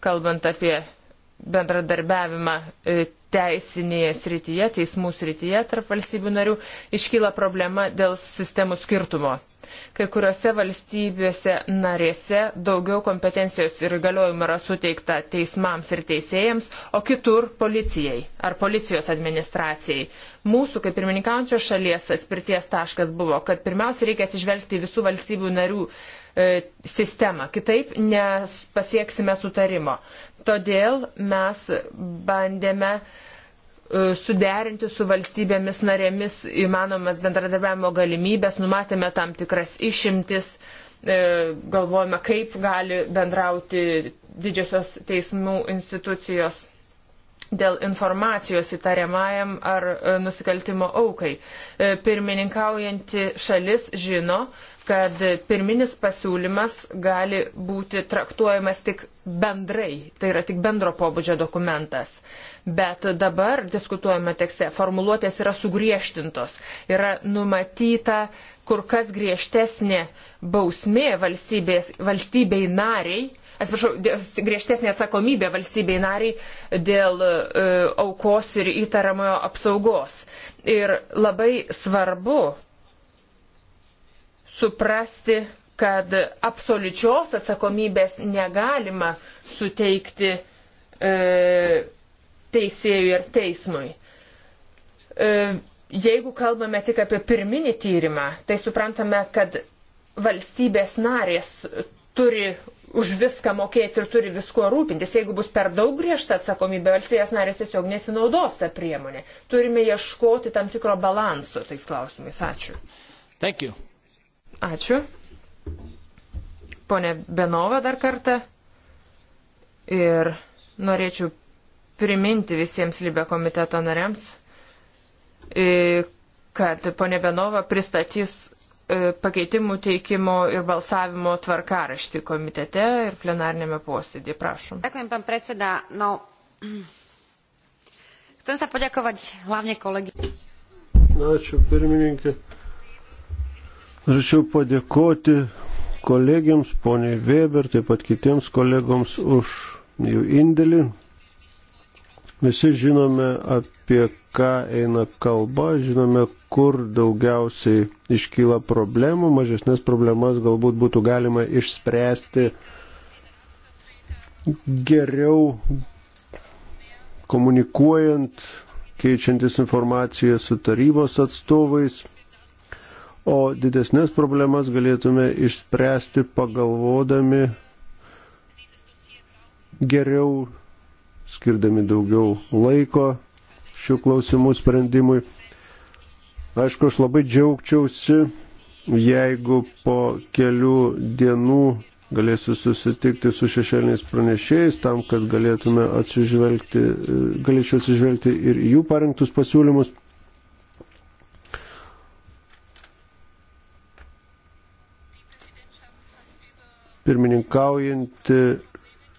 Speaker 2: kalbant apie bendradarbiavimą e, teisinėje srityje, teismų srityje tarp valstybių narių, iškyla problema dėl sistemų skirtumo. Kai kuriuose valstybėse narėse daugiau kompetencijos ir galiojimų yra suteikta teismams ir teisėjams, o kitur policijai ar policijos administracijai. Mūsų, kaip pirmininkaujančios šalies, atspirties taškas buvo, kad pirmiausia reikia atsižvelgti visų valstybių narių E, sistemą. Kitaip nepasieksime sutarimo. Todėl mes bandėme e, suderinti su valstybėmis narėmis įmanomas bendradarbiavimo galimybės, numatėme tam tikras išimtis, e, galvojame, kaip gali bendrauti didžiosios teismų institucijos dėl informacijos įtariamajam ar e, nusikaltimo aukai. E, pirmininkaujanti šalis žino, kad pirminis pasiūlymas gali būti traktuojamas tik bendrai, tai yra tik bendro pobūdžio dokumentas. Bet dabar diskutuojame tekste, formuluotės yra sugriežtintos, yra numatyta kur kas griežtesnė bausmė valstybei nariai, atsiprašau, griežtesnė atsakomybė valstybei nariai dėl e, aukos ir įtariamojo apsaugos. Ir labai svarbu suprasti, kad absoliučios atsakomybės negalima suteikti e, teisėjui ir teismui. E, jeigu kalbame tik apie pirminį tyrimą, tai suprantame, kad valstybės narės turi už viską mokėti ir turi viskuo rūpintis. Jeigu bus per daug griežta atsakomybė, valstybės narės tiesiog nesinaudos tą priemonę. Turime ieškoti tam tikro balanso tais klausimais. Ačiū. Thank you. Ačiū. Pone Benova dar kartą. Ir norėčiau priminti visiems Libė komiteto nariams, kad ponė Benova pristatys E, pakeitimų teikimo ir balsavimo tvarkaraštį komitete ir plenarnėme posėdėje. Prašom.
Speaker 3: Dėkuojam, pan
Speaker 4: predseda. No, chcem sa poďakovať hlavne kolegy.
Speaker 5: Ačiū, pirmininkė. Norėčiau padėkoti kolegiams, poniai Weber, taip pat kitiems kolegoms už jų indėlį Visi žinome, apie ką eina kalba, žinome, kur daugiausiai iškyla problemų, mažesnės problemas galbūt būtų galima išspręsti geriau komunikuojant, keičiantis informaciją su tarybos atstovais, o didesnės problemas galėtume išspręsti pagalvodami geriau skirdami daugiau laiko šių klausimų sprendimui. Aišku, aš labai džiaugčiausi, jeigu po kelių dienų galėsiu susitikti su šešėliniais pranešėjais tam, kad galėtume atsižvelgti, galėčiau atsižvelgti ir jų parengtus pasiūlymus. Pirmininkaujanti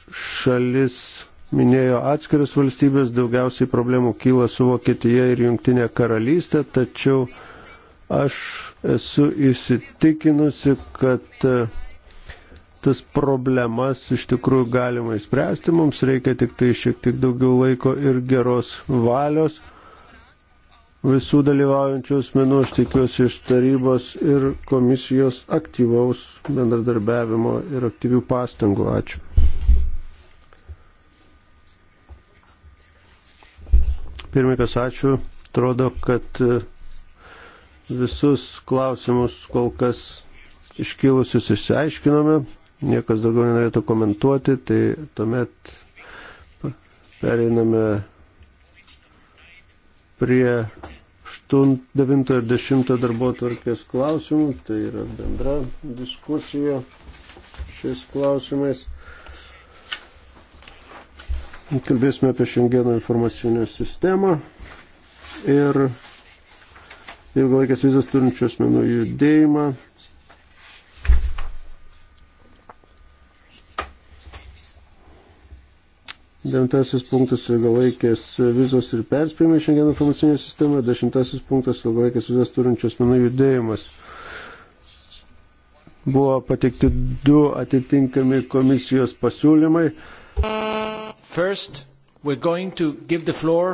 Speaker 5: šalis minėjo atskiras valstybės, daugiausiai problemų kyla su Vokietija ir Junktinė karalystė, tačiau aš esu įsitikinusi, kad e, tas problemas iš tikrųjų galima išspręsti, mums reikia tik tai šiek tiek daugiau laiko ir geros valios visų dalyvaujančių asmenų, aš tikiuosi iš tarybos ir komisijos aktyvaus bendradarbiavimo ir aktyvių pastangų. Ačiū. Pirmininkas, ačiū. Atrodo, kad e, visus klausimus kol kas iškilusius išsiaiškinome. Niekas daugiau nenorėtų komentuoti, tai tuomet pereiname prie 8, 9 ir 10 darbo tvarkės klausimų, tai yra bendra diskusija šiais klausimais. Kalbėsime apie Šengeno informacinę sistemą ir ilgalaikės vizas turinčių asmenų judėjimą. Devintasis punktas ilgalaikės vizos ir perspėjimai šiandien informacinė sistema. Dešimtasis punktas ilgalaikės vizos turinčios menų judėjimas. Buvo pateikti du atitinkami komisijos pasiūlymai.
Speaker 1: First, we're going to give the floor.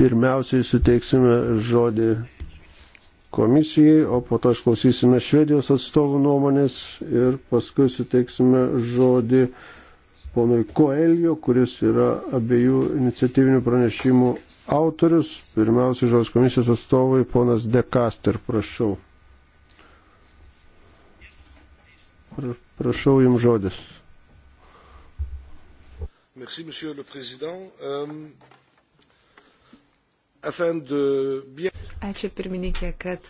Speaker 5: Pirmiausiai suteiksime žodį komisijai, o po to išklausysime Švedijos atstovų nuomonės ir paskui suteiksime žodį ponui Koelio, kuris yra abiejų iniciatyvinių pranešimų autorius. Pirmiausiai žodis komisijos atstovai ponas Dekaster, prašau. Prašau jums žodis. Merci, Monsieur le Président. Um, Ačiū
Speaker 3: pirmininkė, kad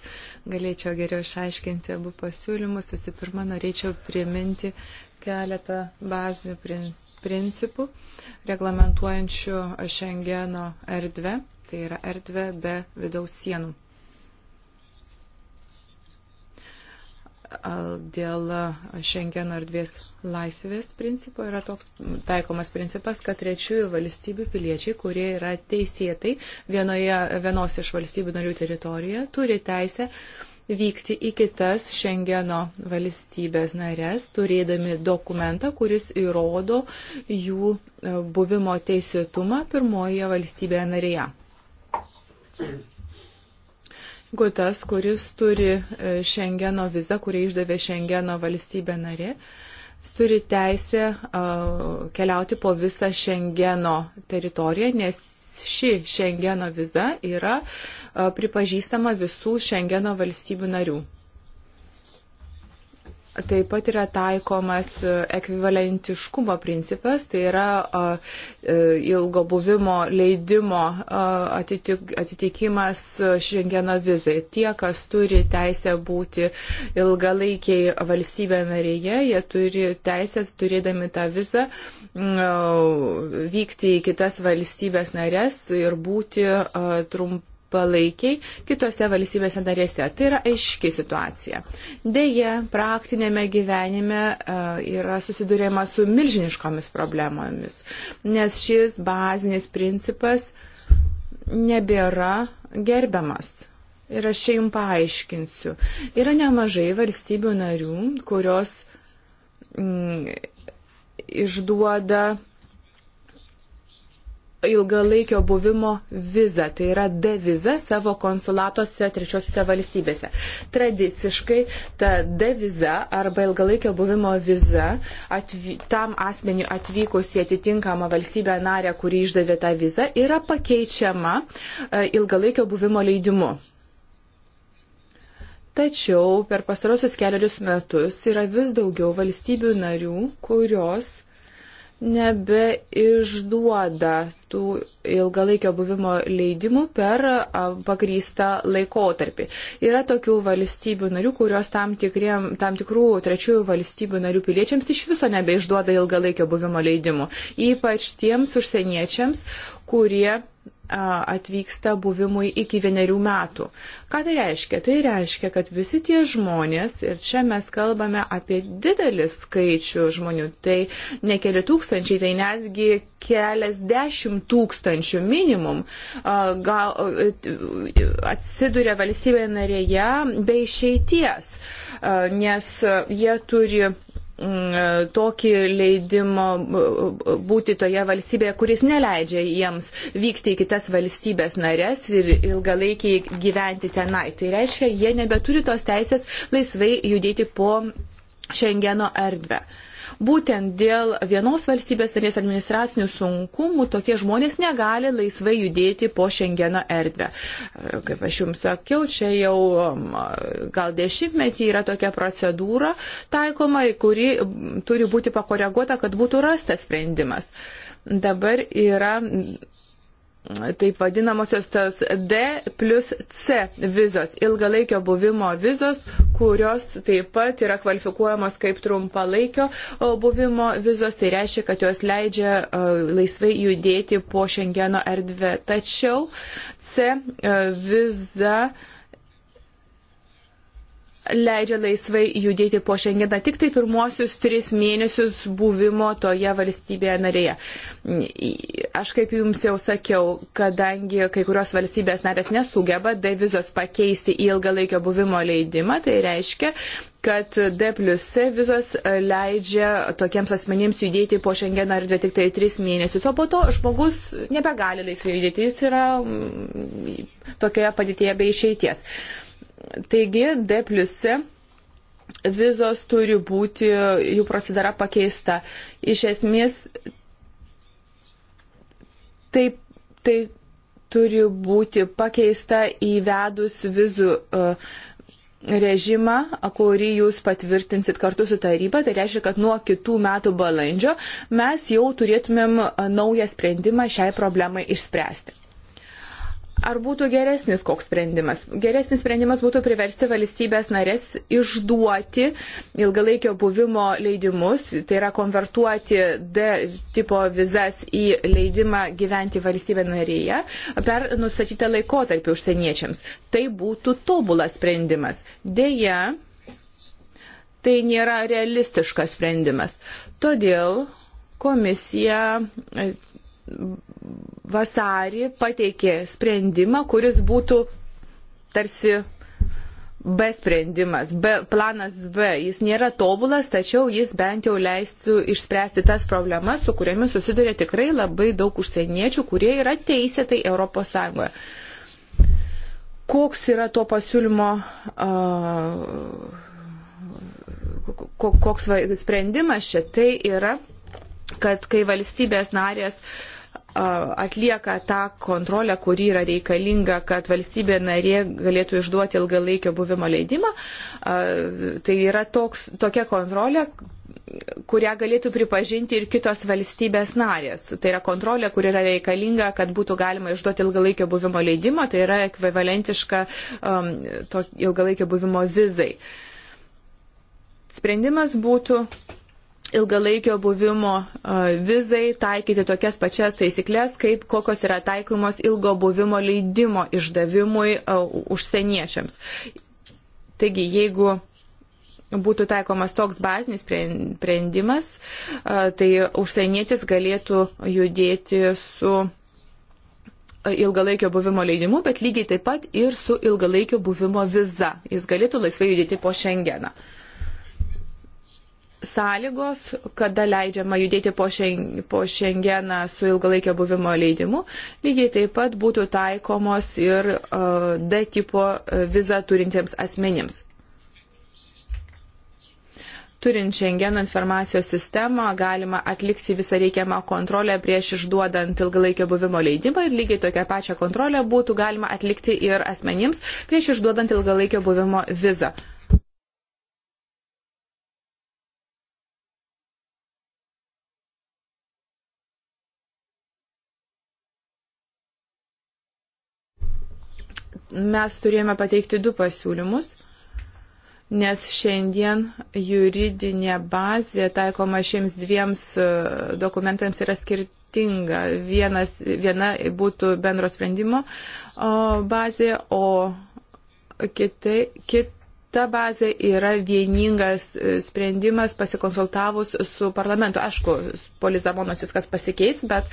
Speaker 3: galėčiau geriau išaiškinti abu pasiūlymus. Visų pirma, norėčiau priminti keletą bazinių principų reglamentuojančių Šengeno erdvę, tai yra erdvė be vidaus sienų. dėl Schengeno erdvės laisvės principo yra toks taikomas principas, kad trečiųjų valstybių piliečiai, kurie yra teisėtai vienoje, vienos iš valstybių narių teritorijoje, turi teisę vykti į kitas Schengeno valstybės narės, turėdami dokumentą, kuris įrodo jų e, buvimo teisėtumą pirmoje valstybėje narėje. Thank you. Gutas, kuris turi Šengeno e, vizą, kurį išdavė Šengeno valstybė narė, jis turi teisę keliauti po visą Šengeno teritoriją, nes ši Šengeno viza yra pripažįstama visų Šengeno valstybių narių. Taip pat yra taikomas e, ekvivalentiškumo principas, tai yra e, ilgo buvimo leidimo atitikimas e, šengeno vizai. Tie, kas turi teisę būti ilgalaikiai valstybė narėje, jie turi teisę, turėdami tą vizą, vykti į kitas valstybės narės ir būti trumpai palaikiai kitose valstybėse narėse. Tai yra aiški situacija. Deja, praktinėme gyvenime e, yra susidurėma su milžiniškomis problemomis, nes šis bazinis principas nebėra gerbiamas. Ir aš čia jums paaiškinsiu. Yra nemažai valstybių narių, kurios mm, išduoda ilgalaikio buvimo vizą, tai yra D vizą savo konsulatuose trečiosiuose valstybėse. Tradiciškai ta D viza arba ilgalaikio buvimo viza atvi, tam asmeniu atvykus į atitinkamą valstybę narę, kuri išdavė tą vizą, yra pakeičiama e, ilgalaikio buvimo leidimu. Tačiau per pastarosius keliarius metus yra vis daugiau valstybių narių, kurios nebeišduoda tų ilgalaikio buvimo leidimų per pagrįstą laikotarpį. Yra tokių valstybių narių, kurios tam, tikriem, tam tikrų trečiųjų valstybių narių piliečiams iš viso nebeišduoda ilgalaikio buvimo leidimų. Ypač tiems užsieniečiams, kurie atvyksta buvimui iki vienerių metų. Ką tai reiškia? Tai reiškia, kad visi tie žmonės, ir čia mes kalbame apie didelį skaičių žmonių, tai ne keli tūkstančiai, tai netgi keliasdešimt tūkstančių minimum, gal, atsiduria valstybėje narėje be išeities, nes jie turi Mm, e, tokį leidimo e, e, būti toje valstybėje, kuris neleidžia jiems vykti į kitas valstybės narės ir ilgalaikiai gyventi tenai. Tai reiškia, jie nebeturi tos teisės laisvai judėti po Šengeno erdvę. Uh, Būtent dėl vienos valstybės narės administracinių sunkumų tokie žmonės negali laisvai judėti po Šengeno erdvę. E, kaip aš jums sakiau, čia jau um, gal dešimtmetį yra tokia procedūra taikoma, kuri turi būti pakoreguota, kad būtų rastas sprendimas. Dabar yra taip vadinamosios tos D plus C vizos, ilgalaikio buvimo vizos, kurios taip pat yra kvalifikuojamos kaip trumpalaikio buvimo vizos, tai reiškia, kad jos leidžia laisvai judėti po Šengeno erdvę. Tačiau C e, viza leidžia laisvai judėti po šengeną tik tai pirmosius tris mėnesius buvimo toje valstybėje narėje. Aš kaip jums jau sakiau, kadangi kai kurios valstybės narės nesugeba D vizos pakeisti į ilgalaikio buvimo leidimą, tai reiškia, kad D plus C vizos leidžia tokiems asmenims judėti po šengeną erdvę tik tai tris mėnesius, o po to žmogus nebegali laisvai judėti, jis yra mm, tokioje padėtėje be išeities. Taigi D plus C vizos turi būti, jų procedūra pakeista. Iš esmės, taip, tai turi būti pakeista įvedus vizų e, režimą, kurį jūs patvirtinsit kartu su taryba. Tai reiškia, kad nuo kitų metų balandžio mes jau turėtumėm e, naują sprendimą šiai problemai išspręsti ar būtų geresnis koks sprendimas? Geresnis sprendimas būtų priversti valstybės narės išduoti ilgalaikio buvimo leidimus, tai yra konvertuoti D tipo vizas į leidimą gyventi valstybė narėje per nustatytą laikotarpį užsieniečiams. Tai būtų tobulas sprendimas. Deja, tai nėra realistiškas sprendimas. Todėl komisija vasarį pateikė sprendimą, kuris būtų tarsi B sprendimas, B, planas B. Jis nėra tobulas, tačiau jis bent jau leistų išspręsti tas problemas, su kuriamis susiduria tikrai labai daug užsieniečių, kurie yra teisėtai Europos Sąjungoje. Koks yra to pasiūlymo, uh, koks sprendimas čia? Tai yra, kad kai valstybės narės uh, atlieka tą kontrolę, kuri yra reikalinga, kad valstybė narė galėtų išduoti ilgalaikio buvimo leidimą. Tai yra toks, tokia kontrolė, kurią galėtų pripažinti ir kitos valstybės narės. Tai yra kontrolė, kur yra reikalinga, kad būtų galima išduoti ilgalaikio buvimo leidimą, tai yra ekvivalentiška um, to ilgalaikio buvimo vizai. Sprendimas būtų ilgalaikio buvimo vizai taikyti tokias pačias taisyklės, kaip kokios yra taikomos ilgo buvimo leidimo išdavimui užsieniečiams. Taigi, jeigu būtų taikomas toks bazinis sprendimas, tai užsienietis galėtų judėti su ilgalaikio buvimo leidimu, bet lygiai taip pat ir su ilgalaikio buvimo viza. Jis galėtų laisvai judėti po Šengeną. Uh, sąlygos, kada leidžiama judėti po, šeng, po šengeną su ilgalaikio buvimo leidimu, lygiai taip pat būtų taikomos ir e, D tipo e, vizą turintiems asmenims. Turint šengeno informacijos sistemą, galima atlikti visą reikiamą kontrolę prieš išduodant ilgalaikio buvimo leidimą ir lygiai tokią pačią kontrolę būtų galima atlikti ir asmenims prieš išduodant ilgalaikio buvimo vizą. mes turėjome pateikti du pasiūlymus, nes šiandien juridinė bazė taikoma šiems dviems e, dokumentams yra skirtinga. Vienas, viena būtų bendro sprendimo bazė, o kitai, kit, ta bazė yra vieningas e, sprendimas pasikonsultavus su parlamentu. Aišku, po Lizabonos viskas pasikeis, bet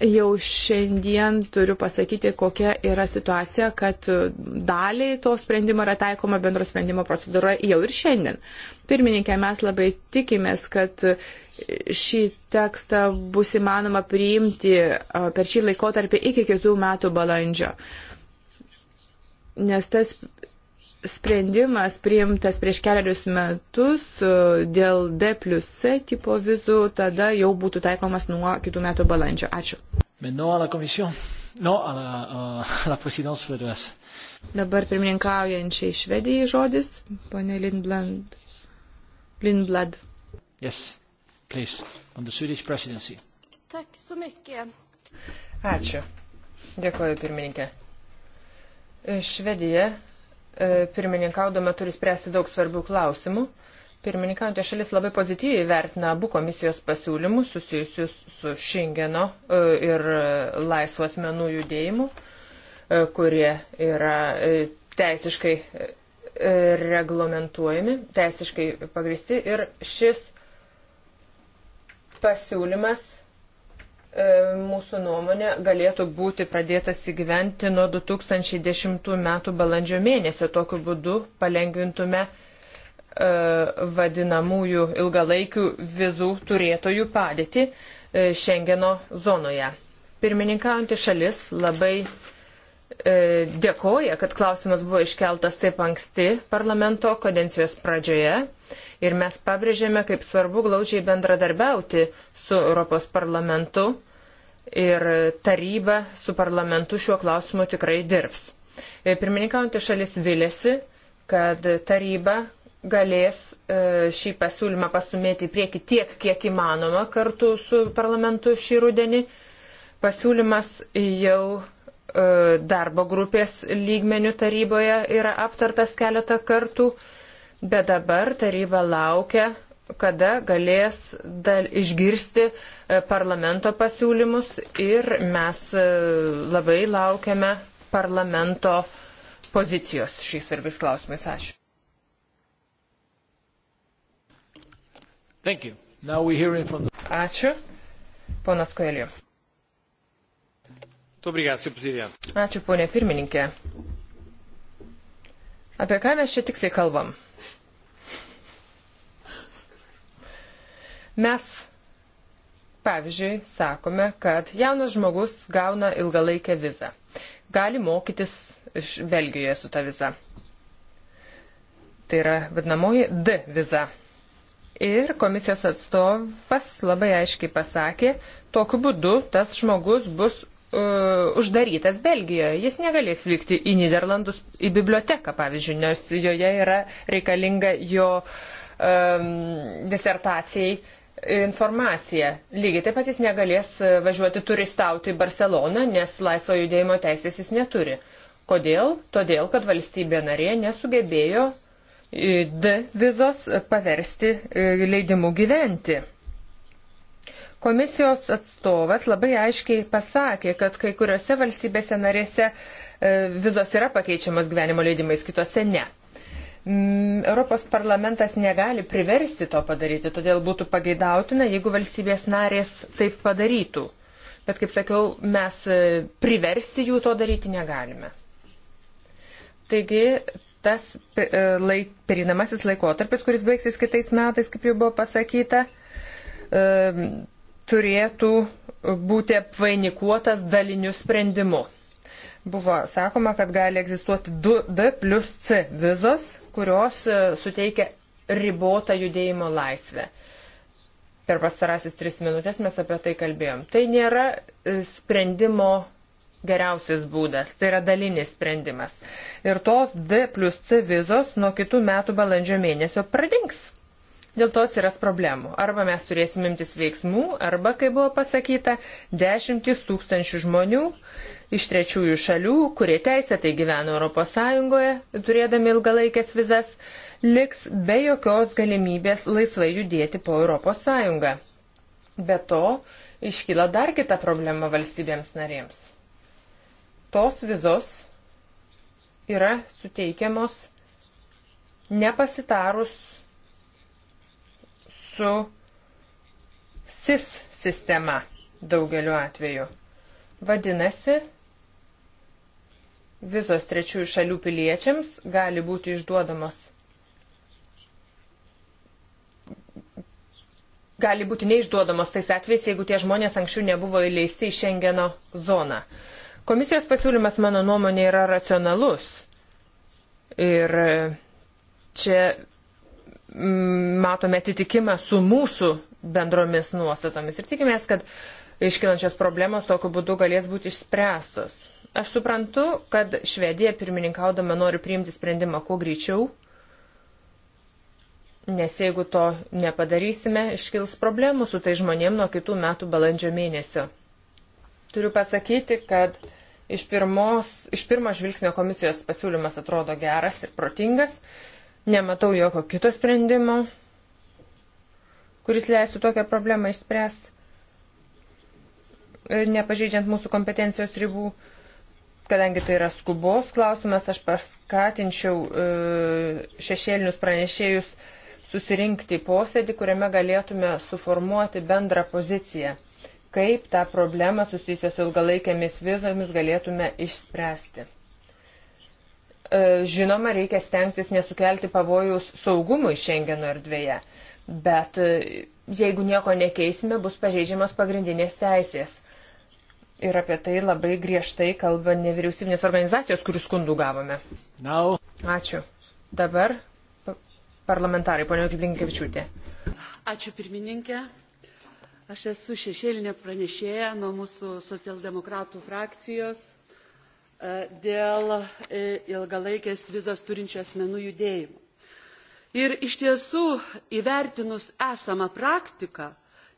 Speaker 3: jau šiandien turiu pasakyti, kokia yra situacija, kad daliai to sprendimo yra taikoma bendro sprendimo procedūra jau ir šiandien. Pirmininkė, mes labai tikimės, kad šį tekstą bus įmanoma priimti per šį laikotarpį iki kitų metų balandžio. Nes tas sprendimas priimtas prieš keliarius metus e, dėl D plus C tipo vizų, tada jau būtų taikomas nuo kitų metų balandžio. Ačiū. Dabar pirmininkaujančiai Švedijai žodis, ponė Lindblad. Lindblad.
Speaker 1: Yes, please, on the Swedish presidency.
Speaker 3: Tak,
Speaker 4: sumikė.
Speaker 1: Ačiū.
Speaker 3: Dėkuoju,
Speaker 2: pirmininkė. Švedija E, pirmininkaudama turi spręsti daug svarbių klausimų. Pirmininkaujantė šalis labai pozityviai vertina abu komisijos pasiūlymus susijusius su Šengeno e, ir laisvo asmenų judėjimu, e, kurie yra teisiškai reglamentuojami, teisiškai pagristi. Ir šis pasiūlymas E, mūsų nuomonė, galėtų būti pradėtas įgyventi nuo 2010 metų balandžio mėnesio. Tokiu būdu palengvintume e, vadinamųjų ilgalaikių vizų turėtojų padėtį Šengeno e, zonoje. Pirmininkaujantį šalis labai dėkoja, kad klausimas buvo iškeltas taip anksti parlamento kadencijos pradžioje ir mes pabrėžėme, kaip svarbu glaučiai bendradarbiauti su Europos parlamentu ir taryba su parlamentu šiuo klausimu tikrai dirbs. E, pirmininkaujantį šalis vilėsi, kad taryba galės e, šį pasiūlymą pasumėti į priekį tiek, kiek įmanoma kartu su parlamentu šį rudenį. Pasiūlymas jau e, darbo grupės lygmenių taryboje yra aptartas keletą kartų bet dabar taryba laukia, kada galės dal, išgirsti e, parlamento pasiūlymus ir mes e, labai laukiame parlamento pozicijos šiais svarbiais klausimais. Ačiū. From... Ačiū. Ponas Koeliu. Ačiū, ponė pirmininkė. Apie ką mes čia tiksliai kalbam? Mes, pavyzdžiui, sakome, kad jaunas žmogus gauna ilgalaikę vizą. Gali mokytis iš Belgijoje su ta viza. Tai yra vadinamoji D viza. Ir komisijos atstovas labai aiškiai pasakė, tokiu būdu tas žmogus bus uh, uždarytas Belgijoje. Jis negalės vykti į Niderlandus, į biblioteką, pavyzdžiui, nes joje yra reikalinga jo um, disertacijai informaciją. Lygiai taip pat jis negalės e, važiuoti turistauti į Barceloną, nes laisvo judėjimo teisės jis neturi. Kodėl? Todėl, kad valstybė narė nesugebėjo e, D vizos paversti e, leidimu gyventi. Komisijos atstovas labai aiškiai pasakė, kad kai kuriuose valstybėse narėse vizos yra pakeičiamos gyvenimo leidimais, kitose ne. Mm, Europos parlamentas negali priversti to padaryti, todėl būtų pageidautina, jeigu valstybės narės taip padarytų. Bet, kaip sakiau, mes e, priversti jų to daryti negalime. Taigi, tas e, laik, perinamasis laikotarpis, kuris baigsis kitais metais, kaip jau buvo pasakyta, e, turėtų būti apvainikuotas daliniu sprendimu. Buvo sakoma, kad gali egzistuoti 2D plus C vizos, kurios e, suteikia ribotą judėjimo laisvę. Per pastarasis tris minutės mes apie tai kalbėjom. Tai nėra e, sprendimo geriausias būdas, tai yra dalinis sprendimas. Ir tos D plus C vizos nuo kitų metų balandžio mėnesio pradings. Dėl to atsiras problemų. Arba mes turėsim imtis veiksmų, arba, kaip buvo pasakyta, dešimtis tūkstančių žmonių iš trečiųjų šalių, kurie teisėtai gyvena ES, turėdami ilgalaikės vizas, liks be jokios galimybės laisvai judėti po ES. Be to, iškyla dar kita problema valstybėms narėms. Tos vizos yra suteikiamos nepasitarus su SIS sistema daugeliu atveju. Vadinasi, Visos trečiųjų šalių piliečiams gali būti išduodamos. Gali būti neišduodamos tais atvejais, jeigu tie žmonės anksčiau nebuvo įleisti į Šengeno zoną. Komisijos pasiūlymas, mano nuomonė, yra racionalus. Ir čia mm, matome atitikimą su mūsų bendromis nuostatomis ir tikimės, kad iškilančios problemos tokiu būdu galės būti išspręstos. Aš suprantu, kad Švedija pirmininkaudama nori priimti sprendimą kuo greičiau, nes jeigu to nepadarysime, iškils problemų su tai žmonėm nuo kitų metų balandžio mėnesio. Turiu pasakyti, kad iš, pirmos, iš pirmo žvilgsnio komisijos pasiūlymas atrodo geras ir protingas, nematau jokio kito sprendimo, kuris leistų tokią problemą išspręsti, e, nepažeidžiant mūsų kompetencijos ribų. Kadangi tai yra skubos klausimas, aš paskatinčiau e, šešėlinius pranešėjus susirinkti posėdį, kuriame galėtume suformuoti bendrą poziciją, kaip tą problemą susijusios ilgalaikėmis vizomis galėtume išspręsti. E, žinoma, reikia stengtis nesukelti pavojus saugumui Šengeno erdvėje, bet e, jeigu nieko nekeisime, bus pažeidžiamas pagrindinės teisės Ir apie tai labai griežtai kalba nevyriausybinės organizacijos, kurių skundų gavome. No. Ačiū. Dabar parlamentarai, ponia Kiblinkevičiūtė.
Speaker 4: Ačiū pirmininkė. Aš esu šešėlinė pranešėja nuo mūsų socialdemokratų frakcijos e, dėl e, ilgalaikės vizas turinčių asmenų judėjimo. Ir iš tiesų, įvertinus esamą praktiką,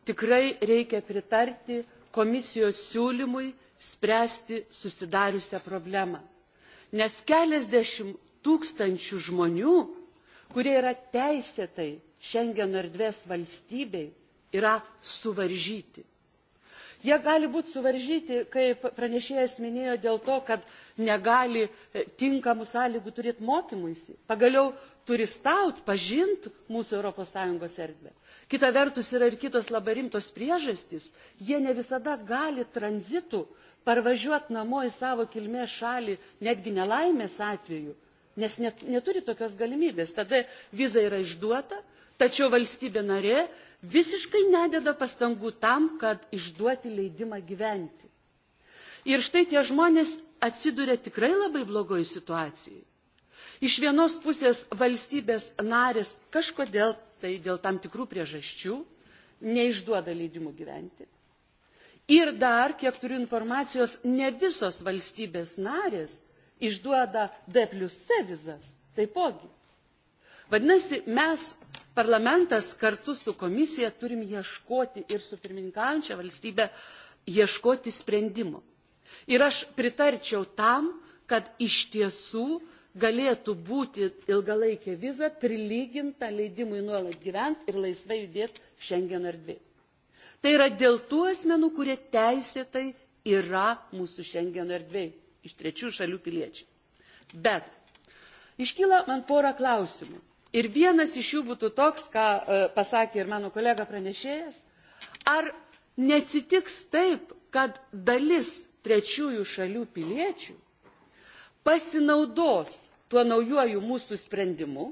Speaker 4: tikrai reikia pritarti komisijos siūlymui spręsti susidariusią problemą. Nes keliasdešimt tūkstančių žmonių, kurie yra teisėtai Šengeno erdvės valstybei, yra suvaržyti. Jie gali būti suvaržyti, kaip pranešėjas minėjo, dėl to, kad negali e, tinkamų sąlygų turėti mokymuisi. Pagaliau turistaut, pažint mūsų ES erdvę. Kita vertus yra ir kitos labai rimtos priežastys. Jie ne visada gali tranzitų parvažiuoti namo į savo kilmės šalį, netgi nelaimės atveju, nes net, neturi tokios galimybės. Tada viza yra išduota, tačiau valstybė narė visiškai nededa pastangų tam, kad išduoti leidimą gyventi. Ir štai tie žmonės atsiduria tikrai labai blogoje situacijoje. Iš vienos pusės valstybės narės kažkodėl, tai dėl tam tikrų priežasčių, neišduoda leidimų gyventi. Ir dar, kiek turiu informacijos, ne visos valstybės narės išduoda D plus C vizas. Taipogi. Vadinasi, mes parlamentas kartu su komisija turim ieškoti ir su pirmininkaujančia valstybe ieškoti sprendimo. Ir aš pritarčiau tam, kad iš tiesų galėtų būti ilgalaikė viza prilyginta leidimui nuolat gyventi ir laisvai judėti Šengeno erdvė. Tai yra dėl tų asmenų, kurie teisėtai yra mūsų Šengeno erdvė, iš trečių šalių piliečiai. Bet iškyla man porą klausimų. Ir vienas iš jų būtų toks, ką e, pasakė ir mano kolega pranešėjas, ar neatsitiks taip, kad dalis trečiųjų šalių piliečių pasinaudos tuo naujuoju mūsų sprendimu,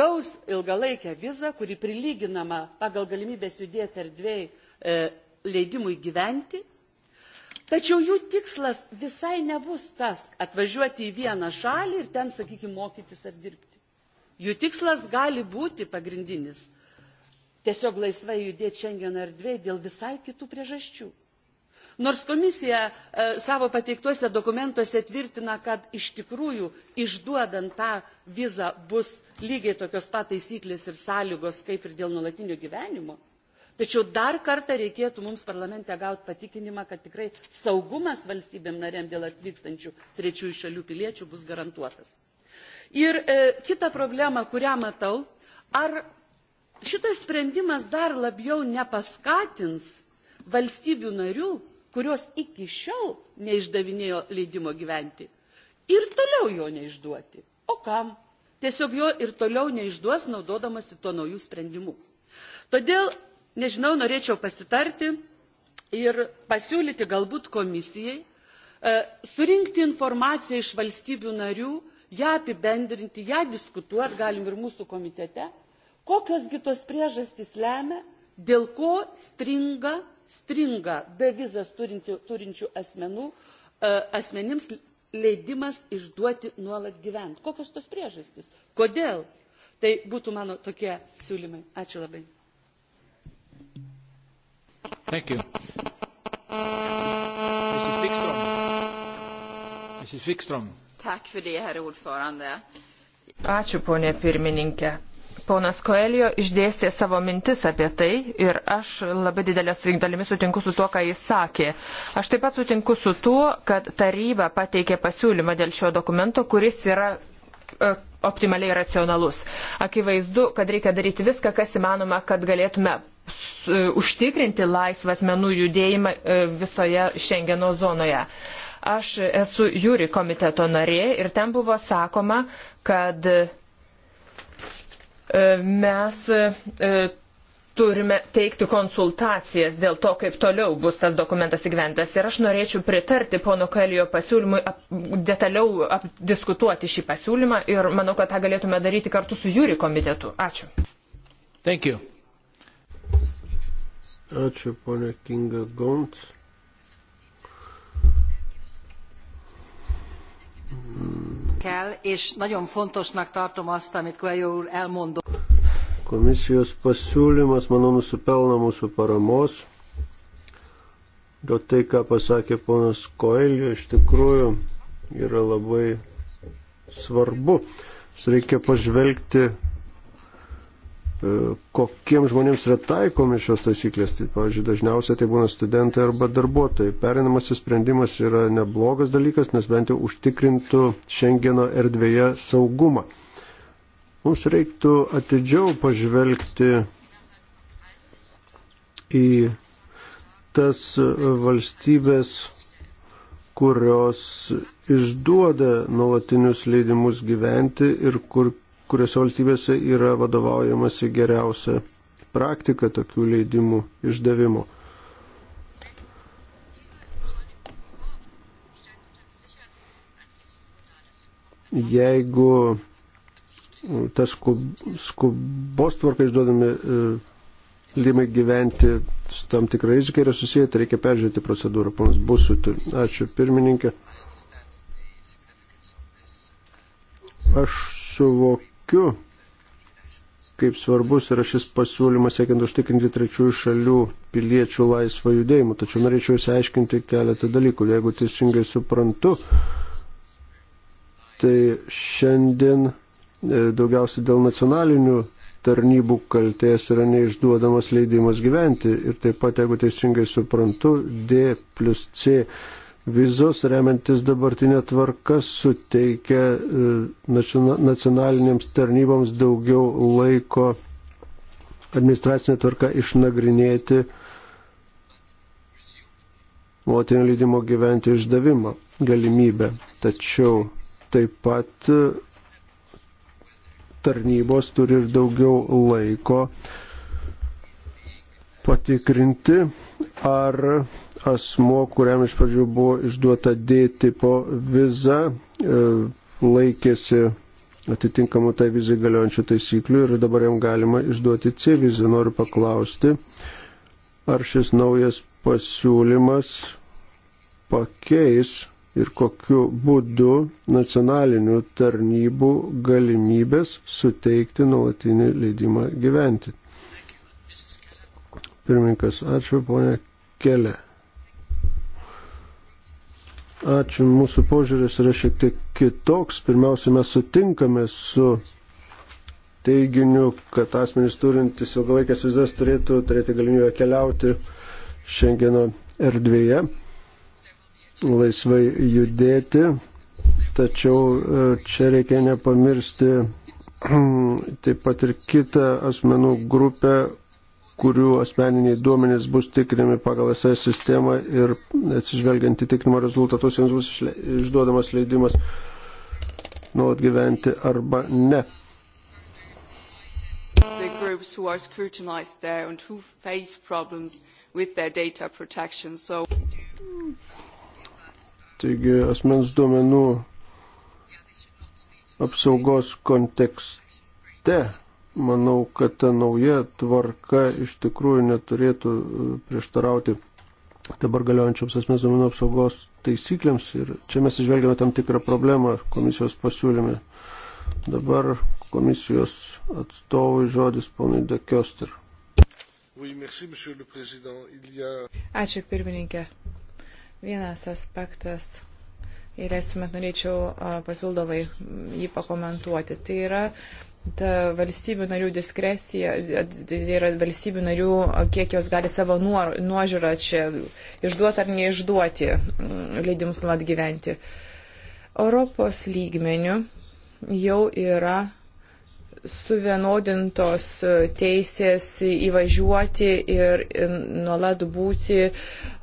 Speaker 4: gaus ilgalaikę vizą, kuri prilyginama pagal galimybės judėti erdvėjai e, leidimui gyventi, tačiau jų tikslas visai nebus tas atvažiuoti į vieną šalį ir ten, sakykime, mokytis ar dirbti. Jų tikslas gali būti pagrindinis - tiesiog laisvai judėti Schengeno erdvėje dėl visai kitų priežasčių. Nors komisija e, savo pateiktuose dokumentuose tvirtina, kad iš tikrųjų išduodant tą vizą bus lygiai tokios pataisyklės ir sąlygos, kaip ir dėl nulatinio gyvenimo, tačiau dar kartą reikėtų mums parlamente gauti patikinimą, kad tikrai saugumas valstybėm narėm dėl atvykstančių trečiųjų šalių piliečių bus garantuotas. Ir e, kita problema, kurią matau, ar šitas sprendimas dar labiau nepaskatins valstybių narių, kurios iki šiol neišdavinėjo leidimo gyventi, ir toliau jo neišduoti. O kam? Tiesiog jo ir toliau neišduos, naudodamasi tuo naujų sprendimu. Todėl, nežinau, norėčiau pasitarti ir pasiūlyti galbūt komisijai e, surinkti informaciją iš valstybių narių, ją apibendrinti, ją diskutuoti galim ir mūsų komitete, kokiosgi tos priežastys lemia, dėl ko stringa, stringa bevizas turinti, turinčių asmenų, e, asmenims leidimas išduoti nuolat gyventi. Kokios tos priežastys? Kodėl? Tai būtų mano tokie siūlymai. Ačiū labai.
Speaker 1: Thank you. Mrs. Wikstrom. Mrs. Wikstrom.
Speaker 2: Ačiū, ponė pirmininkė. Ponas Koelio išdėstė savo mintis apie tai ir aš labai didelės rinkdalimi sutinku su tuo, ką jis sakė. Aš taip pat sutinku su tuo, kad taryba pateikė pasiūlymą dėl šio dokumento, kuris yra e, optimaliai racionalus. Akivaizdu, kad reikia daryti viską, kas įmanoma, kad galėtume užtikrinti laisvą asmenų judėjimą e, visoje Šengeno zonoje. Aš esu jūri komiteto narė ir ten buvo sakoma, kad e, mes e, turime teikti konsultacijas dėl to, kaip toliau bus tas dokumentas įgyventas. Ir aš norėčiau pritarti pono Kalijo pasiūlymui ap, detaliau diskutuoti šį pasiūlymą ir manau, kad tą galėtume daryti kartu su jūri komitetu. Ačiū.
Speaker 5: Thank you. Ačiū, ponė Kinga Gont.
Speaker 4: Kell, és nagyon fontosnak tartom azt, amit Coelho úr elmondott.
Speaker 5: Komisijos pasiūlymas, manau, nusipelno mūsų paramos. Bet tai, ką pasakė ponas Koelio, iš tikrųjų yra labai svarbu. Reikia pažvelgti E, kokiems žmonėms yra taikomi šios taisyklės. Tai, pavyzdžiui, dažniausiai tai būna studentai arba darbuotojai. Perinamasis sprendimas yra neblogas dalykas, nes bent jau užtikrintų Šengeno erdvėje saugumą. Mums reiktų atidžiau pažvelgti į tas valstybės, kurios išduoda nuolatinius leidimus gyventi ir kur kuriuose valstybėse yra vadovaujamasi geriausia praktika tokių leidimų išdavimo. Jeigu tas skubos tvarka išduodami e, leidimai gyventi su tam tikrai rizika yra susiję, tai reikia peržiūrėti procedūrą. Ponas Busutė, ačiū pirmininkė. Aš suvokiu suvokiu, kaip svarbus yra šis pasiūlymas siekiant užtikrinti trečiųjų šalių piliečių laisvą judėjimą. Tačiau norėčiau įsiaiškinti keletą dalykų. Jeigu teisingai suprantu, tai šiandien e, daugiausia dėl nacionalinių tarnybų kalties yra neišduodamas leidimas gyventi. Ir taip pat, jeigu teisingai suprantu, D plus C vizus remiantis dabartinė tvarka suteikia e, nacionalinėms tarnyboms daugiau laiko administracinė tvarka išnagrinėti nuotinio leidimo gyventi išdavimo galimybę. Tačiau taip pat e, tarnybos turi ir daugiau laiko patikrinti, ar asmo, kuriam iš pradžių buvo išduota D tipo viza, e, laikėsi atitinkamų tai vizai galiojančių taisyklių ir dabar jam galima išduoti C vizą. Noriu paklausti, ar šis naujas pasiūlymas pakeis ir kokiu būdu nacionalinių tarnybų galimybės suteikti nuolatinį leidimą gyventi. Pirmininkas, ačiū ponia Kelė. Ačiū, mūsų požiūris yra šiek tiek kitoks. Pirmiausia, mes sutinkame su teiginiu, kad asmenys turintys ilgalaikės vizas turėtų turėti galimybę keliauti Šengeno erdvėje, laisvai judėti. Tačiau e, čia reikia nepamiršti taip pat ir kitą asmenų grupę, kurių asmeniniai duomenys bus tikrinami pagal SS sistemą ir atsižvelgiant į tikrinimo rezultatus jiems bus išduodamas leidimas nuolat gyventi arba ne.
Speaker 4: The groups who are scrutinized there and who face problems with their data
Speaker 3: protection. So...
Speaker 5: Taigi asmens duomenų apsaugos kontekste manau, kad ta nauja tvarka iš tikrųjų neturėtų e, prieštarauti dabar galiojančioms asmens duomenų apsaugos taisyklėms ir čia mes išvelgiame tam tikrą problemą komisijos pasiūlyme. Dabar komisijos atstovui žodis ponui Dekioster. Ačiū
Speaker 3: pirmininkė. Vienas aspektas ir esmet norėčiau papildomai jį pakomentuoti. Tai yra ta valstybių narių diskresija, tai yra valstybių narių, kiek jos gali savo nuor, nuožiūrą čia išduoti ar neišduoti mm, leidimus nuolat gyventi. Europos lygmenių jau yra suvienodintos e, teisės įvažiuoti ir e, nuolat būti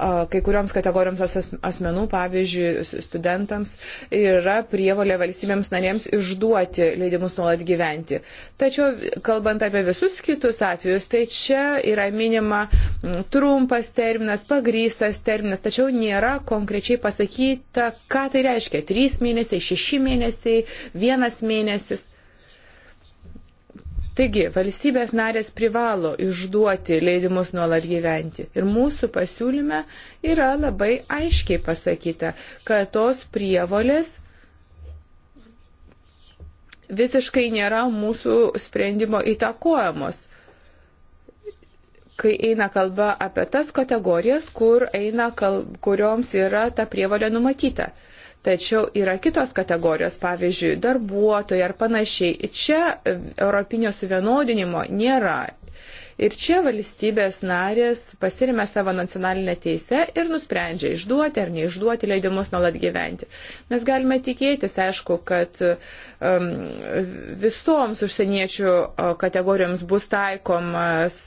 Speaker 3: kai kurioms kategorijoms asmenų, pavyzdžiui, studentams, yra prievalė valstybėms narėms išduoti leidimus nuolat gyventi. Tačiau, kalbant apie visus kitus atvejus, tai čia yra minima trumpas terminas, pagrystas terminas, tačiau nėra konkrečiai pasakyta, ką tai reiškia. Trys mėnesiai, šeši mėnesiai, vienas mėnesis. Taigi, valstybės narės privalo išduoti leidimus nuolat gyventi. Ir mūsų pasiūlyme yra labai aiškiai pasakyta, kad tos prievolės visiškai nėra mūsų sprendimo įtakojamos, kai eina kalba apie tas kategorijas, kur eina kal, kurioms yra ta prievalė numatyta. Tačiau yra kitos kategorijos, pavyzdžiui, darbuotojai ar panašiai. Čia e, europinio suvienodinimo nėra. Ir čia valstybės narės pasirime savo nacionalinę teisę ir nusprendžia išduoti ar neišduoti leidimus nuolat gyventi. Mes galime tikėtis, aišku, kad um, visoms užsieniečių uh, kategorijoms bus, taikomas,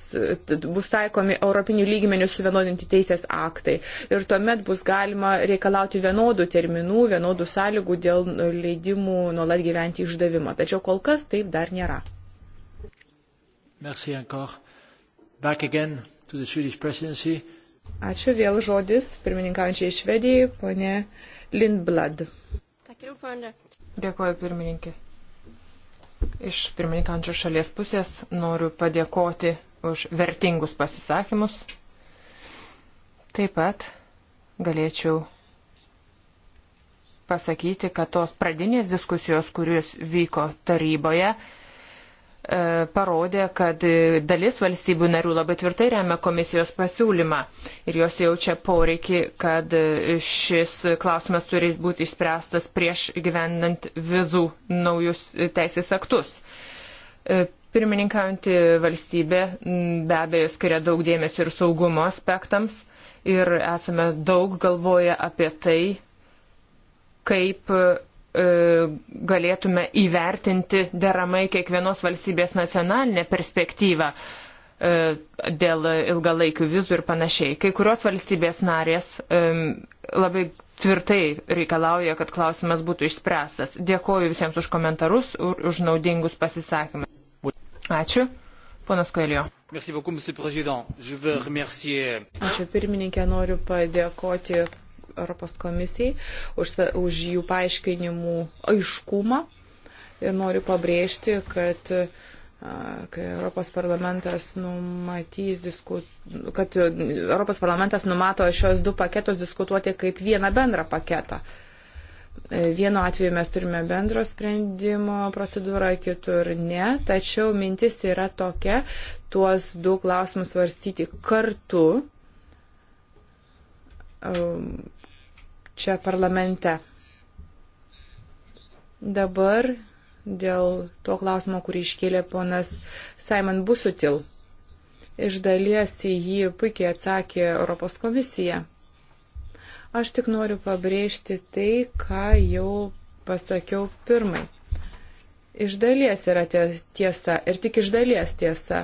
Speaker 3: bus taikomi europinių lygmenių suvienodinti teisės aktai. Ir tuomet bus galima reikalauti vienodų terminų, vienodų sąlygų dėl leidimų nuolat gyventi išdavimo. Tačiau kol kas taip dar nėra.
Speaker 1: Merci encore. Ačiū vėl
Speaker 3: žodis pirmininkaujančiai Švedijai, ponė Lindblad.
Speaker 2: Dėkuoju pirmininkė. Iš pirmininkančios šalies pusės noriu padėkoti už vertingus pasisakymus. Taip pat galėčiau pasakyti, kad tos pradinės diskusijos, kurios vyko taryboje, E, parodė, kad e, dalis valstybių narių labai tvirtai remia komisijos pasiūlymą ir jos jaučia poreikį, kad e, šis klausimas turi būti išspręstas prieš gyvendant vizų naujus teisės aktus. Pirmininkaujantį valstybę be abejo skiria daug dėmesio ir saugumo aspektams ir esame daug galvoję apie tai, kaip E, galėtume įvertinti deramai kiekvienos valstybės nacionalinę perspektyvą e, dėl ilgalaikių vizų ir panašiai. Kai kurios valstybės narės e, labai tvirtai reikalauja, kad klausimas būtų išspręstas. Dėkoju visiems už komentarus ir už naudingus pasisakymus. Ačiū.
Speaker 3: Ponas Koelio. Ačiū pirmininkė, noriu padėkoti Europos komisijai už, už jų paaiškinimų aiškumą. Ir noriu pabrėžti, kad kai Europos parlamentas numatys diskutuoti, kad Europos parlamentas numato šios du paketus diskutuoti kaip vieną bendrą paketą. E, vienu atveju mes turime bendro sprendimo procedūrą, kitur ne, tačiau mintis yra tokia, tuos du klausimus svarstyti kartu. Um, čia parlamente. Dabar dėl to klausimo, kurį iškėlė ponas Simon Busutil. Iš dalies į jį puikiai atsakė Europos komisija. Aš tik noriu pabrėžti tai, ką jau pasakiau pirmai. Iš dalies yra tiesa ir tik iš dalies tiesa,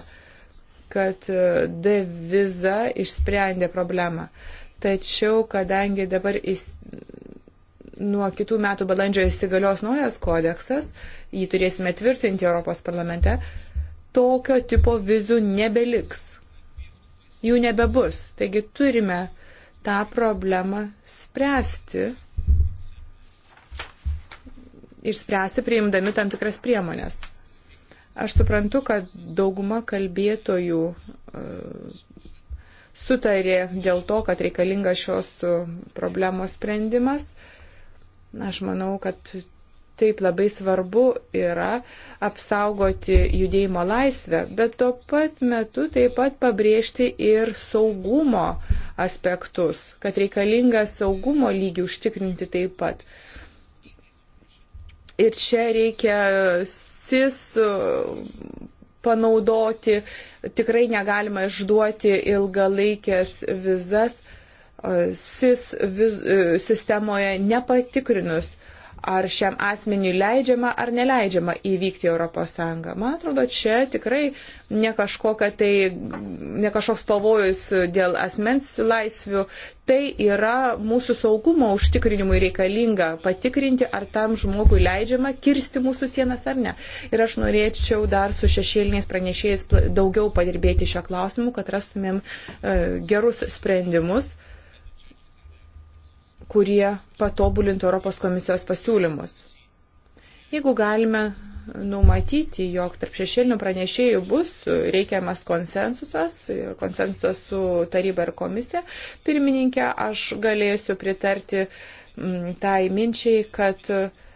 Speaker 3: kad e, D viza išsprendė problemą. Tačiau, kadangi dabar įsitikinti, nuo kitų metų balandžio įsigalios naujas kodeksas, jį turėsime tvirtinti Europos parlamente, tokio tipo vizų nebeliks. Jų nebebus. Taigi turime tą problemą spręsti ir spręsti priimdami tam tikras priemonės. Aš suprantu, kad dauguma kalbėtojų uh, sutarė dėl to, kad reikalinga šios e, problemos sprendimas. Aš manau, kad taip labai svarbu yra apsaugoti judėjimo laisvę, bet tuo pat metu taip pat pabrėžti ir saugumo aspektus, kad reikalinga saugumo lygį užtikrinti taip pat. Ir čia reikia SIS panaudoti, tikrai negalima išduoti ilgalaikės vizas SIS viz, e, sistemoje nepatikrinus ar šiam asmeniu leidžiama ar neleidžiama įvykti į ES. Man atrodo, čia tikrai ne, tai, ne kažkoks pavojus dėl asmens laisvių. Tai yra mūsų saugumo užtikrinimui reikalinga patikrinti, ar tam žmogui leidžiama kirsti mūsų sienas ar ne. Ir aš norėčiau dar su šešėliniais pranešėjais daugiau padirbėti šio klausimu, kad rastumėm e, gerus sprendimus kurie patobulintų Europos komisijos pasiūlymus. Jeigu galime numatyti, jog tarp šešėlinių pranešėjų bus reikiamas konsensusas ir konsensusas su taryba ir komisija, pirmininkė, aš galėsiu pritarti m, mm, tai minčiai, kad uh,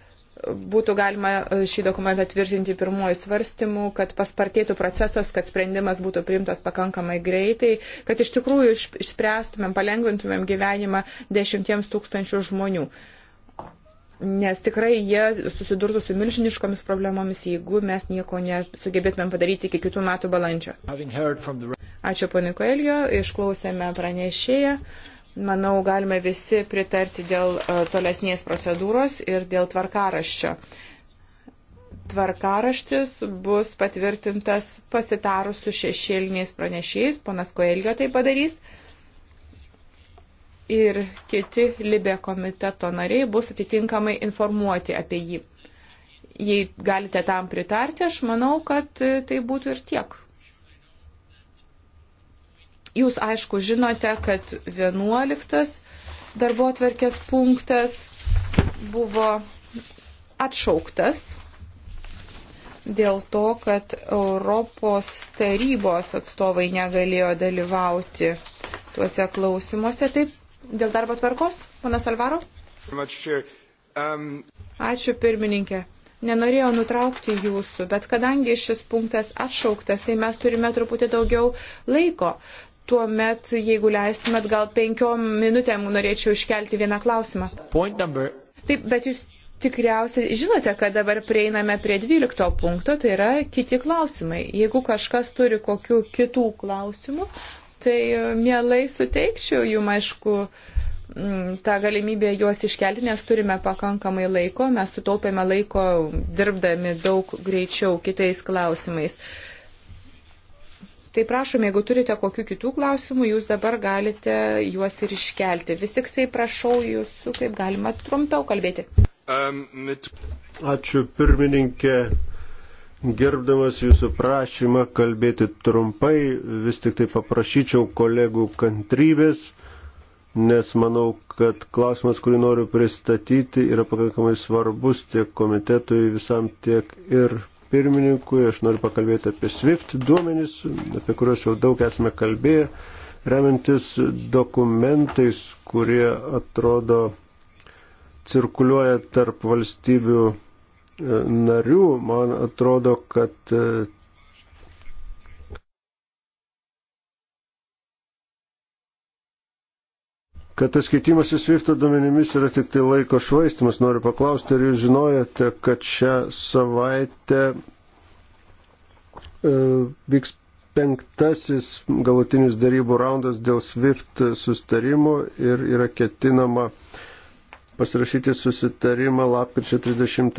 Speaker 3: būtų galima e, šį dokumentą tvirtinti pirmuoju svarstymu, kad paspartėtų procesas, kad sprendimas būtų priimtas pakankamai greitai, kad iš tikrųjų išspręstumėm, palengvintumėm gyvenimą dešimtiems tūkstančių žmonių. Nes tikrai jie susidurtų su milžiniškomis problemomis, jeigu mes nieko nesugebėtumėm padaryti iki kitų metų balandžio. Ačiū ponui Koelio, išklausėme pranešėją manau, galime visi pritarti dėl e, tolesnės procedūros ir dėl tvarkaraščio. Tvarkaraštis bus patvirtintas pasitarus su šešėliniais pranešėjais, ponas Koelgio tai padarys. Ir kiti Libė komiteto nariai bus atitinkamai informuoti apie jį. Jei galite tam pritarti, aš manau, kad tai būtų ir tiek. Jūs aišku žinote, kad 11 darbo atverkės punktas buvo atšauktas dėl to, kad Europos tarybos atstovai negalėjo dalyvauti tuose klausimuose. Taip, dėl darbo tvarkos, panas Alvaro? Ačiū pirmininkė. Nenorėjau nutraukti jūsų, bet kadangi šis punktas atšauktas, tai mes turime truputį daugiau laiko tuo met, jeigu leistumėt, gal penkiom minutėm norėčiau iškelti vieną klausimą.
Speaker 1: Taip,
Speaker 3: bet jūs tikriausiai žinote, kad dabar prieiname prie 12 punkto, tai yra kiti klausimai. Jeigu kažkas turi kokių kitų klausimų, tai e, mielai suteikčiau jum, aišku, mm, tą galimybę juos iškelti, nes turime pakankamai laiko, mes sutaupėme laiko dirbdami daug greičiau kitais klausimais. Uh, Tai prašom, jeigu turite kokių kitų klausimų, jūs dabar galite juos ir iškelti. Vis tik tai prašau jūsų, kaip galima trumpiau kalbėti.
Speaker 5: Um, Ačiū pirmininkė. Gerbdamas jūsų prašymą kalbėti trumpai, vis tik tai paprašyčiau kolegų kantrybės, nes manau, kad klausimas, kurį noriu pristatyti, yra pakankamai svarbus tiek komitetui visam, tiek ir pirmininkui. Aš noriu pakalbėti apie SWIFT duomenys, apie kuriuos jau daug esame kalbėję, remiantis dokumentais, kurie atrodo cirkuliuoja tarp valstybių e, narių. Man atrodo, kad e, kad tas keitimas į Swift'o duomenimis yra tik tai laiko švaistimas. Noriu paklausti, ar jūs žinojate, kad šią savaitę uh, vyks penktasis galutinis darybų raundas dėl SWIFT sustarimo ir yra ketinama pasirašyti susitarimą lapkričio 30